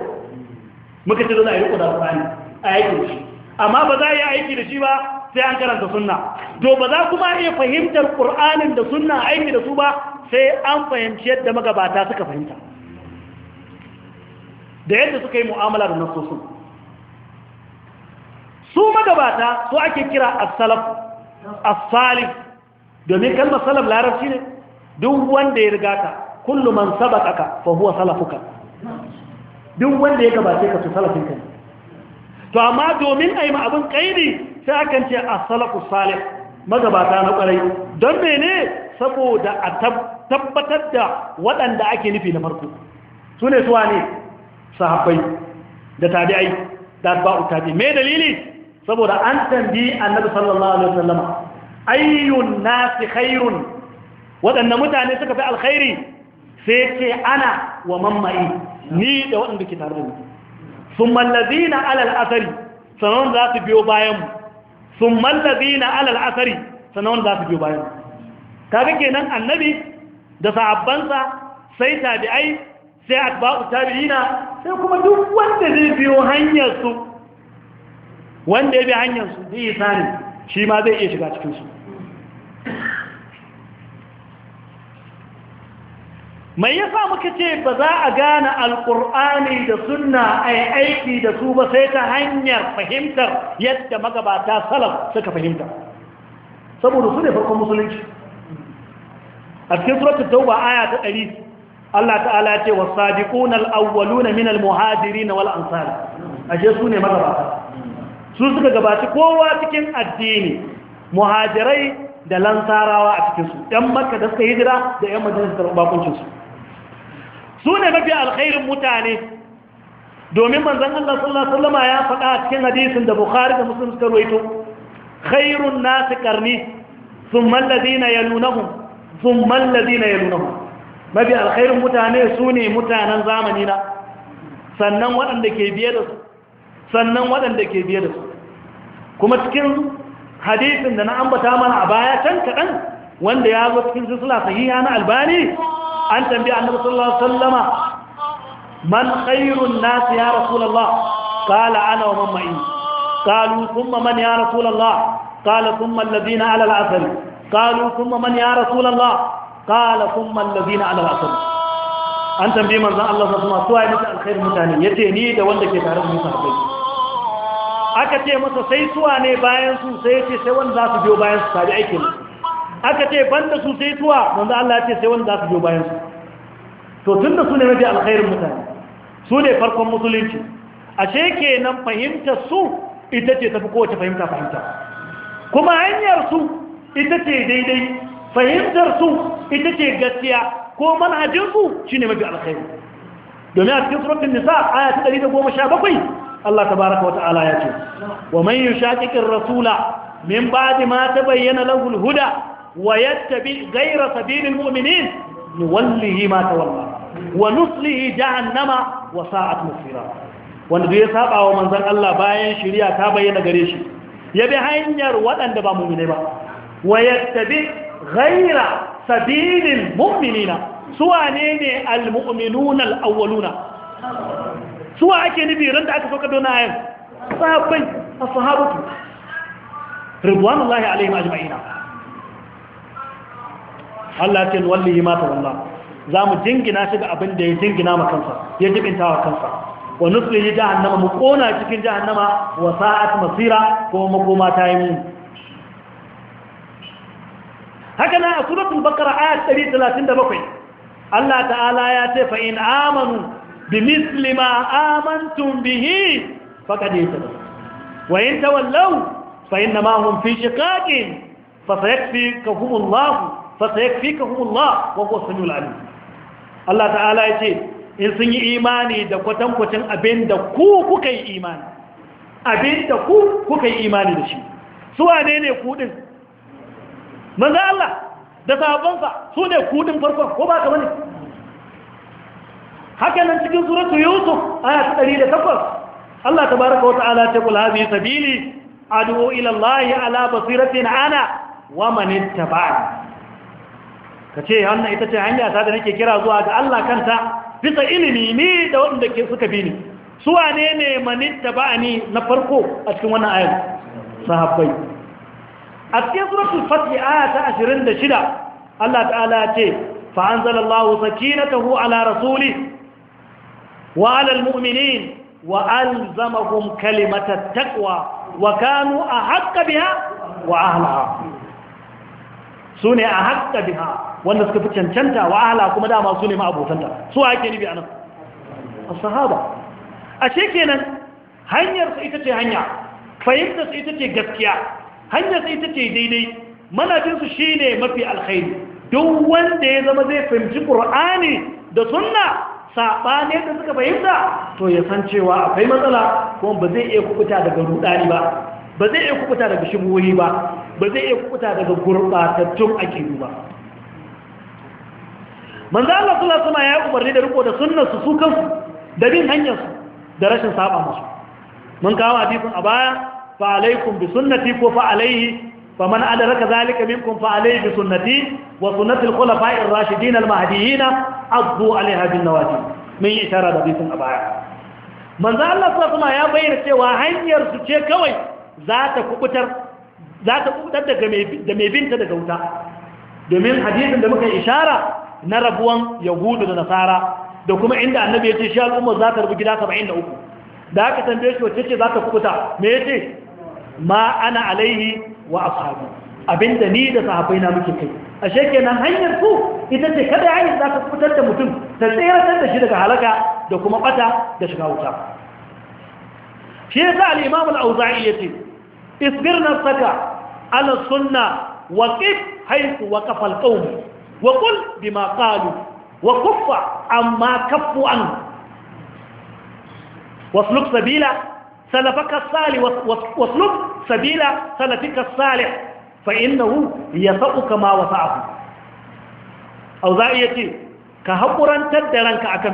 muka ce zai yi kudar alƙur'ani a aikin shi amma ba za a yi aiki da shi ba sai an karanta sunna to ba za kuma iya fahimtar ƙur'anin da sunna aiki da su ba sai an fahimci yadda magabata suka fahimta da yadda suka yi mu'amala da nasosin su magabata su ake kira as-salaf as domin kalmar salaf larabci ne duk wanda ya riga ka kullu man fa huwa salafuka duk wanda ya gabace ka to salafin ka to amma domin a yi ma abin kaidi sai akan ce a salafu salih magabata na kwarai don mene saboda a tabbatar da waɗanda ake nufi na farko su ne suwa ne sahabbai da tabi'ai da ba'u tabi me dalili saboda an tambi annabi sallallahu alaihi wasallama ayyun nasi khairun waɗanda mutane suka fi alkhairi sai ce ana wa mamma'i ni da waɗanda ke tare da mu sun mallazi na alal asari sanon za su biyo bayanmu sun mallazi na alal asari sanon za su biyo bayanmu ke nan annabi da sa'abbansa sai tabi'ai sai atba'u tabi'ina sai kuma duk wanda zai biyo hanyarsu wanda ya bi hanyarsu zai yi sani shi ma zai iya shiga cikinsu mai sa muka ce ba za a gane alƙur'ani da suna a aiki da su ba sai ta hanyar fahimtar yadda magabata salaf suka fahimta saboda su ne farkon musulunci a cikin suratun tauba aya ta ɗari Allah ta'ala ce wa sadiqun al-awwaluna min al-muhajirin wal ansar ashe su ne magabata su suka gabaci kowa cikin addini muhajirai da lansarawa a cikinsu. su ɗan makka da suka hijira da ƴan majalisar bakuncin su ne mafi alkhairin mutane domin manzan Allah sallallahu Alaihi wasallama ya faɗa a cikin hadisin da Bukhari da Muslim suka ruwaito khairun nasu karni sun mallazi na yalunahu sun mallazi na yalunahu mafi alkhairin mutane su ne mutanen zamani na sannan waɗanda ke biye da su sannan waɗanda ke biye da su kuma cikin hadisin da na ambata mana a baya can kaɗan wanda ya zo cikin sisila sahiha na albani an tambaye annabi sallallahu alaihi wasallama man khairun nas ya rasulullah qala ana wa man ma'i qalu thumma man ya rasulullah qala thumma alladhina ala al-asr qalu thumma man ya rasulullah qala thumma alladhina ala al-asr an tambaye manzon Allah sallallahu alaihi wasallama suwaye mutan alkhairu mutane yace ni da wanda ke tare da musa akai aka ce masa sai suwa ne bayan su sai ce sai wanda za su biyo bayan su tabi aikin aka ce banda su sai tuwa Allah ya ce sai wanda za su jo bayan su to tunda su ne mafi alkhairun mutane su ne farkon musulunci ashe kenan fahimta su ita ce tafi kowace fahimta fahimta kuma hanyar su ita ce daidai fahimtar su ita ce gaskiya ko manhajin su shine mafi alkhairu. domin a cikin suratul nisa aya ta 117 Allah tabaraka wa ta'ala ya ce wa man yushaqiqir rasula min ba'di ma tabayyana lahu al-huda ويتبع غير سبيل المؤمنين نوله ما تولى ونصله جهنم وساعت مصيرا wanda zai saba wa manzon Allah bayan shiriya ta bayyana gare shi ya bi hanyar waɗanda ba mu'mine ba wa gaira ghaira sabilil mu'minina suwa ne ne almu'minuna alawwaluna suwa ake nufi ran da aka soka dona ayan sahabbai ashabatu ridwanullahi alaihim ajma'ina Allah ce wallahi ma tawalla za mu jingina shi da abin da ya jingina ma kansa ya jibinta wa kansa wa nuslihi jahannama mu kona cikin jahannama wa sa'at masira ko makoma ta yi mu haka na a suratul baqara ayat 137 Allah ta'ala ya ce fa in amanu بمثل ما آمنتم به فقد اهتدوا وإن تولوا فإنما هم في شقاق فسيكفيكهم الله fa sayakfikahumullah wa huwa samiul alim Allah ta'ala yace in sun yi imani da kwatankwacin abin da ku kuka yi imani abin da ku kuka yi imani da shi su wane ne ku din manzo Allah da sahabbansa su ne kudin farkon ko ba ka bane haka nan cikin suratul yusuf aya ta 108 Allah tabaaraka wa ta'ala ta kula bi sabili adu ila Allah ala basiratin ana wa man ittaba'ani ka ce wannan ita ce hanya ta da nake kira zuwa ga Allah kanta bisa ilimi ne da waɗanda suka bi ni su wane ne manitta ba ni na farko a cikin wannan ayar sahabbai a cikin suratul fatih aya ta 26 Allah ta'ala ce fa anzalallahu sakinatahu ala rasuli wa ala almu'minin wa alzamahum kalimata taqwa wa kanu ahqqa biha wa ahliha sune haƙƙa biha wanda suka fi cancanta wa ahla kuma dama su ne ma abotanta su ake nufi anan A sahaba ashe kenan hanyar su ita ce hanya fahimtar su ita ce gaskiya hanyar su ita ce daidai manajin su shine mafi alkhairi duk wanda ya zama zai fahimci qur'ani da sunna saɓanin da suka fahimta to ya san cewa akwai matsala kuma ba zai iya kubuta daga rudani ba ba zai iya kubuta daga shigohi ba ba zai iya kubuta daga gurɓatattun akidu ba manzo Allah sallallahu alaihi ya umarni da riko da sunnar su su kansu da bin hanyar su da rashin saba musu mun kawo hadisin a baya fa alaikum bi sunnati ko fa alaihi Fa faman adraka zalika minkum fa alaihi bi sunnati wa sunnati al-khulafa'i ar-rashidin al-mahdiyyin addu alaiha bin nawajib mun yi isharar da hadisin a baya manzo Allah sallallahu alaihi ya bayyana cewa hanyar su ce kawai za ta kubutar za ta kubutar daga mai binta daga wuta domin hadisin da muka ishara na rabuwan yahudu da nasara da kuma inda annabi ya ce shi al'umma za ta rabu gida 73 da aka tambaye shi wacce ce za ta kubuta me ya ce ma ana alaihi wa ashabi abinda ni da sahabbai na muke kai ashe kenan hanyar ku ita ce kada yayin za ka kubutar da mutum ta tseratar da shi daga halaka da kuma bata da shiga wuta shi yasa al-imam al-auza'i yace isbir saka ala sunna wa kif haythu waqafa al wa qul bima qalu wa kuffa amma kaffu an sabila salafaka salih wasluk sabila salafika salih fa innahu yasauka ma wasa'ahu auza'i yace ka akan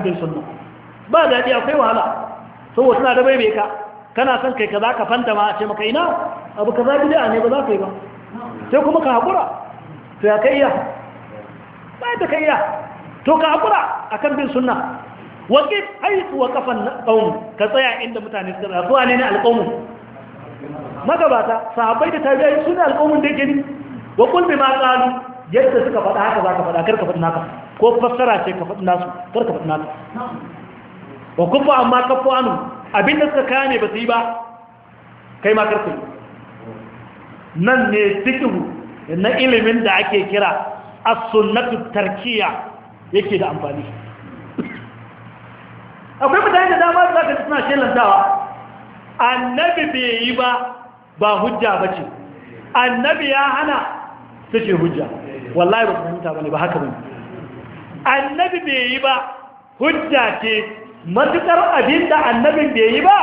ba daɗi akwai wahala saboda suna da bai ka kana son kai kaza ka fanta ma ce maka ina abu kaza bid'a ne ba za ka yi ba sai kuma ka haƙura? to ya kai iya ba da kai ya to ka a kan bin sunna waqif haythu waqafan qawm ka tsaya inda mutane suka tsaya zuwa ne na alqawm magabata sahabai da tarihi suna alqawmin da yake ni wa qul ma qalu yadda suka faɗa haka ka faɗa kar ka faɗi naka ko fassara ce ka faɗi nasu kar ka faɗi naka wa kufa amma kafu anu abinda suka ne ba su yi ba kai ma karfe. nan ne cikin na ilimin da ake kira as-sunnatu tarkiya yake da amfani akwai mutane da dama za ka suna shelantawa annabi bai yi ba ba hujja ba ce annabi ya hana su ce hujja wallahi ba kuma ba ne ba haka ba annabi bai yi ba hujja ce matukar abin da annabin bai yi ba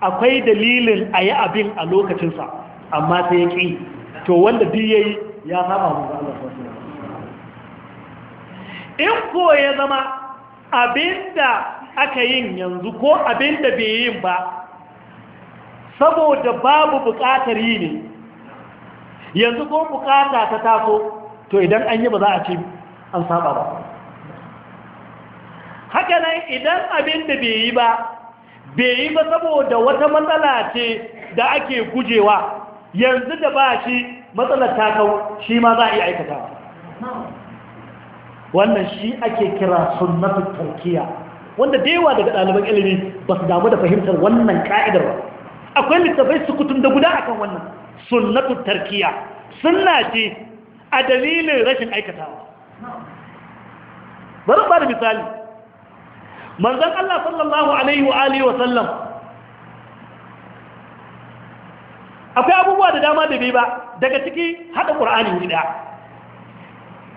akwai dalilin a yi abin a lokacinsa amma sai ya ƙi to wanda duk ya yi ya saba mu ga Allah in ko ya zama abinda aka yin yanzu ko abinda bai yin ba saboda babu bukatar yi ne yanzu ko bukata ta taso to idan an yi ba za a ce an saba ba haka nan idan abinda bai yi ba bai yi ba saboda wata matsala ce da ake gujewa yanzu da ba shi matsalar ta kawo shi ma za a yi aikatawa wannan shi ake kira sunnatul tarkiya wanda da yawa daga ɗaliban ilimi ba su damu da fahimtar wannan ka'idar ba akwai littafai sukutun da guda akan wannan sunnatul tarkiya sunna ce a dalilin rashin aikatawa bari ba da misali manzon Allah sallallahu alaihi wa alihi wa sallam akwai abubuwa da dama da bai ba daga ciki hada qur'ani guda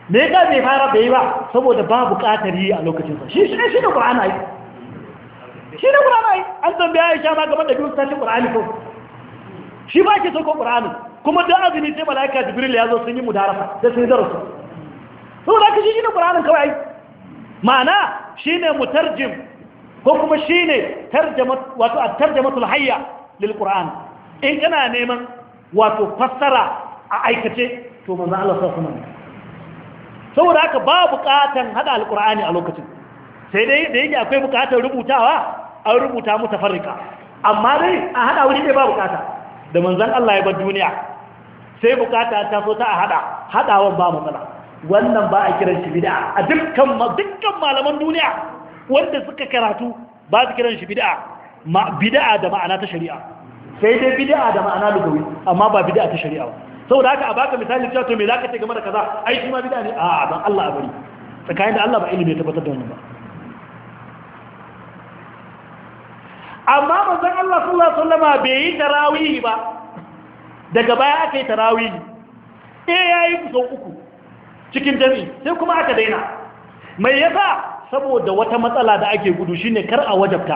me ya bai fara yi ba saboda ba bukatar yi a lokacinsa shi shi shi da ƙura'ana yi shi da ƙura'ana yi an tambaya ya sha ma gaban da biyu sashen ƙura'ani ko shi ba ke sauko ƙura'ani kuma don azumi sai mala'ika jibril ya zo sun yi mudarasa da sun yi darasu saboda ka shi shi da ƙura'anin kawai ma'ana shi ne tarjim ko kuma shi ne wato a tarjamatul hayya lil ƙura'an in kana neman wato fassara a aikace to manzo Allah sa kuma ne saboda haka ba buƙatan haɗa Alƙur'ani a lokacin sai dai da yake akwai bukatar rubutawa an rubuta mu tafarrika amma dai a haɗa wuri dai ba buƙata. da manzan Allah ya bar duniya sai buƙata ta so ta a haɗa, haɗawan ba matsala wannan ba a kiran shi bid'a a dukkan dukkan malaman duniya wanda suka karatu ba su kiran shi bid'a ma bid'a da ma'ana ta shari'a sai dai bid'a da ma'ana lugawi amma ba bid'a ta shari'a ba saboda haka a baka misali cewa to me zaka ce game da kaza ai shi ma bid'a ne a dan Allah a bari tsakanin da Allah ba ilimi ya tabbatar da wannan ba amma manzon Allah sallallahu alaihi wasallama bai yi tarawih ba daga baya aka yi tarawih eh yayi kusan uku cikin dare sai kuma aka daina mai yasa saboda wata matsala da ake gudu shine kar a wajabta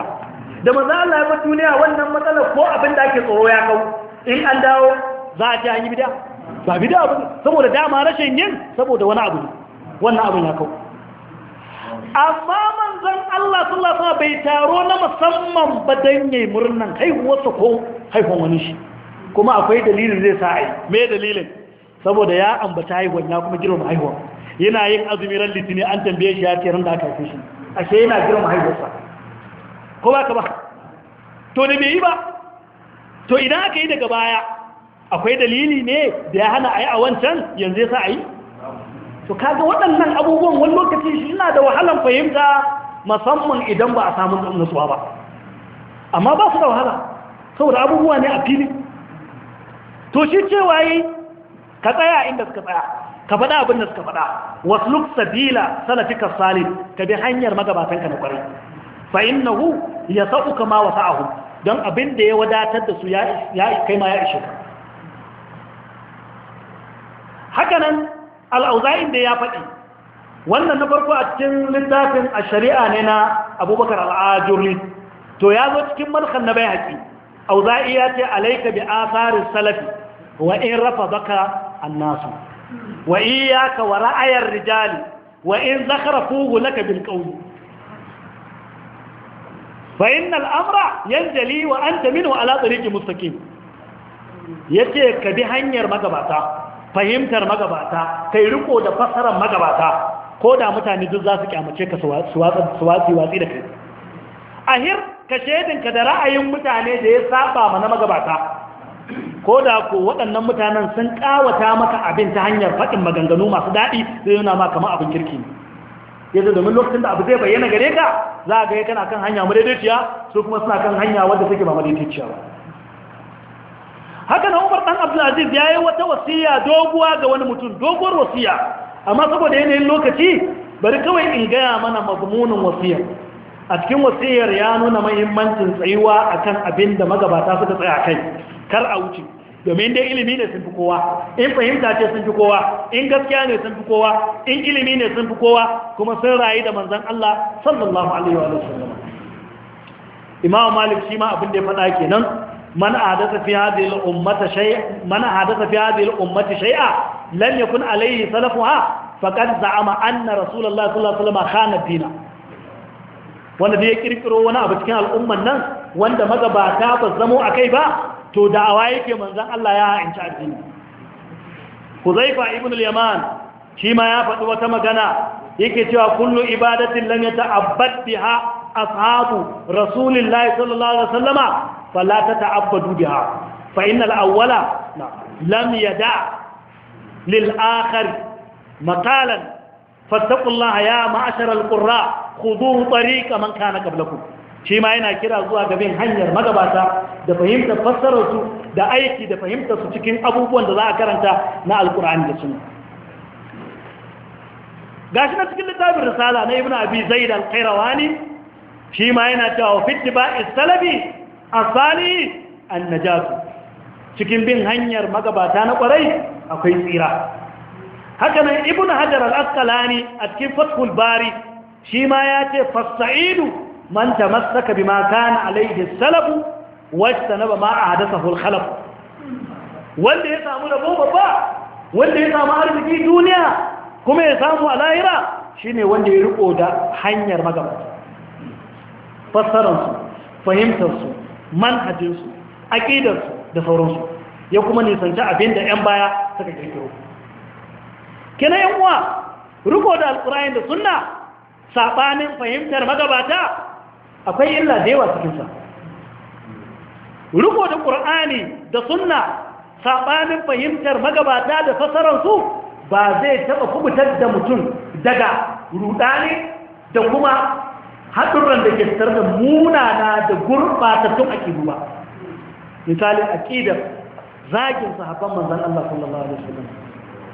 da manzon Allah ya ba duniya wannan matsalar ko abin da ake tsoro ya kawo in an dawo za a ce an yi bida ba bida abu saboda dama rashin yin saboda wani abu wannan abin ya kau amma manzan Allah sallallahu alaihi wasallam bai taro na musamman ba dan yayi murnan haihuwarsa ko haihuwar wani shi kuma akwai dalilin zai sa ai me dalilin saboda ya ambata haihuwar ya kuma girma haihuwar yana yin azumi ran litini an tambaye shi ya ce ran da aka yi shi ashe yana girma haihuwarsa ko ba ka ba to da bai yi ba to idan aka yi daga baya akwai dalili ne da ya hana a yi a wancan yanzu ya sa a yi to kaga waɗannan abubuwan wani lokaci suna da wahalan fahimta musamman idan ba a samu nutsuwa ba amma ba su da wahala saboda abubuwa ne a fili to shi cewa yi ka tsaya inda suka tsaya ka faɗa abin da suka faɗa wasluk sabila salafika salim ka bi hanyar magabatanka na ƙwarai fainnahu innahu ya sa'uka ma wasa'ahu don abin da ya wadatar da su ya kai ma ya ishe ka haka nan al'auza'in da ya faɗi wannan na farko a cikin littafin a shari'a ne na abubakar al'ajurri to ya zo cikin markan na bai haƙi auza'i ya ce alaika bi asarin salafi wa in rafa baka annasu wa iyaka wa ra'ayar rijali wa in zakara fugu na bil qawli fa inna al-amra wa anta minhu ala tariqi Ya yace ka bi hanyar magabata fahimtar magabata kai riko da fasarar magabata ko da mutane duk za su kyamace ka suwatsi watsi da kai ahir ka shaidinka da ra'ayin mutane da ya saba mana magabata ko da ko waɗannan mutanen sun ƙawata maka abin ta hanyar faɗin maganganu masu daɗi zai yana ma kamar abin kirki yanzu domin lokacin da abu zai bayyana gare ka za a ga kan hanya madaidaiciya su kuma suna kan hanya wadda take ba madaidaiciya ba haka na umar ɗan abdulaziz ya yi wata wasiya doguwa ga wani mutum doguwar wasiya amma saboda yanayin lokaci bari kawai in gaya mana mazmunin wasiyar a cikin wasiyar ya nuna mahimmancin tsayuwa akan abin da magabata suka tsaya kai kar a wuce domin dai ilimi ne sun fi kowa in fahimta ce sun fi kowa in gaskiya ne sun fi kowa in ilimi ne sun fi kowa kuma sun rayu da manzan Allah sallallahu alaihi wa sallam imam malik shi ma abin da ya faɗa kenan man ahdatha fi hadhihi al-ummati shai'a. man ahdatha fi hadhihi al-ummati shay'a lam yakun alayhi salafuha sallallahu alaihi wasallam khana dina wanda da ya ƙirƙiro wani abu cikin al'umman nan wanda magabata ba zamo a kai ba to da'awa yake manzon Allah ya inci addini Huzaifa ibn al-Yaman shi ma ya faɗi wata magana yake cewa kullum ibadatin lam yata'abbad biha ashabu rasulillahi sallallahu alaihi wasallama fala tata'abbadu biha fa innal awwala lam yada lil akhar maqalan fattaqullaha ya ma'asharal qurra khudhu tariqa man kana qablakum shi ma yana kira zuwa ga bin hanyar magabata da fahimtar fassararsu da aiki da fahimtar su cikin abubuwan da za a karanta na alkur'ani da suna gashi na cikin littafin risala na ibn abi zaid al ne. shi ma yana cewa fit tibai salabi asali annajatu cikin bin hanyar magabata na kwarai akwai tsira haka nan ibn hajar al-asqalani a cikin fathul bari shi ma ya ce fasaidu man tamassaka bima kana alaihi salafu wastanaba ma ahdathahu al-khalaf wanda ya samu rabo babba wanda ya samu arziki duniya kuma ya samu a lahira shine wanda ya riko da hanyar magabata fassararsu fahimtarsu manhajinsu aƙidarsu da sauransu ya kuma nisanci abin da 'yan baya suka kirkiro kina yan uwa riko da alkur'ani da sunna sabanin fahimtar magabata akwai illa da yawa cikinsa riko da qur'ani da sunna sabanin fahimtar magabata da fassararsu ba zai taba kubutar da mutum daga rudani da kuma haɗurran da ke fitar da munana da gurɓatattun aƙidu ba misalin aƙidar zagin sahabban manzan Allah sallallahu alaihi wasallam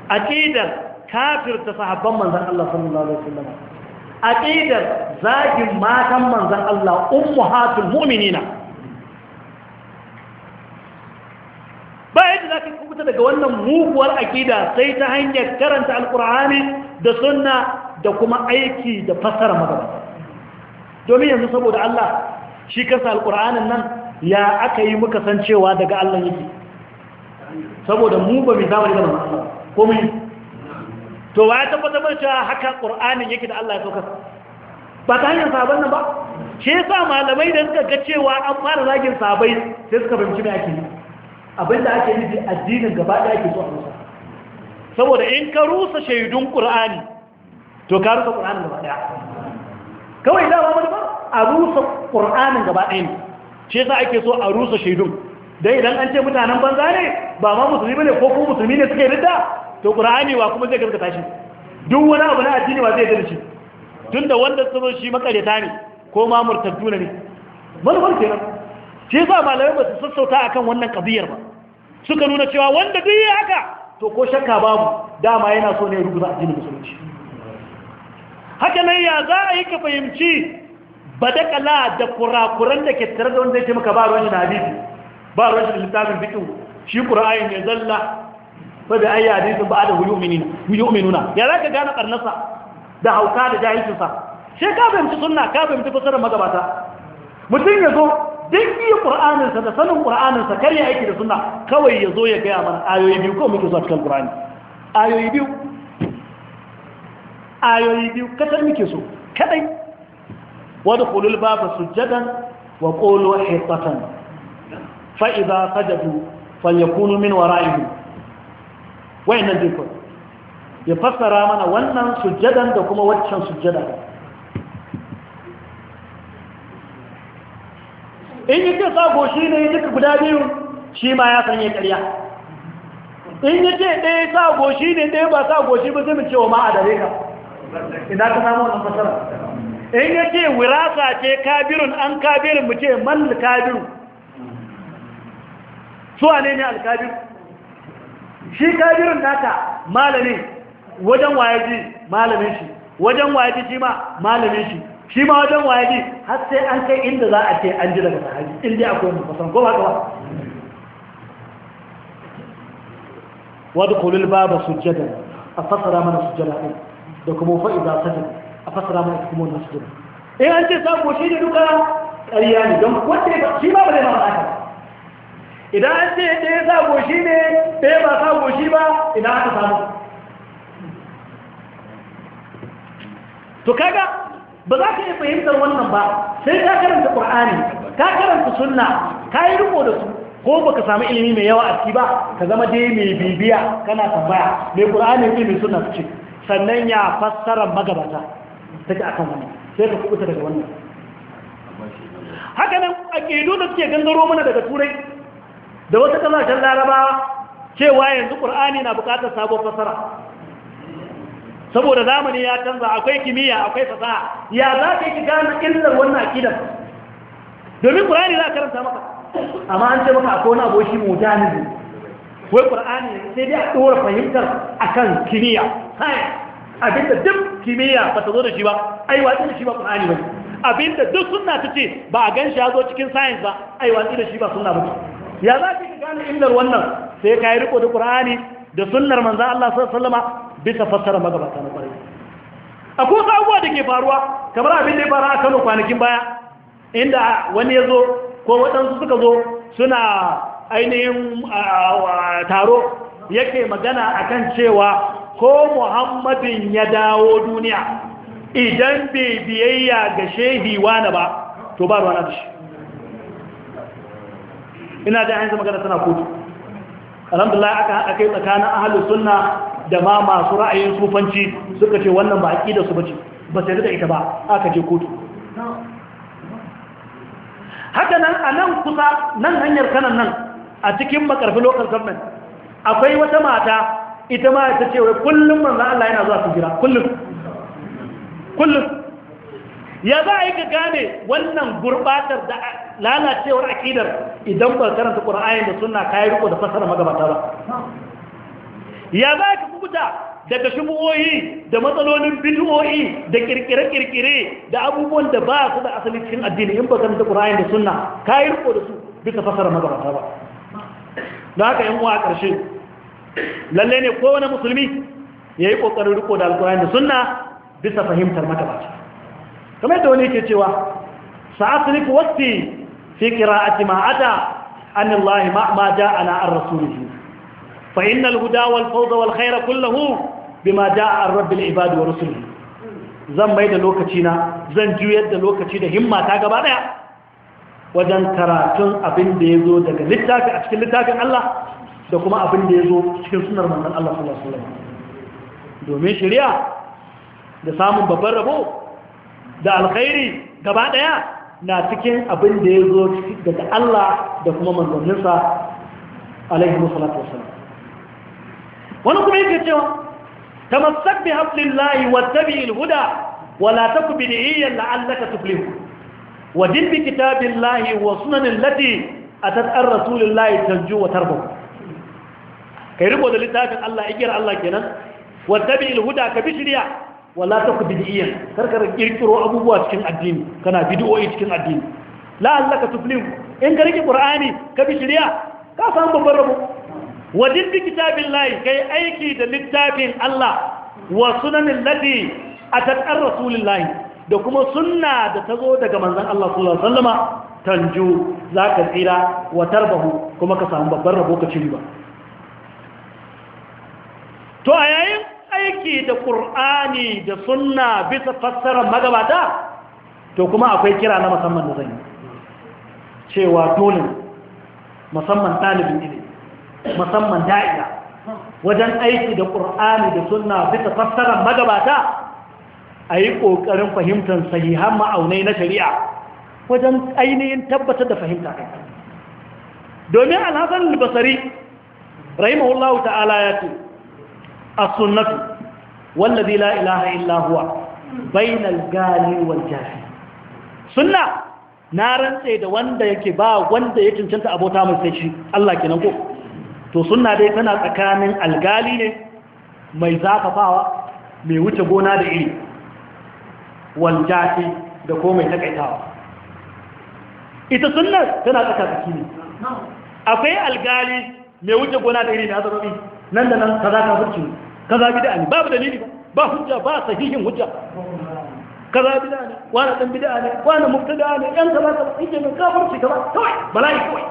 aƙidar kafirta sahabban manzan Allah sallallahu alaihi wasallam aƙidar zagin matan manzan Allah ummuhatul mu'minina bayan da zafi kubuta daga wannan muguwar aƙida sai ta hanyar karanta alƙur'ani da sunna da kuma aiki da fasara magana domin yanzu saboda Allah shi kasa alƙur'anin nan ya aka yi muka san cewa daga Allah yake saboda mu ba mu zamani da masu ko mu to ba ya tabbatar mana cewa haka ƙur'anin yake da Allah ya saukar ba ta hanyar sabon nan ba Ke sa malamai da suka ga cewa an fara zagin sabai sai suka fahimci me ake yi abinda ake nufi addinin gaba ɗaya ke so a rusa saboda in ka rusa shaidun ƙur'ani to ka rusa ƙur'anin gaba ɗaya kawai dama ba a rusa ƙur'anin gaba ɗaya ne ce sa ake so a rusa shaidun dai idan an ce mutanen banza ne ba ma musulmi ba ne ko kuma musulmi ne suke ridda to ƙur'ani wa kuma zai gaskata shi duk wani abu na addini wa zai yarda shi tunda wanda tsaro shi makareta ne ko ma murtaddu ne manufar kenan ce sa malamai ba su sassauta akan wannan kabiyar ba suka nuna cewa wanda duk haka to ko shakka babu dama yana so ne ya rubuta addinin musulunci haka nan ya za a yi ka fahimci badakala da kurakuran da ke tare da wanda ya ce maka ba ruwan shi da hadisi ba ruwan shi da littafin fikin shi ƙura'ayin ya zalla ba da ayi hadisin ba da huyuminuna ya za ka gane ƙarnasa da hauka da jahilcinsa sai ka fahimci sunna ka fahimci fasarar magabata mutum ya zo duk iya da sanin ƙur'aninsa kar ya aiki da sunna kawai ya zo ya gaya mana ayoyi biyu kawai muke zuwa cikin ƙura'ani ayoyi biyu ayoyi biyu katar muke so kadai wadda kulul su jadan wa kolo haifatan fa'iza sajadu falyakunu min Wai nan jikon ya fassara mana wannan sujjadan da kuma waccan sujjada in yake ce shi ne duka guda biyu shi ma ya sanye karya in yake ɗaya sa shi ne ɗaya ba sa shi ba zai mace wa ma a dare ka ina ka samu wannan fasara in yake wirasa ce kabirun an kabirin mu ce man kabiru suwa ne ne alkabiru shi kabirun naka malami wajen wayaji malamin shi wajen wayaji shi ma malamin shi shi ma wajen wayaji har sai an kai inda za a ce an ji daga sahabi inda akwai mafasan ko ba ka ba wadda kulul babu sujjada a fasara mana sujjada ɗin da kuma fa'iza sadin a fasara mana kuma wannan sura in eh, an ce sako shi ne duka ƙarya ne don wanda ya shi ba ba zai ma ba. idan an ce ɗaya sako shi ne ɗaya ba sako shi ba idan aka samu to kaga ba za ka iya fahimtar wannan ba sai ka karanta ƙur'ani ka karanta sunna ka yi riko da su ko baka samu ilimi mai yawa a ciki ba ka zama dai mai bibiya kana tambaya mai ƙur'ani ne mai sunna ce sannan ya fassara magabata take akan wannan sai ka kubuta daga wannan haka nan aqidu da suke gangaro mana daga turai da wasu kasashen larabawa cewa yanzu ƙur'ani na buƙatar sabon fassara saboda zamani ya canza akwai kimiyya akwai fasaha ya za ka yi gane illar wannan akidar domin ƙurani za a karanta maka amma an ce maka akwai wani aboki mutane wai ƙur'ani sai dai a ɗora fahimtar kan kimiyya abinda duk kimiyya ba ta zo da shi ba ai watsi da shi ba ƙur'ani ba abinda duk suna ta ce ba a gan shi ya zo cikin science ba ai watsi da shi ba sunna ba ya za ka gane illar wannan sai ka yi riko da ƙur'ani da sunnar manza Allah sallama bisa fassara magabata na ƙwarai akwai wasu da ke faruwa kamar abin da ya fara a kano kwanakin baya inda wani ya zo ko waɗansu suka zo suna ainihin taro yake magana akan cewa ko muhammadin ya dawo duniya idan bai biyayya ga shehi wani ba to ba ruwa na shi ina da yanzu magana tana kudu alhamdulillah aka haɗa kai tsakanin ahalus Suna da ma masu ra'ayin sufanci suka ce wannan ba da su bace ba sai da ita ba aka je kotu haka nan a nan kusa nan hanyar kanan nan a cikin makarfi local government akwai wata mata ita ma ta ce wai kullum manzo Allah yana zuwa su jira kullum kullum ya za a yi ka gane wannan gurbatar da lalacewar akidar idan ba karanta qur'ani da sunna kai riko da fasara magabata ba ya za ka kubuta daga shubuhoyi da matsalolin bid'o'i da kirkire-kirkire da abubuwan da ba su da asalin cikin addini in ba karanta da Qur'ani da Sunna kai riko da su bisa fasara magabata ba da haka yan uwa a ƙarshe lalle ne kowane musulmi ya yi ƙoƙarin riko da alƙur'ani da sunna bisa fahimtar magabata kamar yadda wani ke cewa sa'asriku waqti fi qira'ati ma ata an Allah ma ma ja'ana ar rasulih fa innal huda wal fawza wal khayra kulluhu bima ja'a rabbil ibad wa rusulih zan mai da lokaci na zan juyar da lokaci da himma ta gaba daya wajen karatun abin da ya zo daga littafi a cikin littafin Allah da kuma abin da ya zo cikin sunar manzan Allah sallallahu Alaihi domin shirya da samun babban rabo da alkhairi gaba daya na cikin abin da ya zo daga Allah da kuma manzanninsa alaihi wasallatu wasallam wani kuma yake cewa tamassak bi hablillahi wattabi'il huda wala taku bid'iyyan la'allaka tuflihu wajen bi kitabin lahi wa sunanin lati a tattar rasulun lahi wa tarbo ka yi da littafin allah igiyar allah kenan wadda bi ilhuda ka bi shirya wala ta ku bidiyyan karkar kirkiro abubuwa cikin addini kana bidiyoyi cikin addini la allaka in ka rike qur'ani ka bi shirya ka san babbar rabo wajen bi kitabin lahi kai aiki da littafin allah wa sunanin lati a tattar rasulun da kuma sunna da ta zo daga manzan Allah sallallahu alaihi wasallama tanju za ka tsira wa tarbahu kuma ka samu babban rabo ka ci riba to a yayin aiki da ƙur'ani da sunna bisa fassarar magabata to kuma akwai kira na musamman da zan yi cewa dole musamman ɗalibin ilimi musamman da'ira wajen aiki da ƙur'ani da sunna bisa fassarar magabata a yi ƙoƙarin fahimtar sahihan ma'aunai na shari'a wajen ainihin tabbatar da fahimta kai domin alhazan albasari Allah ta'ala ya ce a sunatu, wallazi la ilaha illa huwa bainal gali wal jafi sunna na rantse da wanda yake ba wanda ya cancanta abota mai sai shi Allah kenan ko to sunna dai tana tsakanin algali ne mai zafafawa mai wuce gona da iri waljati da komai ta takaitawa ita sunnar tana tsaka tsaki ne akwai algali mai wuce gona da iri da azabi nan da nan ka kaza ka hujji kaza bid'a ne babu dalili ba hujja ba sahihin hujja kaza bid'a ne wani dan bid'a ne wani mubtada ne yan kaza kaza yake ka kafirci kaza kawai bala'i kawai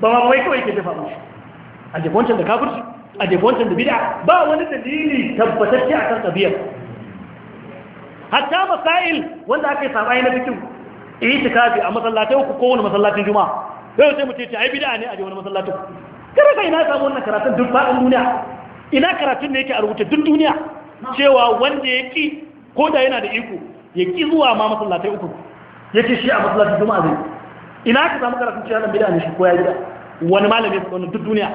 ba ma wai kawai ke dafa mushi a jefoncan da kafirci a jefoncan da bid'a ba wani dalili tabbatacce akan tabiyar hatta masail wanda ake yi sabai na bikin itikafi a masallatai uku ko wani masallatin juma'a sai sai mutum ce ai bid'a ne a je wani masallacin kada kai na samu wannan karatun duk faɗin duniya ina karatun ne yake a rubuce duk duniya cewa wanda ya ki ko da yana da iko ya ki zuwa ma masallatai uku yake shi a masallacin juma'a zai ina ka samu karatun cewa nan bid'a ne shi ko ya gida wani malami ya wannan duk duniya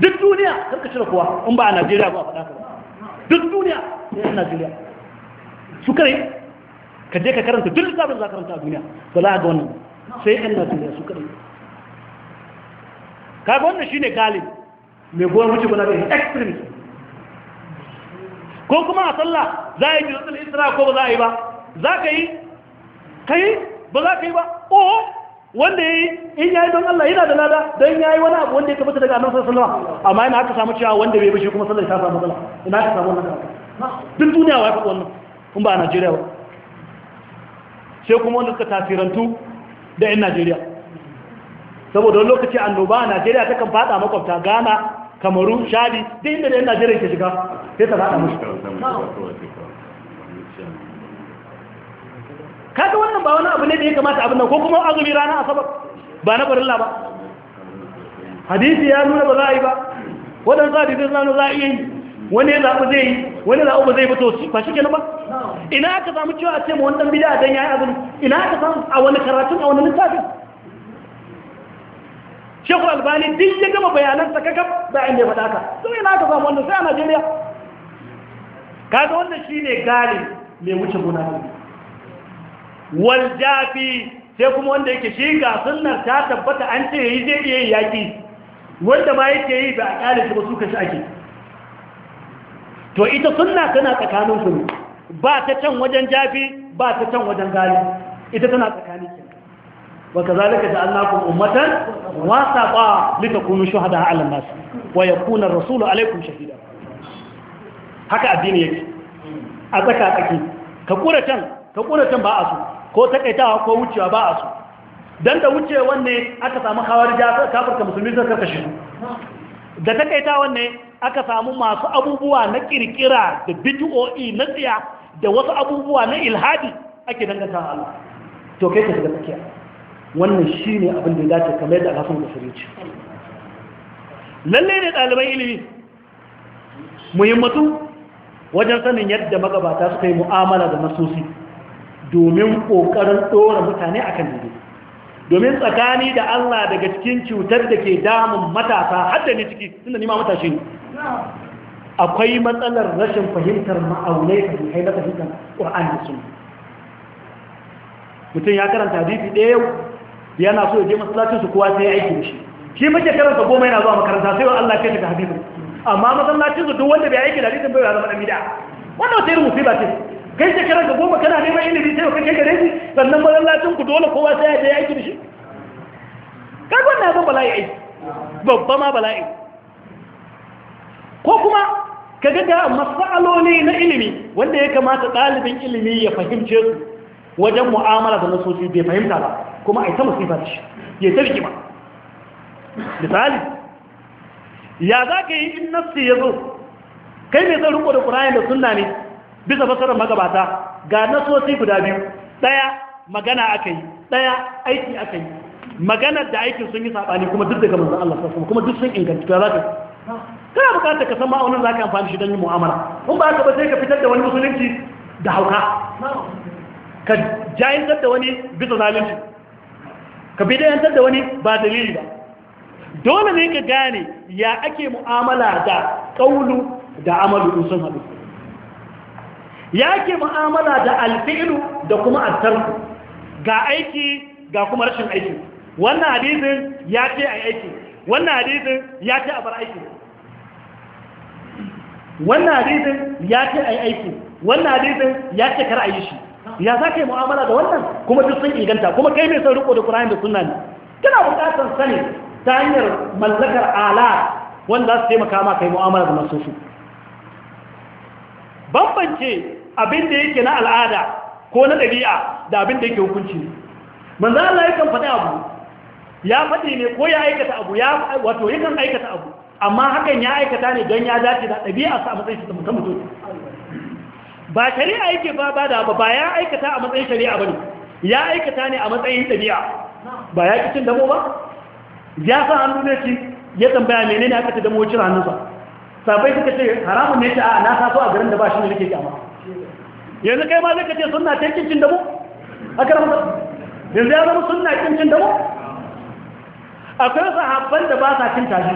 duk duniya karka cire kowa in ba a Najeriya ba a faɗa ka duk duniya sai eh, a Najeriya su kare ka je ka karanta duk littafin za karanta a duniya ba za a ga wannan sai yan najeriya su kare ga wannan shine galib mai goyon wuce na bai extremist ko kuma a sallah za a yi jirgin isra ko ba za a yi ba za ka yi ka yi ba za ka yi ba o wanda ya yi in ya yi don allah yana da lada don ya yi wani abu wanda ya tabbata daga annabi sallama amma yana aka samu cewa wanda bai bashi kuma sallah ta samu matsala ina aka samu wannan duk duniya wa ya faɗi wannan kun ba a najeriya ba sai kuma wanda suka tasirantu da 'yan najeriya saboda wani lokaci annoba a najeriya ta kan fada makwabta ghana kamaru shadi da inda da 'yan najeriya ke shiga sai ta fada musu kaga wannan ba wani abu ne da ya kamata abin nan ko kuma azumi rana asabar ba na barilla ba hadisi ya nuna ba za a yi ba waɗansu hadisi na za a iya yi wani ya zaɓi zai yi wani zaɓi zai fito ba shi kenan ba ina aka samu cewa a ce ma wani ɗan bida dan yayi azumi ina aka samu a wani karatun a wani littafin shekul albani duk ya gama bayanan sa kakaf da inda ya faɗa ka ina aka samu wannan sai a najeriya kaga wannan ne gane mai wuce gona wal jafi sai kuma wanda yake shi ga sunnar ta tabbata an ce yi zai iya yaki wanda ma yake yi ba a ƙyale shi ba su kashi ake to ita sunna tana tsakanin su ne ba ta can wajen jafi ba ta can wajen gali ita tana tsakanin ki wa kazalika ku ummatan wasata litakunu shuhada 'ala nas wa yakuna rasulu alaikum shahida haka addini yake a tsaka tsaki ka kura can ka kura can ba a su. ko takaitawa ko wucewa ba a su. dan da wucewa wanne aka samu kawar ja kafirka musulmi suka shi? da takaitawa wanne. aka samu masu abubuwa na ƙirƙira da bidu'o'i na tsiya da wasu abubuwa na ilhadi ake danganta Allah to kai ka shiga tsakiya wannan shine abin da ya dace kamar yadda Alhassan da ce lalle ne ɗaliban ilimi muhimmatu wajen sanin yadda magabata suka yi mu'amala da masosi domin ƙoƙarin ɗora mutane akan daidai domin tsakani da Allah daga cikin cutar da ke damun matasa hadda ne ciki tunda nima matashi ne akwai matsalar rashin fahimtar ma'aunai ka kai na fahimtar Qur'ani da Sunna mutum ya karanta hadisi ɗaya yana so ya je masallacin su kowa sai aiki da shi shi muke karanta goma yana zuwa makaranta sai Allah ke daga hadisin amma masallacin su duk wanda bai aiki da hadisin bai ya zama dan bid'a wannan sai musiba ce kai shekara ka goma kana neman ilimi sai kake gare shi sannan masallacin ku dole kowa sai ya je aiki da shi kai wannan ba bala'i ai babba ma bala'i ko kuma ka ga da masaloli na ilimi wanda ya kamata ɗalibin ilimi ya fahimce su wajen mu'amala da nasoshi bai fahimta ba kuma a ita musifa shi ya ta rikima misali ya za ka yi in nassi ya zo kai mai zan riko da ƙura'in da sunna ne bisa fasarar magabata ga nasosi guda biyu ɗaya magana aka yi ɗaya aiki aka yi maganar da aikin sun yi saɓani kuma duk daga manzan Allah sassan kuma duk sun inganta za ka kana bukatar ka san ma'aunin za ka amfani shi don yin mu'amala kun ba ka ba sai ka fitar da wani musulunci da hauka ka jayantar da wani bisa zalunci ka bi da da wani ba dalili ba dole ne ka gane ya ake mu'amala da ƙaunu da amalu sun haɗu ya ke mu'amala da alfi'ilu da kuma altarku ga aiki ga kuma rashin aiki wannan hadisin ya ce a aiki wannan hadisin ya ce a bar aiki wannan hadisin ya ce a aiki wannan hadisin ya ce kar a yi shi ya za ka yi mu'amala da wannan kuma duk sun inganta kuma kai mai son riko da ƙura'in da suna ne kana buƙatar sani ta hanyar mallakar ala wanda za su taimaka ma kai mu'amala da masu su bambance abin da yake na al'ada ko na ɗabi'a da abin da yake hukunci ne manzan Allah kan faɗi abu ya faɗi ne ko ya aikata abu ya wato yakan aikata abu amma hakan ya aikata ne don ya dace da ɗabi'a sa a matsayin shi ta mutum ba shari'a yake ba ba da ba ya aikata a matsayin shari'a ba ne. ya aikata ne a matsayin ɗabi'a ba ya kicin damo ba ya san hannu ne shi ya tambaya menene aka ta damo cin hannunsa sabai suka ce haramun ne ta a na taso a garin da ba shi ne nake kyama yanzu kai ma zai kace sunna ta kincin mu? a karamta yanzu ya zama sunna kincin dabo akwai sahabban da ba sa cin tashi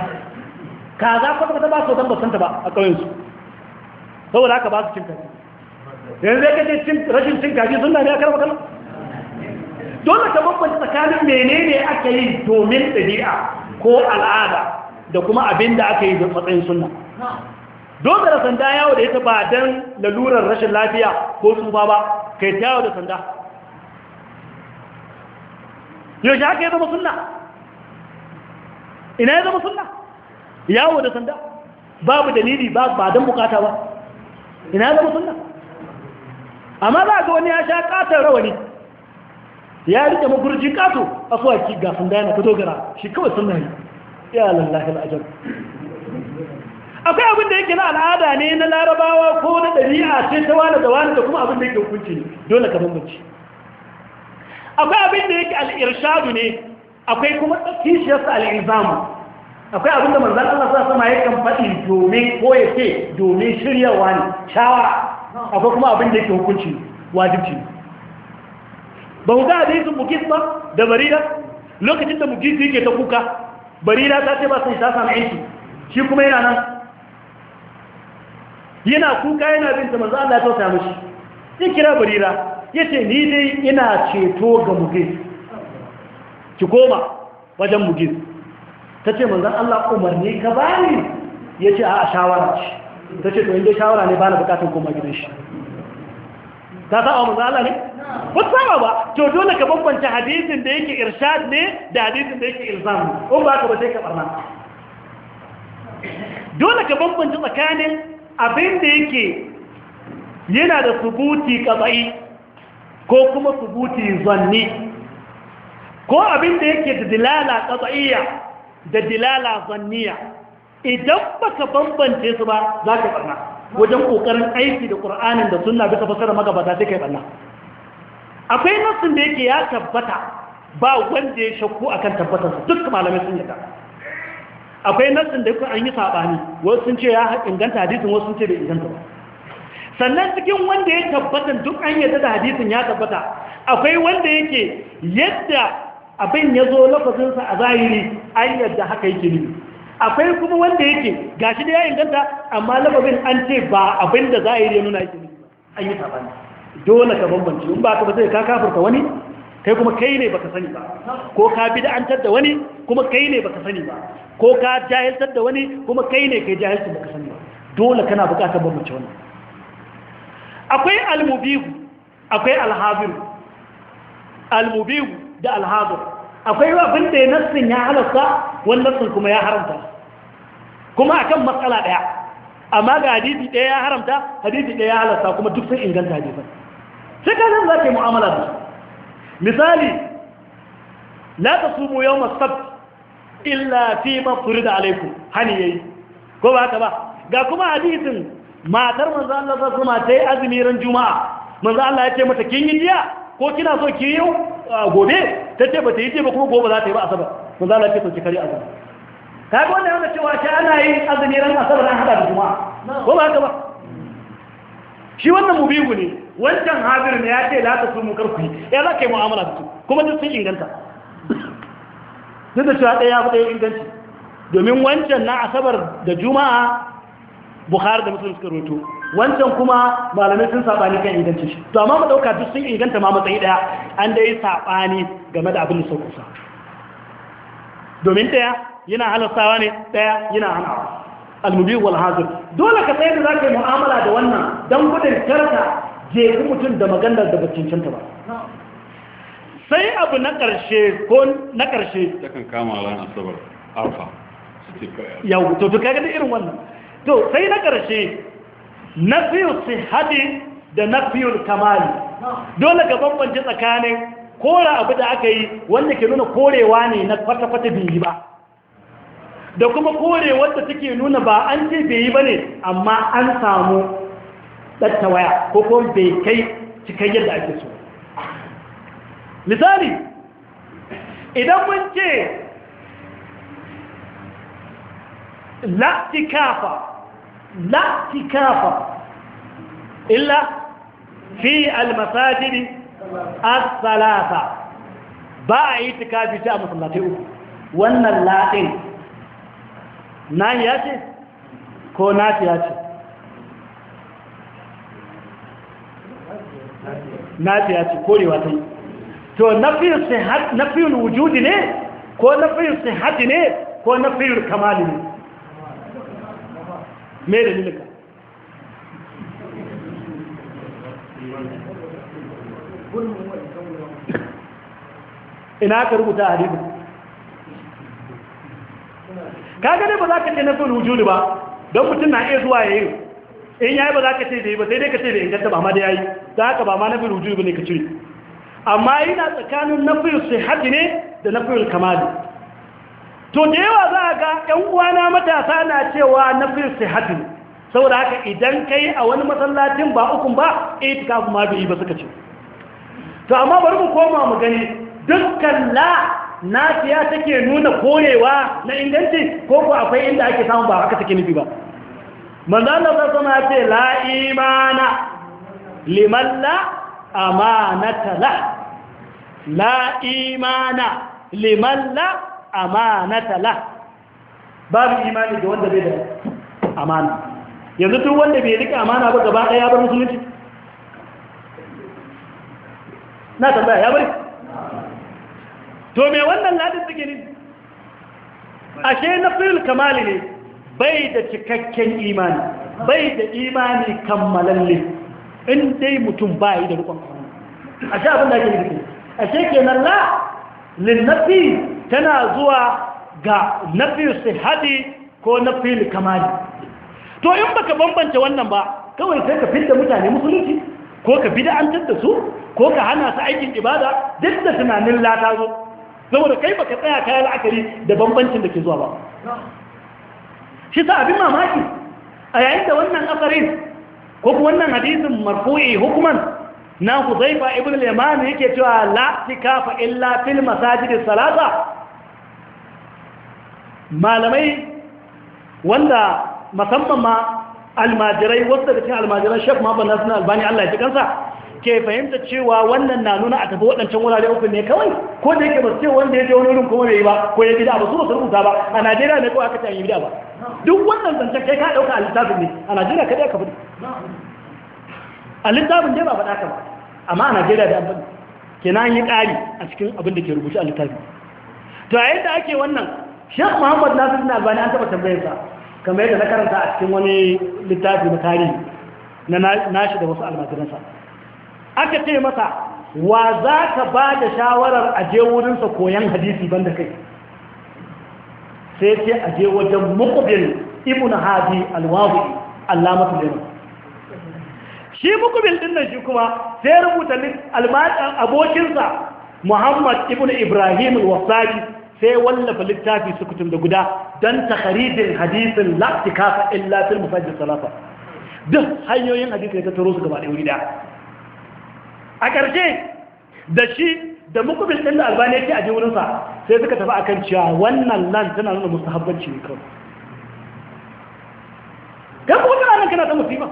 kaza kwata ta ba su don santa ba a ƙauyensu saboda haka ba su cin tashi yanzu ya kace rashin cin tashi sunna ne a karamta kan dole ta bambanta tsakanin menene aka yi domin ɗabi'a ko al'ada da kuma abin da aka yi da matsayin sunna don da sanda yawo da ita ba don lalurar rashin lafiya ko tsufa ba kai ta yawo da sanda yau shi haka ya zama sunna ina ya zama sunna yawo da sanda babu dalili ba ba don bukata ba ina ya zama sunna amma za ga wani ya sha katon rawani ya rike magurji kato a suwaki ga sanda yana fito gara shi kawai sunna ne ya lallahi al'ajar akwai abin da yake na al'ada ne na larabawa ko na ɗari'a ce ta wani da wani da kuma abin da yake hukunci ne dole ka mamaci akwai abin da yake al'irshadu ne akwai kuma kishiyarsa al'izamu akwai abin da manzan Allah sa sama ya kan faɗi domin ko ya ce domin shiryawa ne shawara akwai kuma abin da yake hukunci wajibci ba ku ga hadisin bukis ba da barira lokacin da bukis yake ta kuka barira ta ce ba sai ta samu yanki shi kuma yana nan yana kuka yana binta manzo Allah ya tausaya mishi ya kira barira yace ni dai ina ceto ga mugi. ki koma wajen mugis tace manzo Allah umarni ka bani yace a shawara ce tace to inda shawara ne bana bukatun koma gidan shi ta saba manzo Allah ne ba saba ba to dole ka bambanta hadisin da yake irshad ne da hadisin da yake ilzam ne ko ba ka ba sai ka barna dole ka bambanta tsakanin abin da yake yana da subuti kaba'i ko kuma subuti zanni ko abin da yake da dilala kaba'iya da dilala zanniya idan baka bambance su ba za ka barna wajen kokarin aiki da ƙur'anin da sunna bisa fasara magabata sai kai barna akwai nassin da yake ya tabbata ba wanda ya shakku akan tabbatar su duk malamai sun yi ta akwai nassin da an yi sabani wasu sun ce ya inganta hadisin wasu sun ce bai inganta ba sannan cikin wanda ya tabbata duk an yadda da hadisin ya tabbata akwai wanda yake yadda abin ya zo lafazinsa a zahiri an yadda haka yake ne akwai kuma wanda yake gashi da ya inganta amma lafazin an ce ba abin da zahiri ya nuna yake ne an yi sabani dole ka bambance in ba ka ba sai ka kafirka wani kai kuma kai ne baka sani ba ko ka bid'antar da wani kuma kai ne baka sani ba ko ka jahiltar da wani kuma kai ne kai jahilci baka sani ba dole kana buƙatar bambance wannan akwai almubihu akwai al almubihu da alhaziru akwai abin da ya nassin ya halasta wannan sun kuma ya haramta kuma akan matsala daya amma ga hadisi daya ya haramta hadisi daya ya halasta kuma duk sun inganta hadisi sai kana zaka za yi mu'amala da shi misali la ta sumu yau masabt illa fi mafuri da alaiku hani yayi ko ba haka ba ga kuma hadisin matar manzo Allah za su ta yi azumi juma'a manzo Allah ya ce mata kin yi jiya ko kina so ki yi gobe ta ce ba ta yi ce ba kuma gobe za ta yi ba asabar manzo Allah ya ce to ki kari azumi kaga wannan yana cewa shi ana yin asabar an hada da juma'a ko ba haka ba shi wannan mu bigu ne wancan hadir ne ya ce la ta su mu karfi ya za ka yi mu'amala da su kuma duk sun inganta duk da cewa ɗaya ya ɗaya inganci domin wancan na asabar da juma'a bukhari da musulun suka roto wancan kuma malamai sun saɓani kan inganci shi to amma mu ɗauka duk sun inganta ma matsayi ɗaya an dai saɓani game da abin da sau kusa domin ɗaya yana halastawa ne ɗaya yana hanawa almubi wal hazir dole ka tsaya da zaka yi mu'amala da wannan dan gudun karka je ku mutum da maganar da bacin canta ba sai abu na karshe ko na karshe kan kama ran asabar alfa ya to to kaga irin wannan to sai na karshe nafiyu sihhati da nafiyu kamali dole ka bambance tsakanin kore abu da aka yi wanda ke nuna korewa ne na kwata-kwata bai yi ba da kuma kore wadda take nuna ba an ce bai yi ba ne amma an samu ɗattawaya ko kuma bai kai yadda ake so misali idan mun ce la'tikafa la'tikafa illa fi almasajidi as ba a yi tikafi a masallatai uku wannan latin nahiya ce ko nafiya ce nafiya ce korewa ta yi to nafiyar wujudi ne ko nafiyar sihati ne ko nafiyar kamali ne me da nilika ina ka rubuta a kaga dai ba za ka ce na sun wujudi ba don mutum na iya zuwa ya yi in yayi ba za ka ce da yi ba sai dai ka ce da inganta ba ma da yi za haka ba ma na bin wujudi ba ne ka cire amma yana tsakanin na fiye su haɗi ne da na fiye kamali to da yawa za a ga ‘yan uwana matasa na cewa na fiye su haɗi ne saboda haka idan ka yi a wani masallacin ba ukun ba eight kafin ma bai ba suka ce to amma bari mu koma mu gani dukkan la Na siya take nuna korewa na inganci ko ko akwai inda ake samu ba haka take nufi ba manzo Allah sai kuma ya ce la imana liman la amanata la la imana liman la amanata la babu imani da wanda bai da amana yanzu duk wanda bai rika amana ba gaba daya bar musulunci na tambaya ya bari to me wannan ladin suke ne ashe na fil kamali ne bai da cikakken imani bai da imani kammalalle in dai mutum ba yi da rukun ashe abin da ake nufi ashe kenan la linnafi tana zuwa ga nafi sihadi ko nafi kamali to in baka bambance wannan ba kawai sai ka fitta mutane musulunci ko ka bid'antar da su ko ka hana su aikin ibada duk da tunanin lata zo saboda kai baka tsaya kayan la'akari da bambancin da ke zuwa ba shi abin mamaki a yayin da wannan asarin ko kuma wannan hadisin marfu'i hukuman na huzaifa ibn al-yaman yake cewa la tikafa illa fil masajid salata malamai wanda musamman ma almajirai wasu daga cikin almajiran shek ma banna suna albani Allah ya ji kansa ke fahimta cewa wannan na nuna a tafi waɗancan wurare uku ne kawai ko da yake ba wanda ya je wani wurin kuma bai ba ko ya gida ba su ba su rubuta ba a Najeriya ne kawai aka ce yi gida ba duk wannan zancen kai ka ɗauka a littafin ne a Najeriya ka ka faɗi a littafin dai ba faɗa ka ba amma a Najeriya da abin kenan yi ƙari a cikin abin da ke rubuce a littafin. to a yadda ake wannan Sheikh Muhammad Nasir na Albani an taɓa tambayarsa kamar yadda na karanta a cikin wani littafi na tarihi na nashi da wasu almajiransa aka ce masa wa za ka ba da shawarar aje wurinsa koyan hadisi ban da kai sai ce aje wajen mukubil ibn hadi alwazi allama tulema shi mukubin din nan shi kuma sai rubuta abokinsa muhammad ibn ibrahim alwasaki sai wallafa littafi sukutun da guda don takaridin hadisin la'atikafa illa fil musajjid salafa duk hanyoyin hadisi ta tattaro su gaba ɗaya wuri a ƙarshe da shi da mukubin ɗin da albani yake a jiwurinsa sai suka tafi a kan cewa wannan nan tana nuna musu habbanci ne kawai ga kuma tana nan kana ta musiba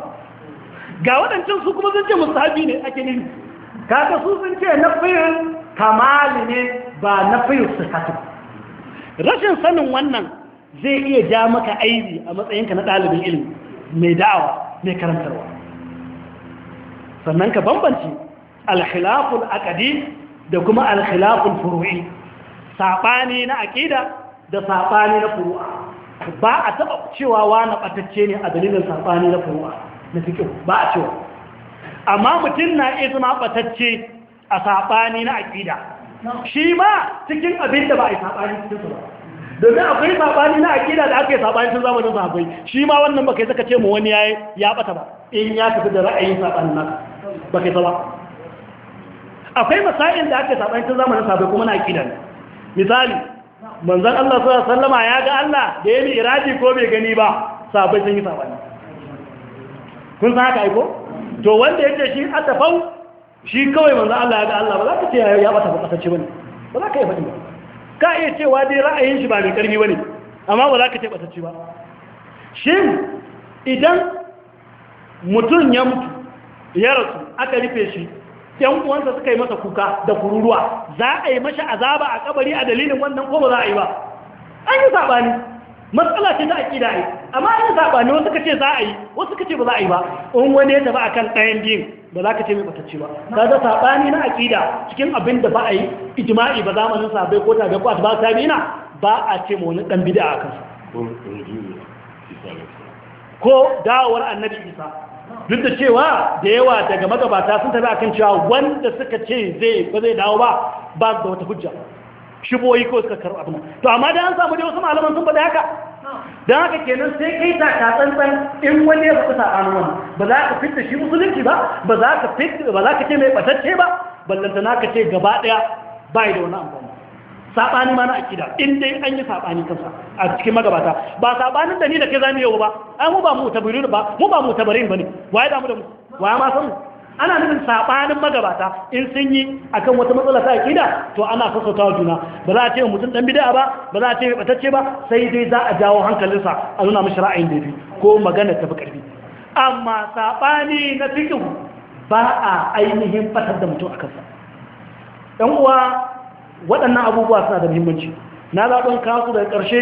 ga waɗancan su kuma sun ce musu habi ne ake nini kaga su sun ce na fiyin kamali ne ba na fiyin sifatu rashin sanin wannan zai iya ja maka aibi a matsayinka na ɗalibin ilimi mai da'awa mai karantarwa sannan ka bambance alkhilaful aqdi da kuma alkhilaful furu'i sabani na aqida da sabani na furu'a ba a taba cewa wani batacce ne a dalilin sabani na furu'a na fiqh ba a cewa amma mutum na izma batacce a sabani na aqida shi ma cikin abinda ba a sabani cikin su ba domin akwai sabani na akida da aka yi sabani tun zamanin sahabbai shi ma wannan baka yi zaka ce mu wani yayi ya bata ba in ya tafi da ra'ayin sabanin naka baka yi ba akwai masail da ake saɓa ta zamanin sabai kuma na aƙida misali manzan Allah su sallama ya ga Allah da ya yi iradi ko bai gani ba sabai sun yi saɓani kun san haka aiko to wanda yadda shi a tafau shi kawai manzan Allah ya ga Allah ba za ka ce ya ba ba kasance wani ba za ka yi faɗi ba ka iya cewa dai ra'ayin shi ba mai ƙarfi wani amma ba za ka ce ƙasashe ba shin idan mutum ya mutu ya rasu aka rufe shi yan uwansa suka yi masa kuka da kururuwa za a yi masa azaba a kabari a dalilin wannan ko ba za a yi ba an yi sabani matsala ce ta akida ai amma an yi sabani wasu ka ce za a yi wasu ba za a yi ba in wani ya tafi akan ɗayan biyun ba za ka ce mai batacce ba ka ga sabani na akida cikin abin da ba a yi ijma'i ba zamanin sabai ko ta ga ko ba ta sabina ba a ce mu wani dan bid'a akan ko dawowar annabi isa duk da cewa da yawa daga magabata sun tafi akan cewa wanda suka ce zai ba zai dawo ba ba da wata hujja shiboyi ko suka karɓa abin to amma da an samu da wasu malaman sun faɗi haka don haka kenan sai kai ta ka tsantsan in wani ya faɗi sa'a wani ba za ka fitta shi musulunci ba ba za ka fitta ba za ka ce mai ɓatacce ba ballanta na ka ce gaba ɗaya ba da wani amfani saɓani ma na akida in dai an yi saɓani kansa a cikin magabata ba sabanin da ni da ke zami yau ba ai mu ba mu tabirin ba mu ba mu tabarin bane waye damu da mu waye ma san mu ana nufin sabanin magabata in sun yi akan wata matsala ta akida to ana sassautawa juna ba za a ce mutum dan bid'a ba ba za a ce batacce ba sai dai za a jawo hankalin sa a nuna mishi ra'ayin da ko magana tafi karfi amma sabani na fiqh ba a ainihin fatar da mutum a kansa ɗan uwa waɗannan abubuwa suna da muhimmanci na zaɓin kasu daga ƙarshe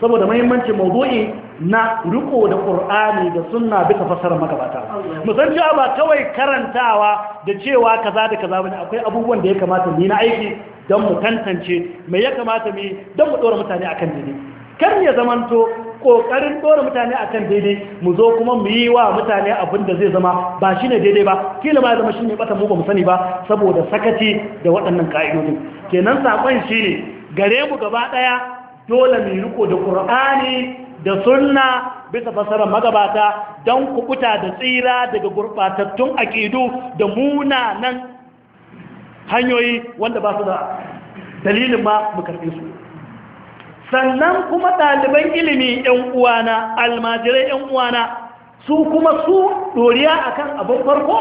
saboda mahimmancin mawdu'i na riko da qur'ani da sunna bisa fasarar magabata musan cewa ba kawai karantawa da cewa kaza da kaza bane akwai abubuwan da ya kamata mu yi na aiki don mu tantance me ya kamata mu yi don mu dora mutane akan dini kar ya zamanto kokarin dora mutane akan daidai mu zo kuma mu yi wa mutane abin da zai zama ba shine daidai ba kila ma zama shine bata mu ba mu sani ba saboda sakati da waɗannan ka'idodin kenan sakon shine gare mu gaba daya dole mai riko da ƙur'ani da sunna bisa fasarar magabata don kukuta da tsira daga gurɓatattun aƙidu da munanan hanyoyi wanda ba su da dalilin ma mu su sannan kuma ɗaliban ilimi ‘yan uwana almajirai ‘yan uwana su kuma su ɗoriya akan abin farko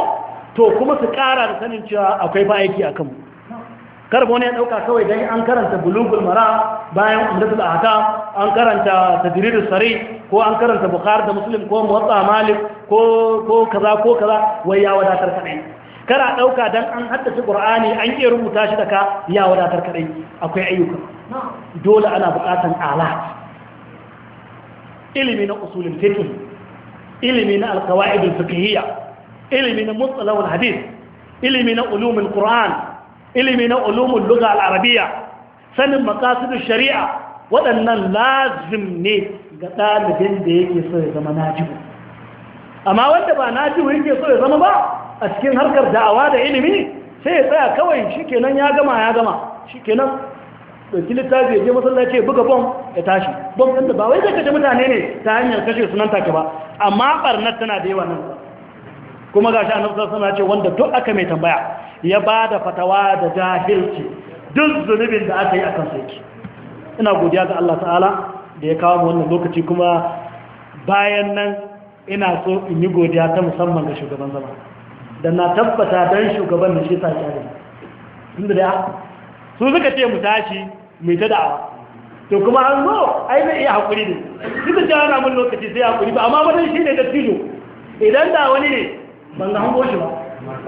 to kuma su ƙara da sanin cewa akwai ba aiki a kanmu karbo ne dauka kawai dan an karanta bulugul mara bayan umdatul ahkam an karanta tadrirus sari ko an karanta bukhari da muslim ko muwatta malik ko ko kaza ko kaza wai ya wadatar kadai kara dauka dan an haddace qur'ani an ke rubuta shi daga ya wadatar kadai akwai ayyuka dole ana bukatan ala. ilimi na usulul fiqh ilimi na alqawaid alfiqhiyya ilimi na mustalahul hadith ilimi na ulumul qur'an ilimi na ulumul lugha al'arabiya sanin makasudin shari'a waɗannan lazim ne ga ɗalibin da yake so ya zama najibu amma wanda ba najibu yake so ya zama ba a cikin harkar da'awa da ilimi sai ya tsaya kawai shikenan ya gama ya gama shikenan ɗauki littafi ya je masallaci ya buga bom ya tashi bom ɗin ba wai zai kashe mutane ne ta hanyar kashe sunan take ba amma ɓarnar tana da yawa nan kuma ga shi annabta suna ce wanda duk aka mai tambaya ya ba da fatawa da jahilci duk zunubin da aka yi a kan yake ina godiya ga Allah ta'ala da ya kawo mu wannan lokaci kuma bayan nan ina so in yi godiya ta musamman ga shugaban zama da na tabbata don shugaban da shi sa kyari inda da ya, su suka ce mu tashi mai ta da'awa to kuma an zo ai zai iya haƙuri ne duk da ana mun lokaci sai haƙuri ba amma wajen shi ne da tilo idan da wani ne ban ga hango shi ba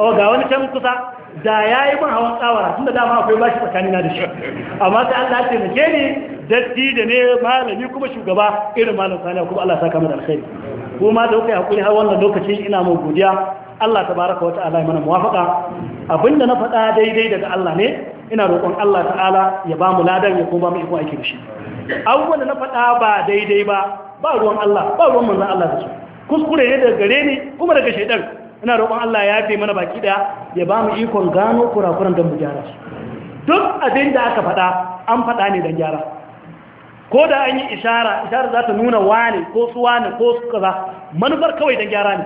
o oh, ga wani can kusa da ya yi mun hawan tsawara tun da dama akwai ba shi tsakani na da shi amma sai Allah ya taimake ni datti da ne malami kuma shugaba irin malam sani kuma Allah ya saka mana alkhairi kuma da kuka hakuri har wannan lokacin ina mu godiya Allah tabaraka wa ta'ala ya mana muwafaqa abinda na faɗa daidai daga Allah ne ina roƙon Allah ta'ala ya ba mu ladan ya kuma ba mu iko aiki da shi abubuwan da na faɗa ba daidai ba ba ruwan Allah ba ruwan manzon Allah da shi. kuskure ne daga gare ni kuma daga shaidan ina roƙon Allah ya fi mana baki da ya ba mu ikon gano kurakuran don mu gyara duk abin da aka faɗa an faɗa ne don gyara ko da an yi ishara ishara za ta nuna wane ko su wane ko su kaza manufar kawai don gyara ne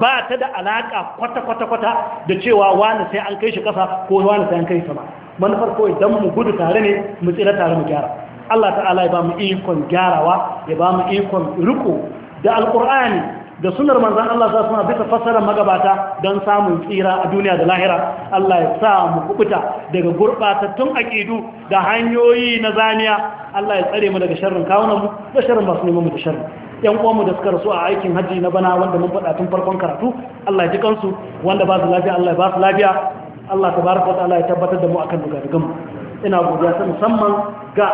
ba ta da alaƙa kwata-kwata-kwata da cewa wani sai an kai shi ƙasa ko wani sai an kai sama manufar kawai don mu gudu tare ne mu tsira tare mu gyara Allah ta'ala ya ba mu ikon gyarawa ya ba mu ikon riko da alƙur'ani da sunar manzan Allah za su ma bisa fassara magabata don samun tsira a duniya da lahira Allah ya sa mu kubuta daga gurɓatattun aƙidu da hanyoyi na zaniya Allah ya tsare mu daga sharrin kawunan mu da sharrin masu neman mu da sharrin yan uwanmu da suka rasu a aikin hajji na bana wanda mun faɗa tun farkon karatu Allah ya ji kansu wanda ba su lafiya Allah ya ba su lafiya Allah tabaraka wa ta'ala ya tabbatar da mu akan dugadugan ina godiya ta musamman ga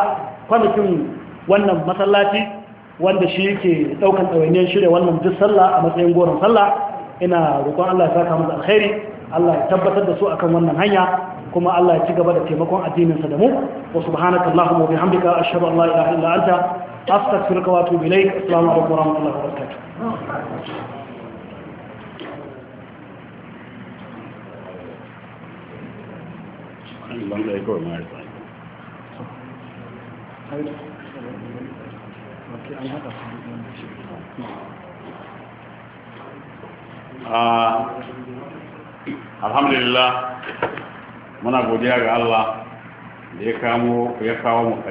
kwanakin wannan masallaci wanda shi yake daukan tsawainiyar shirya wannan duk sallah a matsayin goron sallah ina roƙon Allah ya saka musu alkhairi Allah ya tabbatar da su akan wannan hanya kuma Allah ya ci gaba da taimakon addininsa da mu wa subhanaka allahumma wa bihamdika ashhadu an la ilaha illa anta astaghfiruka wa atubu ilaik assalamu alaikum wa rahmatullahi wa barakatuh Bangladesh or alhamdulillah muna godiya ga Allah da ya kawo mu